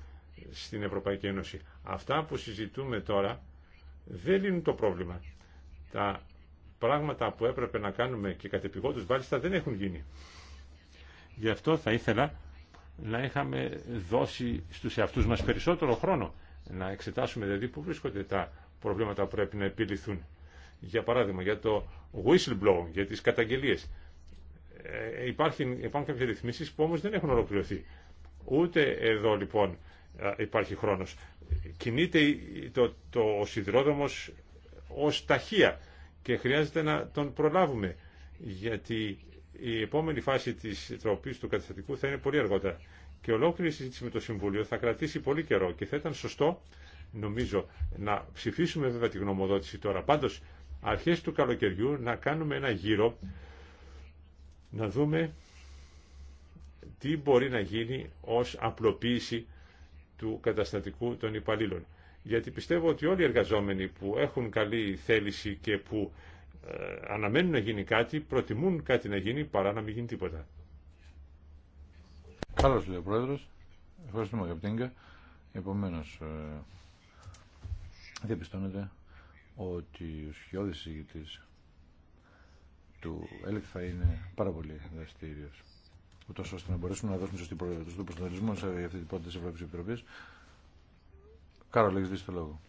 στην Ευρωπαϊκή Ένωση. Αυτά που συζητούμε τώρα δεν λύνουν το πρόβλημα. Τα πράγματα που έπρεπε να κάνουμε και κατεπηγόντως βάλιστα δεν έχουν γίνει. Γι' αυτό θα ήθελα να είχαμε δώσει στους εαυτούς μας περισσότερο χρόνο να εξετάσουμε δηλαδή που βρίσκονται τα προβλήματα που πρέπει να επιληθούν για παράδειγμα για το whistleblowing, για τις καταγγελίες. Ε, υπάρχουν, υπάρχουν κάποιες ρυθμίσεις που όμως δεν έχουν ολοκληρωθεί. Ούτε εδώ λοιπόν υπάρχει χρόνος. Κινείται το, το, ο σιδηρόδρομος ως ταχεία και χρειάζεται να τον προλάβουμε γιατί η επόμενη φάση της τροπής του καταστατικού θα είναι πολύ αργότερα. Και ολόκληρη συζήτηση με το Συμβούλιο θα κρατήσει πολύ καιρό και θα ήταν σωστό νομίζω να ψηφίσουμε βέβαια τη γνωμοδότηση τώρα. Πάντως αρχές του καλοκαιριού να κάνουμε ένα γύρο να δούμε τι μπορεί να γίνει ως απλοποίηση του καταστατικού των υπαλλήλων. Γιατί πιστεύω ότι όλοι οι εργαζόμενοι που έχουν καλή θέληση και που ε, αναμένουν να γίνει κάτι, προτιμούν κάτι να γίνει παρά να μην γίνει τίποτα. Καλώς λέει ο Πρόεδρος. Ευχαριστούμε ότι ο σχιώδης του ΕΛΚ θα είναι πάρα πολύ δραστήριο. Ούτω ώστε να μπορέσουμε να δώσουμε σωστή προεδρία του σε αυτή την πόρτα τη Ευρωπαϊκή Επιτροπή. Κάρο, λέγει το λόγο.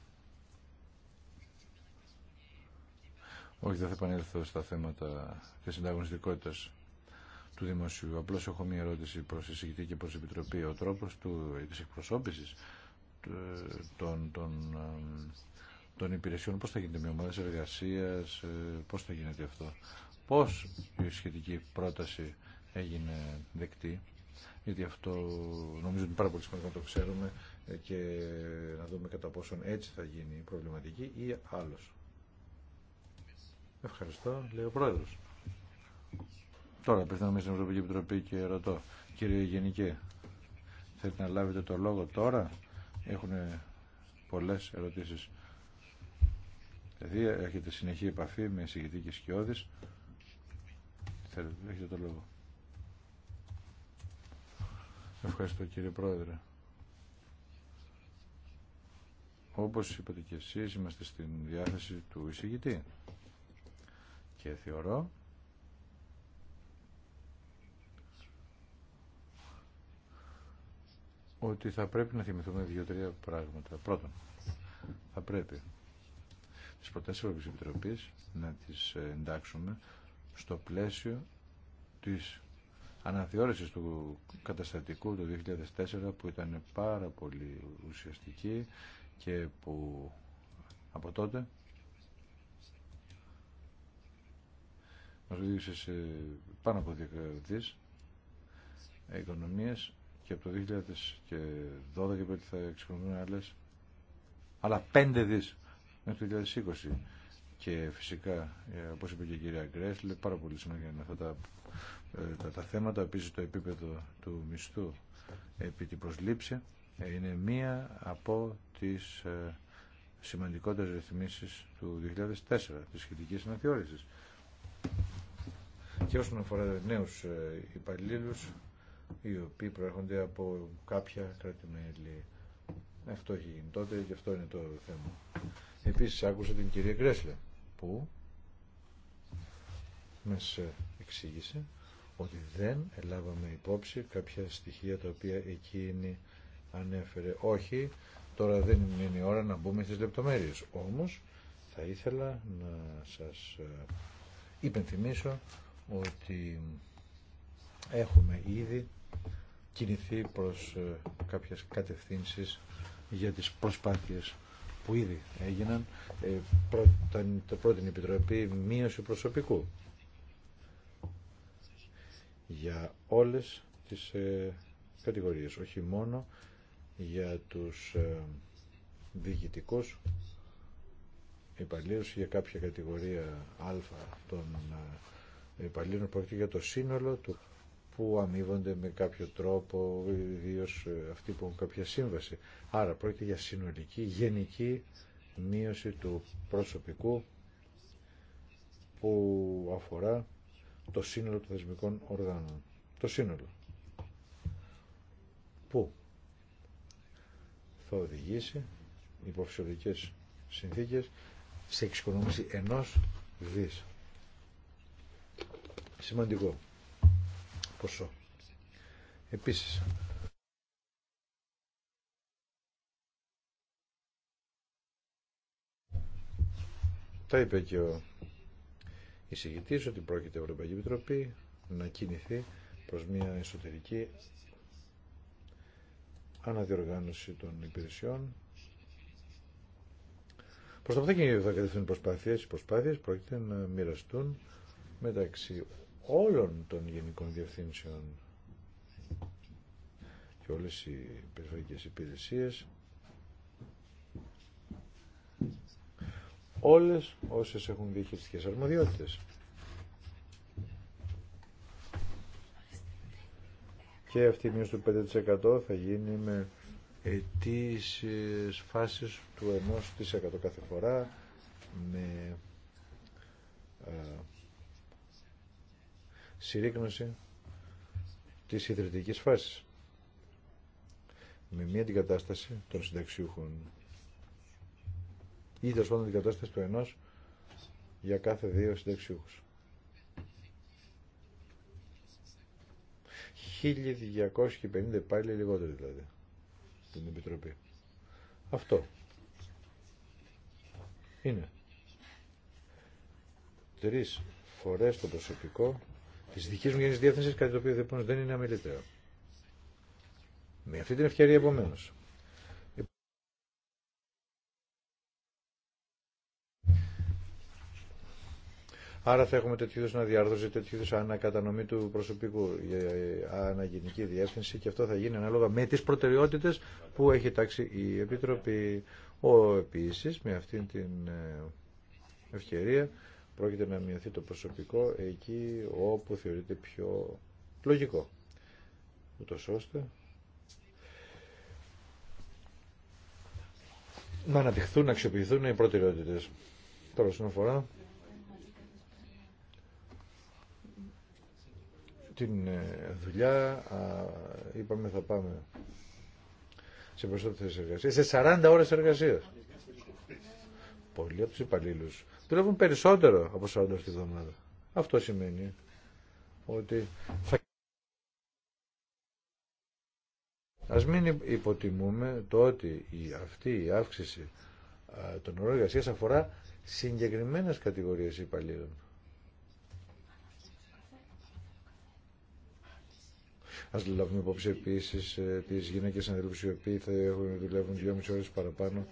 Όχι, δεν θα επανέλθω στα θέματα τη συνταγωνιστικότητα του δημοσίου. Απλώ έχω μία ερώτηση προ συζητητή και προ Επιτροπή. Ο τρόπο τη εκπροσώπηση των των υπηρεσιών, πώς θα γίνεται μια ομάδα εργασίας, ε, πώς θα γίνεται αυτό. Πώς η σχετική πρόταση έγινε δεκτή, γιατί αυτό νομίζω είναι πάρα πολύ σημαντικό να το ξέρουμε ε, και να δούμε κατά πόσον έτσι θα γίνει η προβληματική ή άλλος. Ευχαριστώ, λέει ο Πρόεδρος. Τώρα απευθύνομαι στην Ευρωπαϊκή Επιτροπή και ρωτώ, κύριε Γενικέ, θέλετε να λάβετε το λόγο τώρα, έχουν πολλές ερωτήσεις Δηλαδή έχετε συνεχή επαφή με εισηγητή και σκιώδης. Θέλετε, έχετε το λόγο. Ευχαριστώ κύριε Πρόεδρε. Όπως είπατε και εσείς, είμαστε στην διάθεση του εισηγητή. Και θεωρώ ότι θα πρέπει να θυμηθούμε δύο-τρία πράγματα. Πρώτον, θα πρέπει τις προτάσεις της Επιτροπής να τις ε, εντάξουμε στο πλαίσιο της αναθεώρησης του καταστατικού του 2004 που ήταν πάρα πολύ ουσιαστική και που από τότε μας οδήγησε σε πάνω από δεκαετίες οικονομίες και από το 2012 θα εξοικονομούν άλλες αλλά πέντε δις μέχρι το 2020. Και φυσικά, ε, όπω είπε και η κυρία Γκρέσλε, πάρα πολύ σημαντικά είναι αυτά τα, ε, τα, θέματα. Επίση, το επίπεδο του μισθού επί την προσλήψη ε, είναι μία από τις σημαντικότερες ρυθμίσεις του 2004, της σχετικής αναθεώρησης. Και όσον αφορά νέους υπαλλήλου, οι οποίοι προέρχονται από κάποια κράτη-μέλη. Αυτό έχει γίνει τότε και αυτό είναι το θέμα. Επίσης άκουσα την κυρία Γκρέσλε που μας εξήγησε ότι δεν ελάβαμε υπόψη κάποια στοιχεία τα οποία εκείνη ανέφερε. Όχι, τώρα δεν είναι η ώρα να μπούμε στις λεπτομέρειες. Όμως θα ήθελα να σας ε, υπενθυμίσω ότι έχουμε ήδη κινηθεί προς ε, κάποιες κατευθύνσεις για τις προσπάθειες που ήδη έγιναν ε, το πρώτη επιτροπή μείωση προσωπικού για όλες τις ε, κατηγορίες, όχι μόνο για τους ε, διοικητικούς υπαλλήλους για κάποια κατηγορία α των υπαλλήλων πρόκειται για το σύνολο του που αμείβονται με κάποιο τρόπο, ιδίω ε, αυτοί που έχουν κάποια σύμβαση. Άρα πρόκειται για συνολική, γενική μείωση του προσωπικού που αφορά το σύνολο των θεσμικών οργάνων. Το σύνολο. Που θα οδηγήσει υποφυσιολογικές συνθήκες σε εξοικονόμηση ενός δις. Σημαντικό ποσό. Επίσης, τα είπε και ο εισηγητής ότι πρόκειται η Ευρωπαϊκή Επιτροπή να κινηθεί προς μια εσωτερική αναδιοργάνωση των υπηρεσιών. Προς το που θα κατευθύνουν προσπάθειες, οι προσπάθειες πρόκειται να μοιραστούν μεταξύ όλων των γενικών διευθύνσεων και όλες οι περιφερειακές υπηρεσίες όλες όσες έχουν διεχειριστικές αρμοδιότητες. Και αυτή η μείωση του 5% θα γίνει με ετήσιες φάσεις του 1% κάθε φορά με ε, συρρήκνωση της ιδρυτικής φάσης με μία την κατάσταση των συνταξιούχων ή τόσο πάντων την κατάσταση του ενός για κάθε δύο συνταξιούχους. 1250 πάλι λιγότερο δηλαδή την Επιτροπή. Αυτό είναι τρεις φορές το προσωπικό τη δική μου γενική διεύθυνση, κάτι το οποίο δεν είναι αμεληταίο. Με αυτή την ευκαιρία επομένω. Άρα θα έχουμε τέτοιου είδου αναδιάρθρωση, τέτοιου είδου ανακατανομή του προσωπικού για αναγενική διεύθυνση και αυτό θα γίνει ανάλογα με τι προτεραιότητε που έχει τάξει η Επιτροπή. Ο επίση με αυτή την ε, ευκαιρία Πρόκειται να μειωθεί το προσωπικό εκεί όπου θεωρείται πιο λογικό. Ούτω ώστε να αναπτυχθούν, να αξιοποιηθούν οι προτεραιότητε. Τώρα, όσον αφορά την ε, δουλειά, είπαμε θα πάμε σε περισσότερε εργασίε. σε 40 ώρε εργασία. Πολλοί από του υπαλλήλου δουλεύουν περισσότερο από 40 ώρες τη βδομάδα. Αυτό σημαίνει ότι θα... Ας μην υποτιμούμε το ότι η, αυτή η αύξηση των ορών αφορά συγκεκριμένες κατηγορίες υπαλλήλων. Ας λάβουμε υπόψη επίσης ε, τις γυναίκες ανθρώπους οι οποίοι θα έχουν, δουλεύουν 2,5 ώρες παραπάνω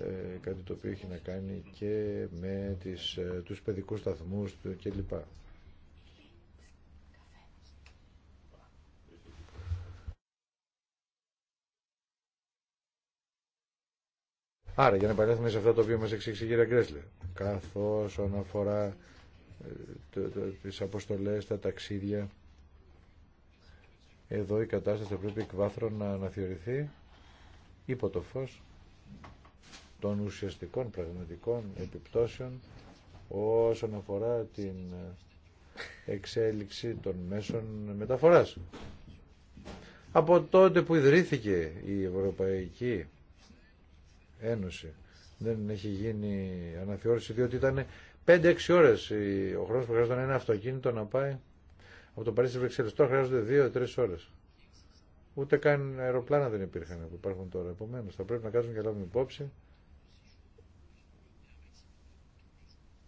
ε, κάτι το οποίο έχει να κάνει και με τις, ε, τους παιδικούς σταθμούς κλπ. Άρα, για να επανέλθουμε σε αυτά το οποίο μας εξήγησε η κυρία Γκρέσλε, καθώς αναφορά αφορά ε, το, τις αποστολές, τα ταξίδια, εδώ η κατάσταση θα πρέπει βάθρο να αναθεωρηθεί υπό το φως των ουσιαστικών πραγματικών επιπτώσεων όσον αφορά την εξέλιξη των μέσων μεταφοράς. Από τότε που ιδρύθηκε η Ευρωπαϊκή Ένωση δεν έχει γίνει αναθεώρηση διότι ήταν 5-6 ώρες ο χρόνος που χρειάζεται ένα αυτοκίνητο να πάει από το Παρίσι Βρυξέλλες. Τώρα χρειάζονται 2-3 ώρες. Ούτε καν αεροπλάνα δεν υπήρχαν που υπάρχουν τώρα. επομένως. θα πρέπει να κάνουμε και λάβουμε υπόψη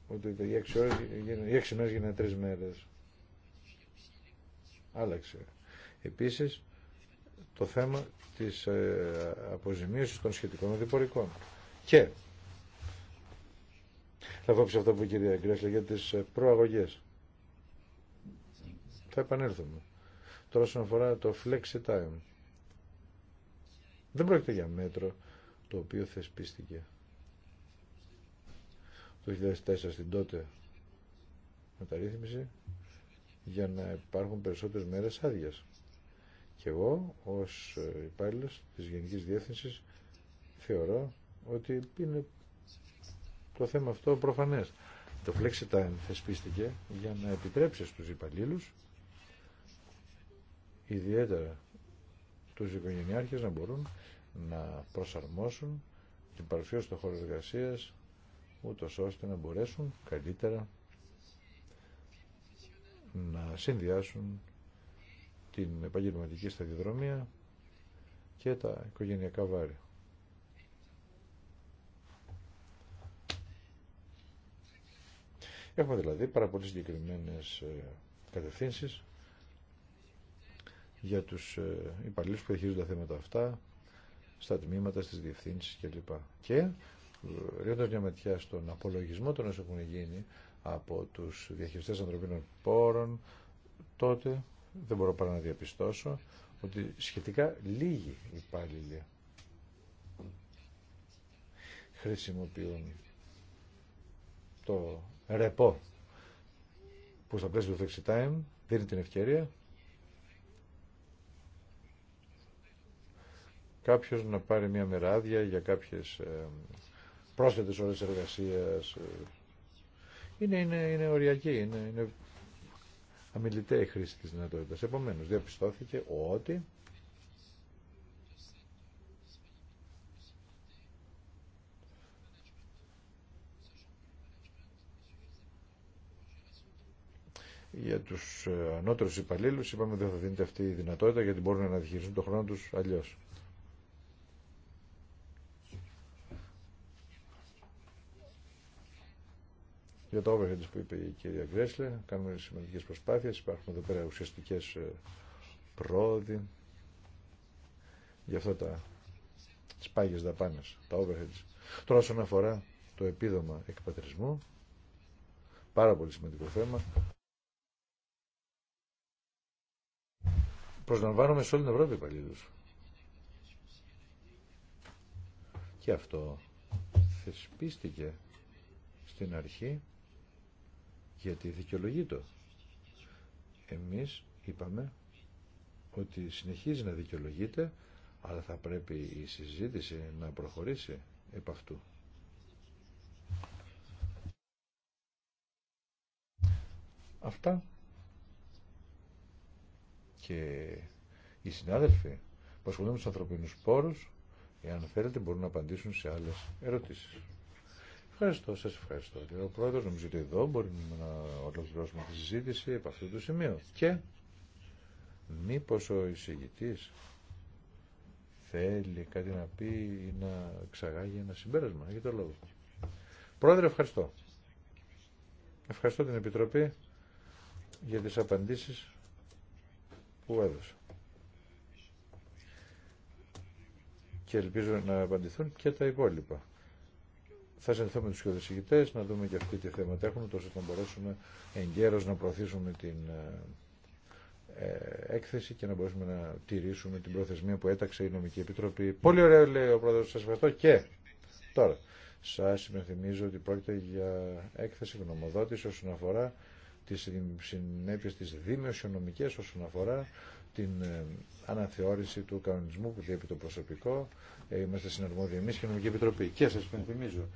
ότι οι έξι ώρες, έξι μέρες γίνανε τρεις μέρες. Άλλαξε. Επίσης, το θέμα της ε, αποζημίωσης των σχετικών διπορικών. Και, θα βάψω αυτό που η κυρία Γκρέσλε για τις ε, προαγωγές. Θα επανέλθουμε. Τώρα όσον αφορά το flexi time. Δεν πρόκειται για μέτρο το οποίο θεσπίστηκε το 2004 στην τότε μεταρρύθμιση για να υπάρχουν περισσότερες μέρες άδεια. Και εγώ ως υπάλληλος της Γενικής Διεύθυνσης θεωρώ ότι είναι το θέμα αυτό προφανές. Το FlexiTime θεσπίστηκε για να επιτρέψει στους υπαλλήλους ιδιαίτερα τους οικογενειάρχες να μπορούν να προσαρμόσουν την παρουσία στο χώρο εργασία ούτως ώστε να μπορέσουν καλύτερα να συνδυάσουν την επαγγελματική σταδιοδρομία και τα οικογενειακά βάρη. Έχουμε δηλαδή πάρα πολύ συγκεκριμένε ε, κατευθύνσεις για τους ε, υπαλλήλους που διαχειρίζονται τα θέματα αυτά στα τμήματα, στις διευθύνσεις κλπ. Και ρίχνοντα μια ματιά στον απολογισμό των όσων έχουν γίνει από τους διαχειριστές ανθρωπίνων πόρων, τότε δεν μπορώ παρά να διαπιστώσω ότι σχετικά λίγοι υπάλληλοι χρησιμοποιούν το ρεπό που στα πλαίσια του Fixed Time δίνει την ευκαιρία κάποιος να πάρει μια μεράδια για κάποιες ε, πρόσθετε ώρε εργασία. Είναι, είναι, είναι οριακή, είναι, είναι αμιλητέ η χρήση τη δυνατότητα. Επομένω, διαπιστώθηκε ότι για τους ε, ανώτερους υπαλλήλους είπαμε δεν θα δίνεται αυτή η δυνατότητα γιατί μπορούν να διαχειριστούν τον χρόνο τους αλλιώς. για το overheads που είπε η κυρία Γκρέσλε. Κάνουμε σημαντικές προσπάθειες. Υπάρχουν εδώ πέρα ουσιαστικές ε, πρόοδοι γι' αυτό τα τις δαπάνε, δαπάνες, τα overheads. Τώρα όσον αφορά το επίδομα εκπατρισμού, πάρα πολύ σημαντικό θέμα, προσλαμβάνομαι σε όλη την Ευρώπη υπαλλήλου. Και αυτό θεσπίστηκε στην αρχή γιατί δικαιολογείτο. Εμείς είπαμε ότι συνεχίζει να δικαιολογείται, αλλά θα πρέπει η συζήτηση να προχωρήσει επ' αυτού. Αυτά και οι συνάδελφοι που ασχολούνται με τους ανθρωπινούς πόρους, εάν θέλετε, μπορούν να απαντήσουν σε άλλες ερωτήσεις. Ευχαριστώ, σα ευχαριστώ. Και ο πρόεδρος νομίζω ότι εδώ μπορεί να ολοκληρώσουμε τη συζήτηση από αυτό το σημείο. Και μήπως ο εισηγητής θέλει κάτι να πει ή να ξαγάγει ένα συμπέρασμα. Για το λόγο. Πρόεδρε, ευχαριστώ. Ευχαριστώ την Επιτροπή για τις απαντήσεις που έδωσε. Και ελπίζω να απαντηθούν και τα υπόλοιπα θα συνεχίσουμε με τους οικοδεσηγητές να δούμε και αυτοί τι θέματα έχουν τόσο να μπορέσουμε εγκαίρως να προωθήσουμε την ε, ε, έκθεση και να μπορέσουμε να τηρήσουμε την προθεσμία που έταξε η νομική επιτροπή. Πολύ ωραία λέει ο πρόεδρος, σας ευχαριστώ και τώρα. Σας υπενθυμίζω ότι πρόκειται για έκθεση γνωμοδότηση όσον αφορά τις συνέπειες της δημοσιονομικές όσον αφορά την ε, αναθεώρηση του κανονισμού που διέπει το προσωπικό ε, είμαστε συναρμόδιοι εμεί και η Νομική Επιτροπή. Και σα πενθυμίζω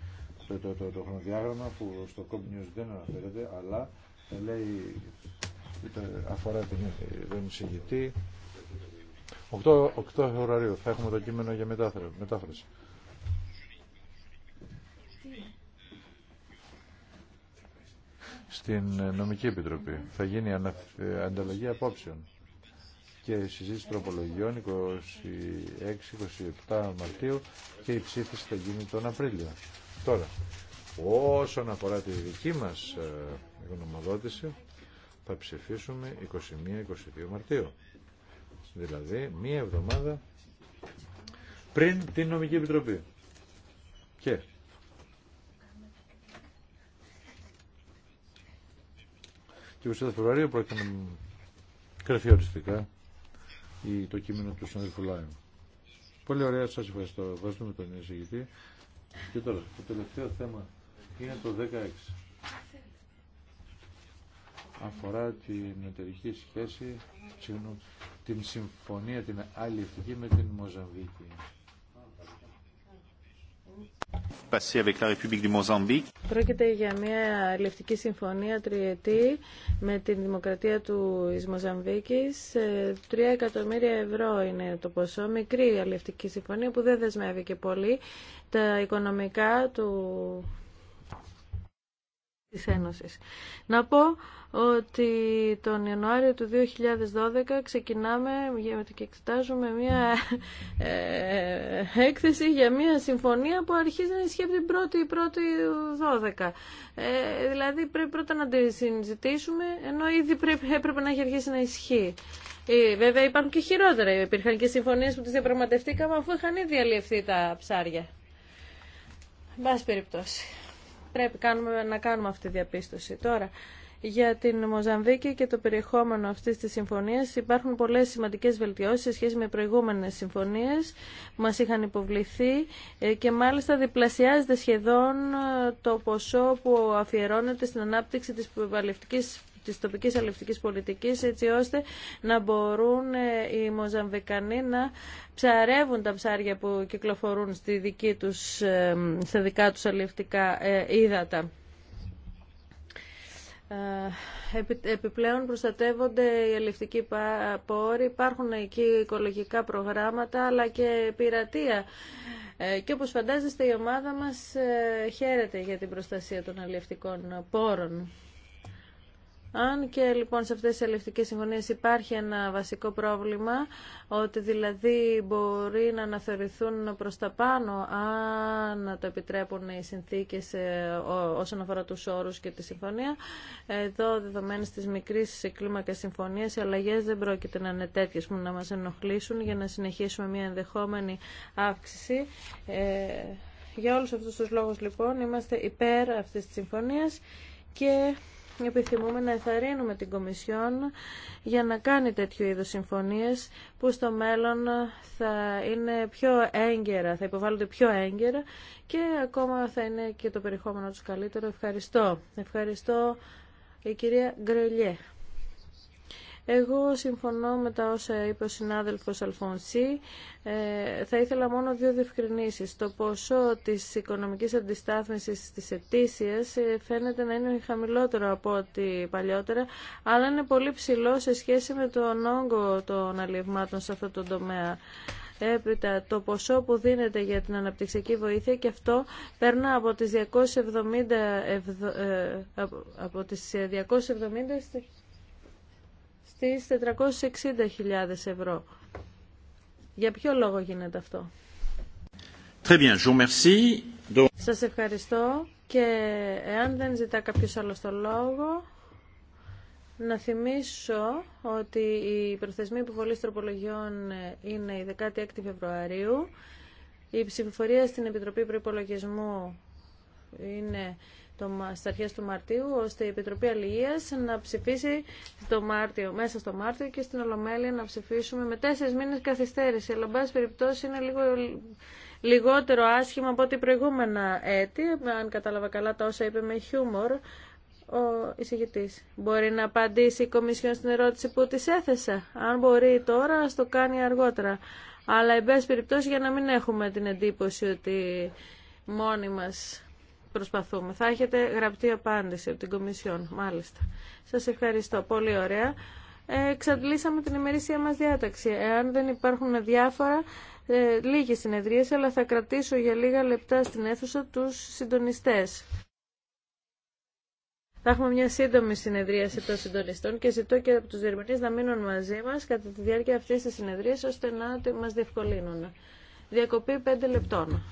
το, το, το, το, χρονοδιάγραμμα που στο COP News δεν αναφέρεται, αλλά λέει, ε, αφορά την, ε, τον εισηγητή. 8, Φεβρουαρίου θα έχουμε το κείμενο για μετάφραση. Στην Νομική Επιτροπή θα γίνει ανταλλαγή απόψεων και συζήτηση τροπολογιών 26-27 Μαρτίου και η ψήφιση θα γίνει τον Απρίλιο. Τώρα, όσον αφορά τη δική μας ε, γνωμοδότηση, θα ψηφίσουμε 21-22 Μαρτίου. Δηλαδή, μία εβδομάδα πριν την Νομική Επιτροπή. Και και ο Φεβρουαρίου πρόκειται να οριστικά ή το κείμενο του συνάδελφου Λάιμ. Πολύ ωραία, σας ευχαριστώ. Ευχαριστούμε τον εισηγητή. Και τώρα, το τελευταίο θέμα είναι το 16. Αφορά την εταιρική σχέση, την συμφωνία, την αλληλευτική με την Μοζαμβίκη. Πρόκειται για μια αλληλευτική συμφωνία τριετή με την Δημοκρατία του Ισμοζαμβίκης. 3 εκατομμύρια ευρώ είναι το ποσό. Μικρή αλληλευτική συμφωνία που δεν δεσμεύει και πολύ. Τα οικονομικά του της Ένωσης. Να πω ότι τον Ιανουάριο του 2012 ξεκινάμε και εξετάζουμε μια ε, έκθεση για μια συμφωνία που αρχίζει να ισχύει από την 1η, 1η 12. Ε, δηλαδή πρέπει πρώτα να τη συζητήσουμε ενώ ήδη πρέπει, έπρεπε να έχει αρχίσει να ισχύει. Ε, βέβαια υπάρχουν και χειρότερα. Υπήρχαν και συμφωνίες που τις διαπραγματευτήκαμε αφού είχαν ήδη αλλιευθεί τα ψάρια. Μπας περιπτώσει. Πρέπει κάνουμε, να κάνουμε αυτή τη διαπίστωση. Τώρα, για την Μοζαμβίκη και το περιεχόμενο αυτής της συμφωνίας υπάρχουν πολλές σημαντικές βελτιώσεις σε σχέση με προηγούμενες συμφωνίε που μας είχαν υποβληθεί ε, και μάλιστα διπλασιάζεται σχεδόν ε, το ποσό που αφιερώνεται στην ανάπτυξη της παλευτικής της τοπικής αλληλευτικής πολιτικής έτσι ώστε να μπορούν ε, οι Μοζαμβικανοί να ψαρεύουν τα ψάρια που κυκλοφορούν στη δική τους, ε, στα δικά τους αλληλευτικά ε, ύδατα. Επιπλέον προστατεύονται οι αλληλευτικοί πόροι, υπάρχουν εκεί οικολογικά προγράμματα αλλά και πειρατεία. Και όπως φαντάζεστε η ομάδα μας χαίρεται για την προστασία των αλληλευτικών πόρων. Αν και λοιπόν σε αυτές τις ελευτικές συμφωνίες υπάρχει ένα βασικό πρόβλημα, ότι δηλαδή μπορεί να αναθεωρηθούν προς τα πάνω αν το επιτρέπουν οι συνθήκες ε, όσον αφορά τους όρους και τη συμφωνία. Εδώ δεδομένες της μικρής κλίμακας συμφωνίας οι αλλαγές δεν πρόκειται να είναι τέτοιες που να μας ενοχλήσουν για να συνεχίσουμε μια ενδεχόμενη αύξηση. Ε, για όλους αυτούς τους λόγους λοιπόν είμαστε υπέρ αυτής της συμφωνίας και επιθυμούμε να εθαρρύνουμε την Κομισιόν για να κάνει τέτοιου είδους συμφωνίες που στο μέλλον θα είναι πιο έγκαιρα, θα υποβάλλονται πιο έγκαιρα και ακόμα θα είναι και το περιεχόμενο τους καλύτερο. Ευχαριστώ. Ευχαριστώ η κυρία Γκρελιέ. Εγώ συμφωνώ με τα όσα είπε ο συνάδελφος Αλφονσί. Ε, θα ήθελα μόνο δύο διευκρινήσεις. Το ποσό της οικονομικής αντιστάθμισης της ετήσιας ε, φαίνεται να είναι χαμηλότερο από ό,τι παλιότερα, αλλά είναι πολύ ψηλό σε σχέση με τον όγκο των αλλιευμάτων σε αυτό το τομέα. Έπειτα, το ποσό που δίνεται για την αναπτυξιακή βοήθεια και αυτό περνά από τις 270, ε, από τις 270 στις 460.000 ευρώ. Για ποιο λόγο γίνεται αυτό. Très bien, je vous remercie. Σας ευχαριστώ και εάν δεν ζητά κάποιος άλλος το λόγο, να θυμίσω ότι η προθεσμία υποβολής τροπολογιών είναι η 16 Η Φεβρουαρίου. Η ψηφοφορία στην Επιτροπή Προϋπολογισμού είναι στι αρχέ του Μαρτίου, ώστε η Επιτροπή Αλληλεία να ψηφίσει το Μάρτιο, μέσα στο Μάρτιο και στην Ολομέλεια να ψηφίσουμε με τέσσερι μήνε καθυστέρηση. Αλλά, εν πάση περιπτώσει, είναι λίγο λιγότερο άσχημα από ό,τι προηγούμενα έτη, αν κατάλαβα καλά τα όσα είπε με χιούμορ, ο εισηγητή. Μπορεί να απαντήσει η Κομισιόν στην ερώτηση που τη έθεσε. Αν μπορεί τώρα, α το κάνει αργότερα. Αλλά, εν περιπτώσει, για να μην έχουμε την εντύπωση ότι μόνοι μας προσπαθούμε. Θα έχετε γραπτή απάντηση από την Κομισιόν, μάλιστα. Σας ευχαριστώ. Πολύ ωραία. Εξαντλήσαμε την ημερήσια μας διάταξη. Εάν δεν υπάρχουν διάφορα, ε, λίγες συνεδρίες, αλλά θα κρατήσω για λίγα λεπτά στην αίθουσα τους συντονιστές. Θα έχουμε μια σύντομη συνεδρίαση των συντονιστών και ζητώ και από τους διερμηνείς να μείνουν μαζί μας κατά τη διάρκεια αυτής της συνεδρίας, ώστε να μας διευκολύνουν. Διακοπή 5 λεπτών.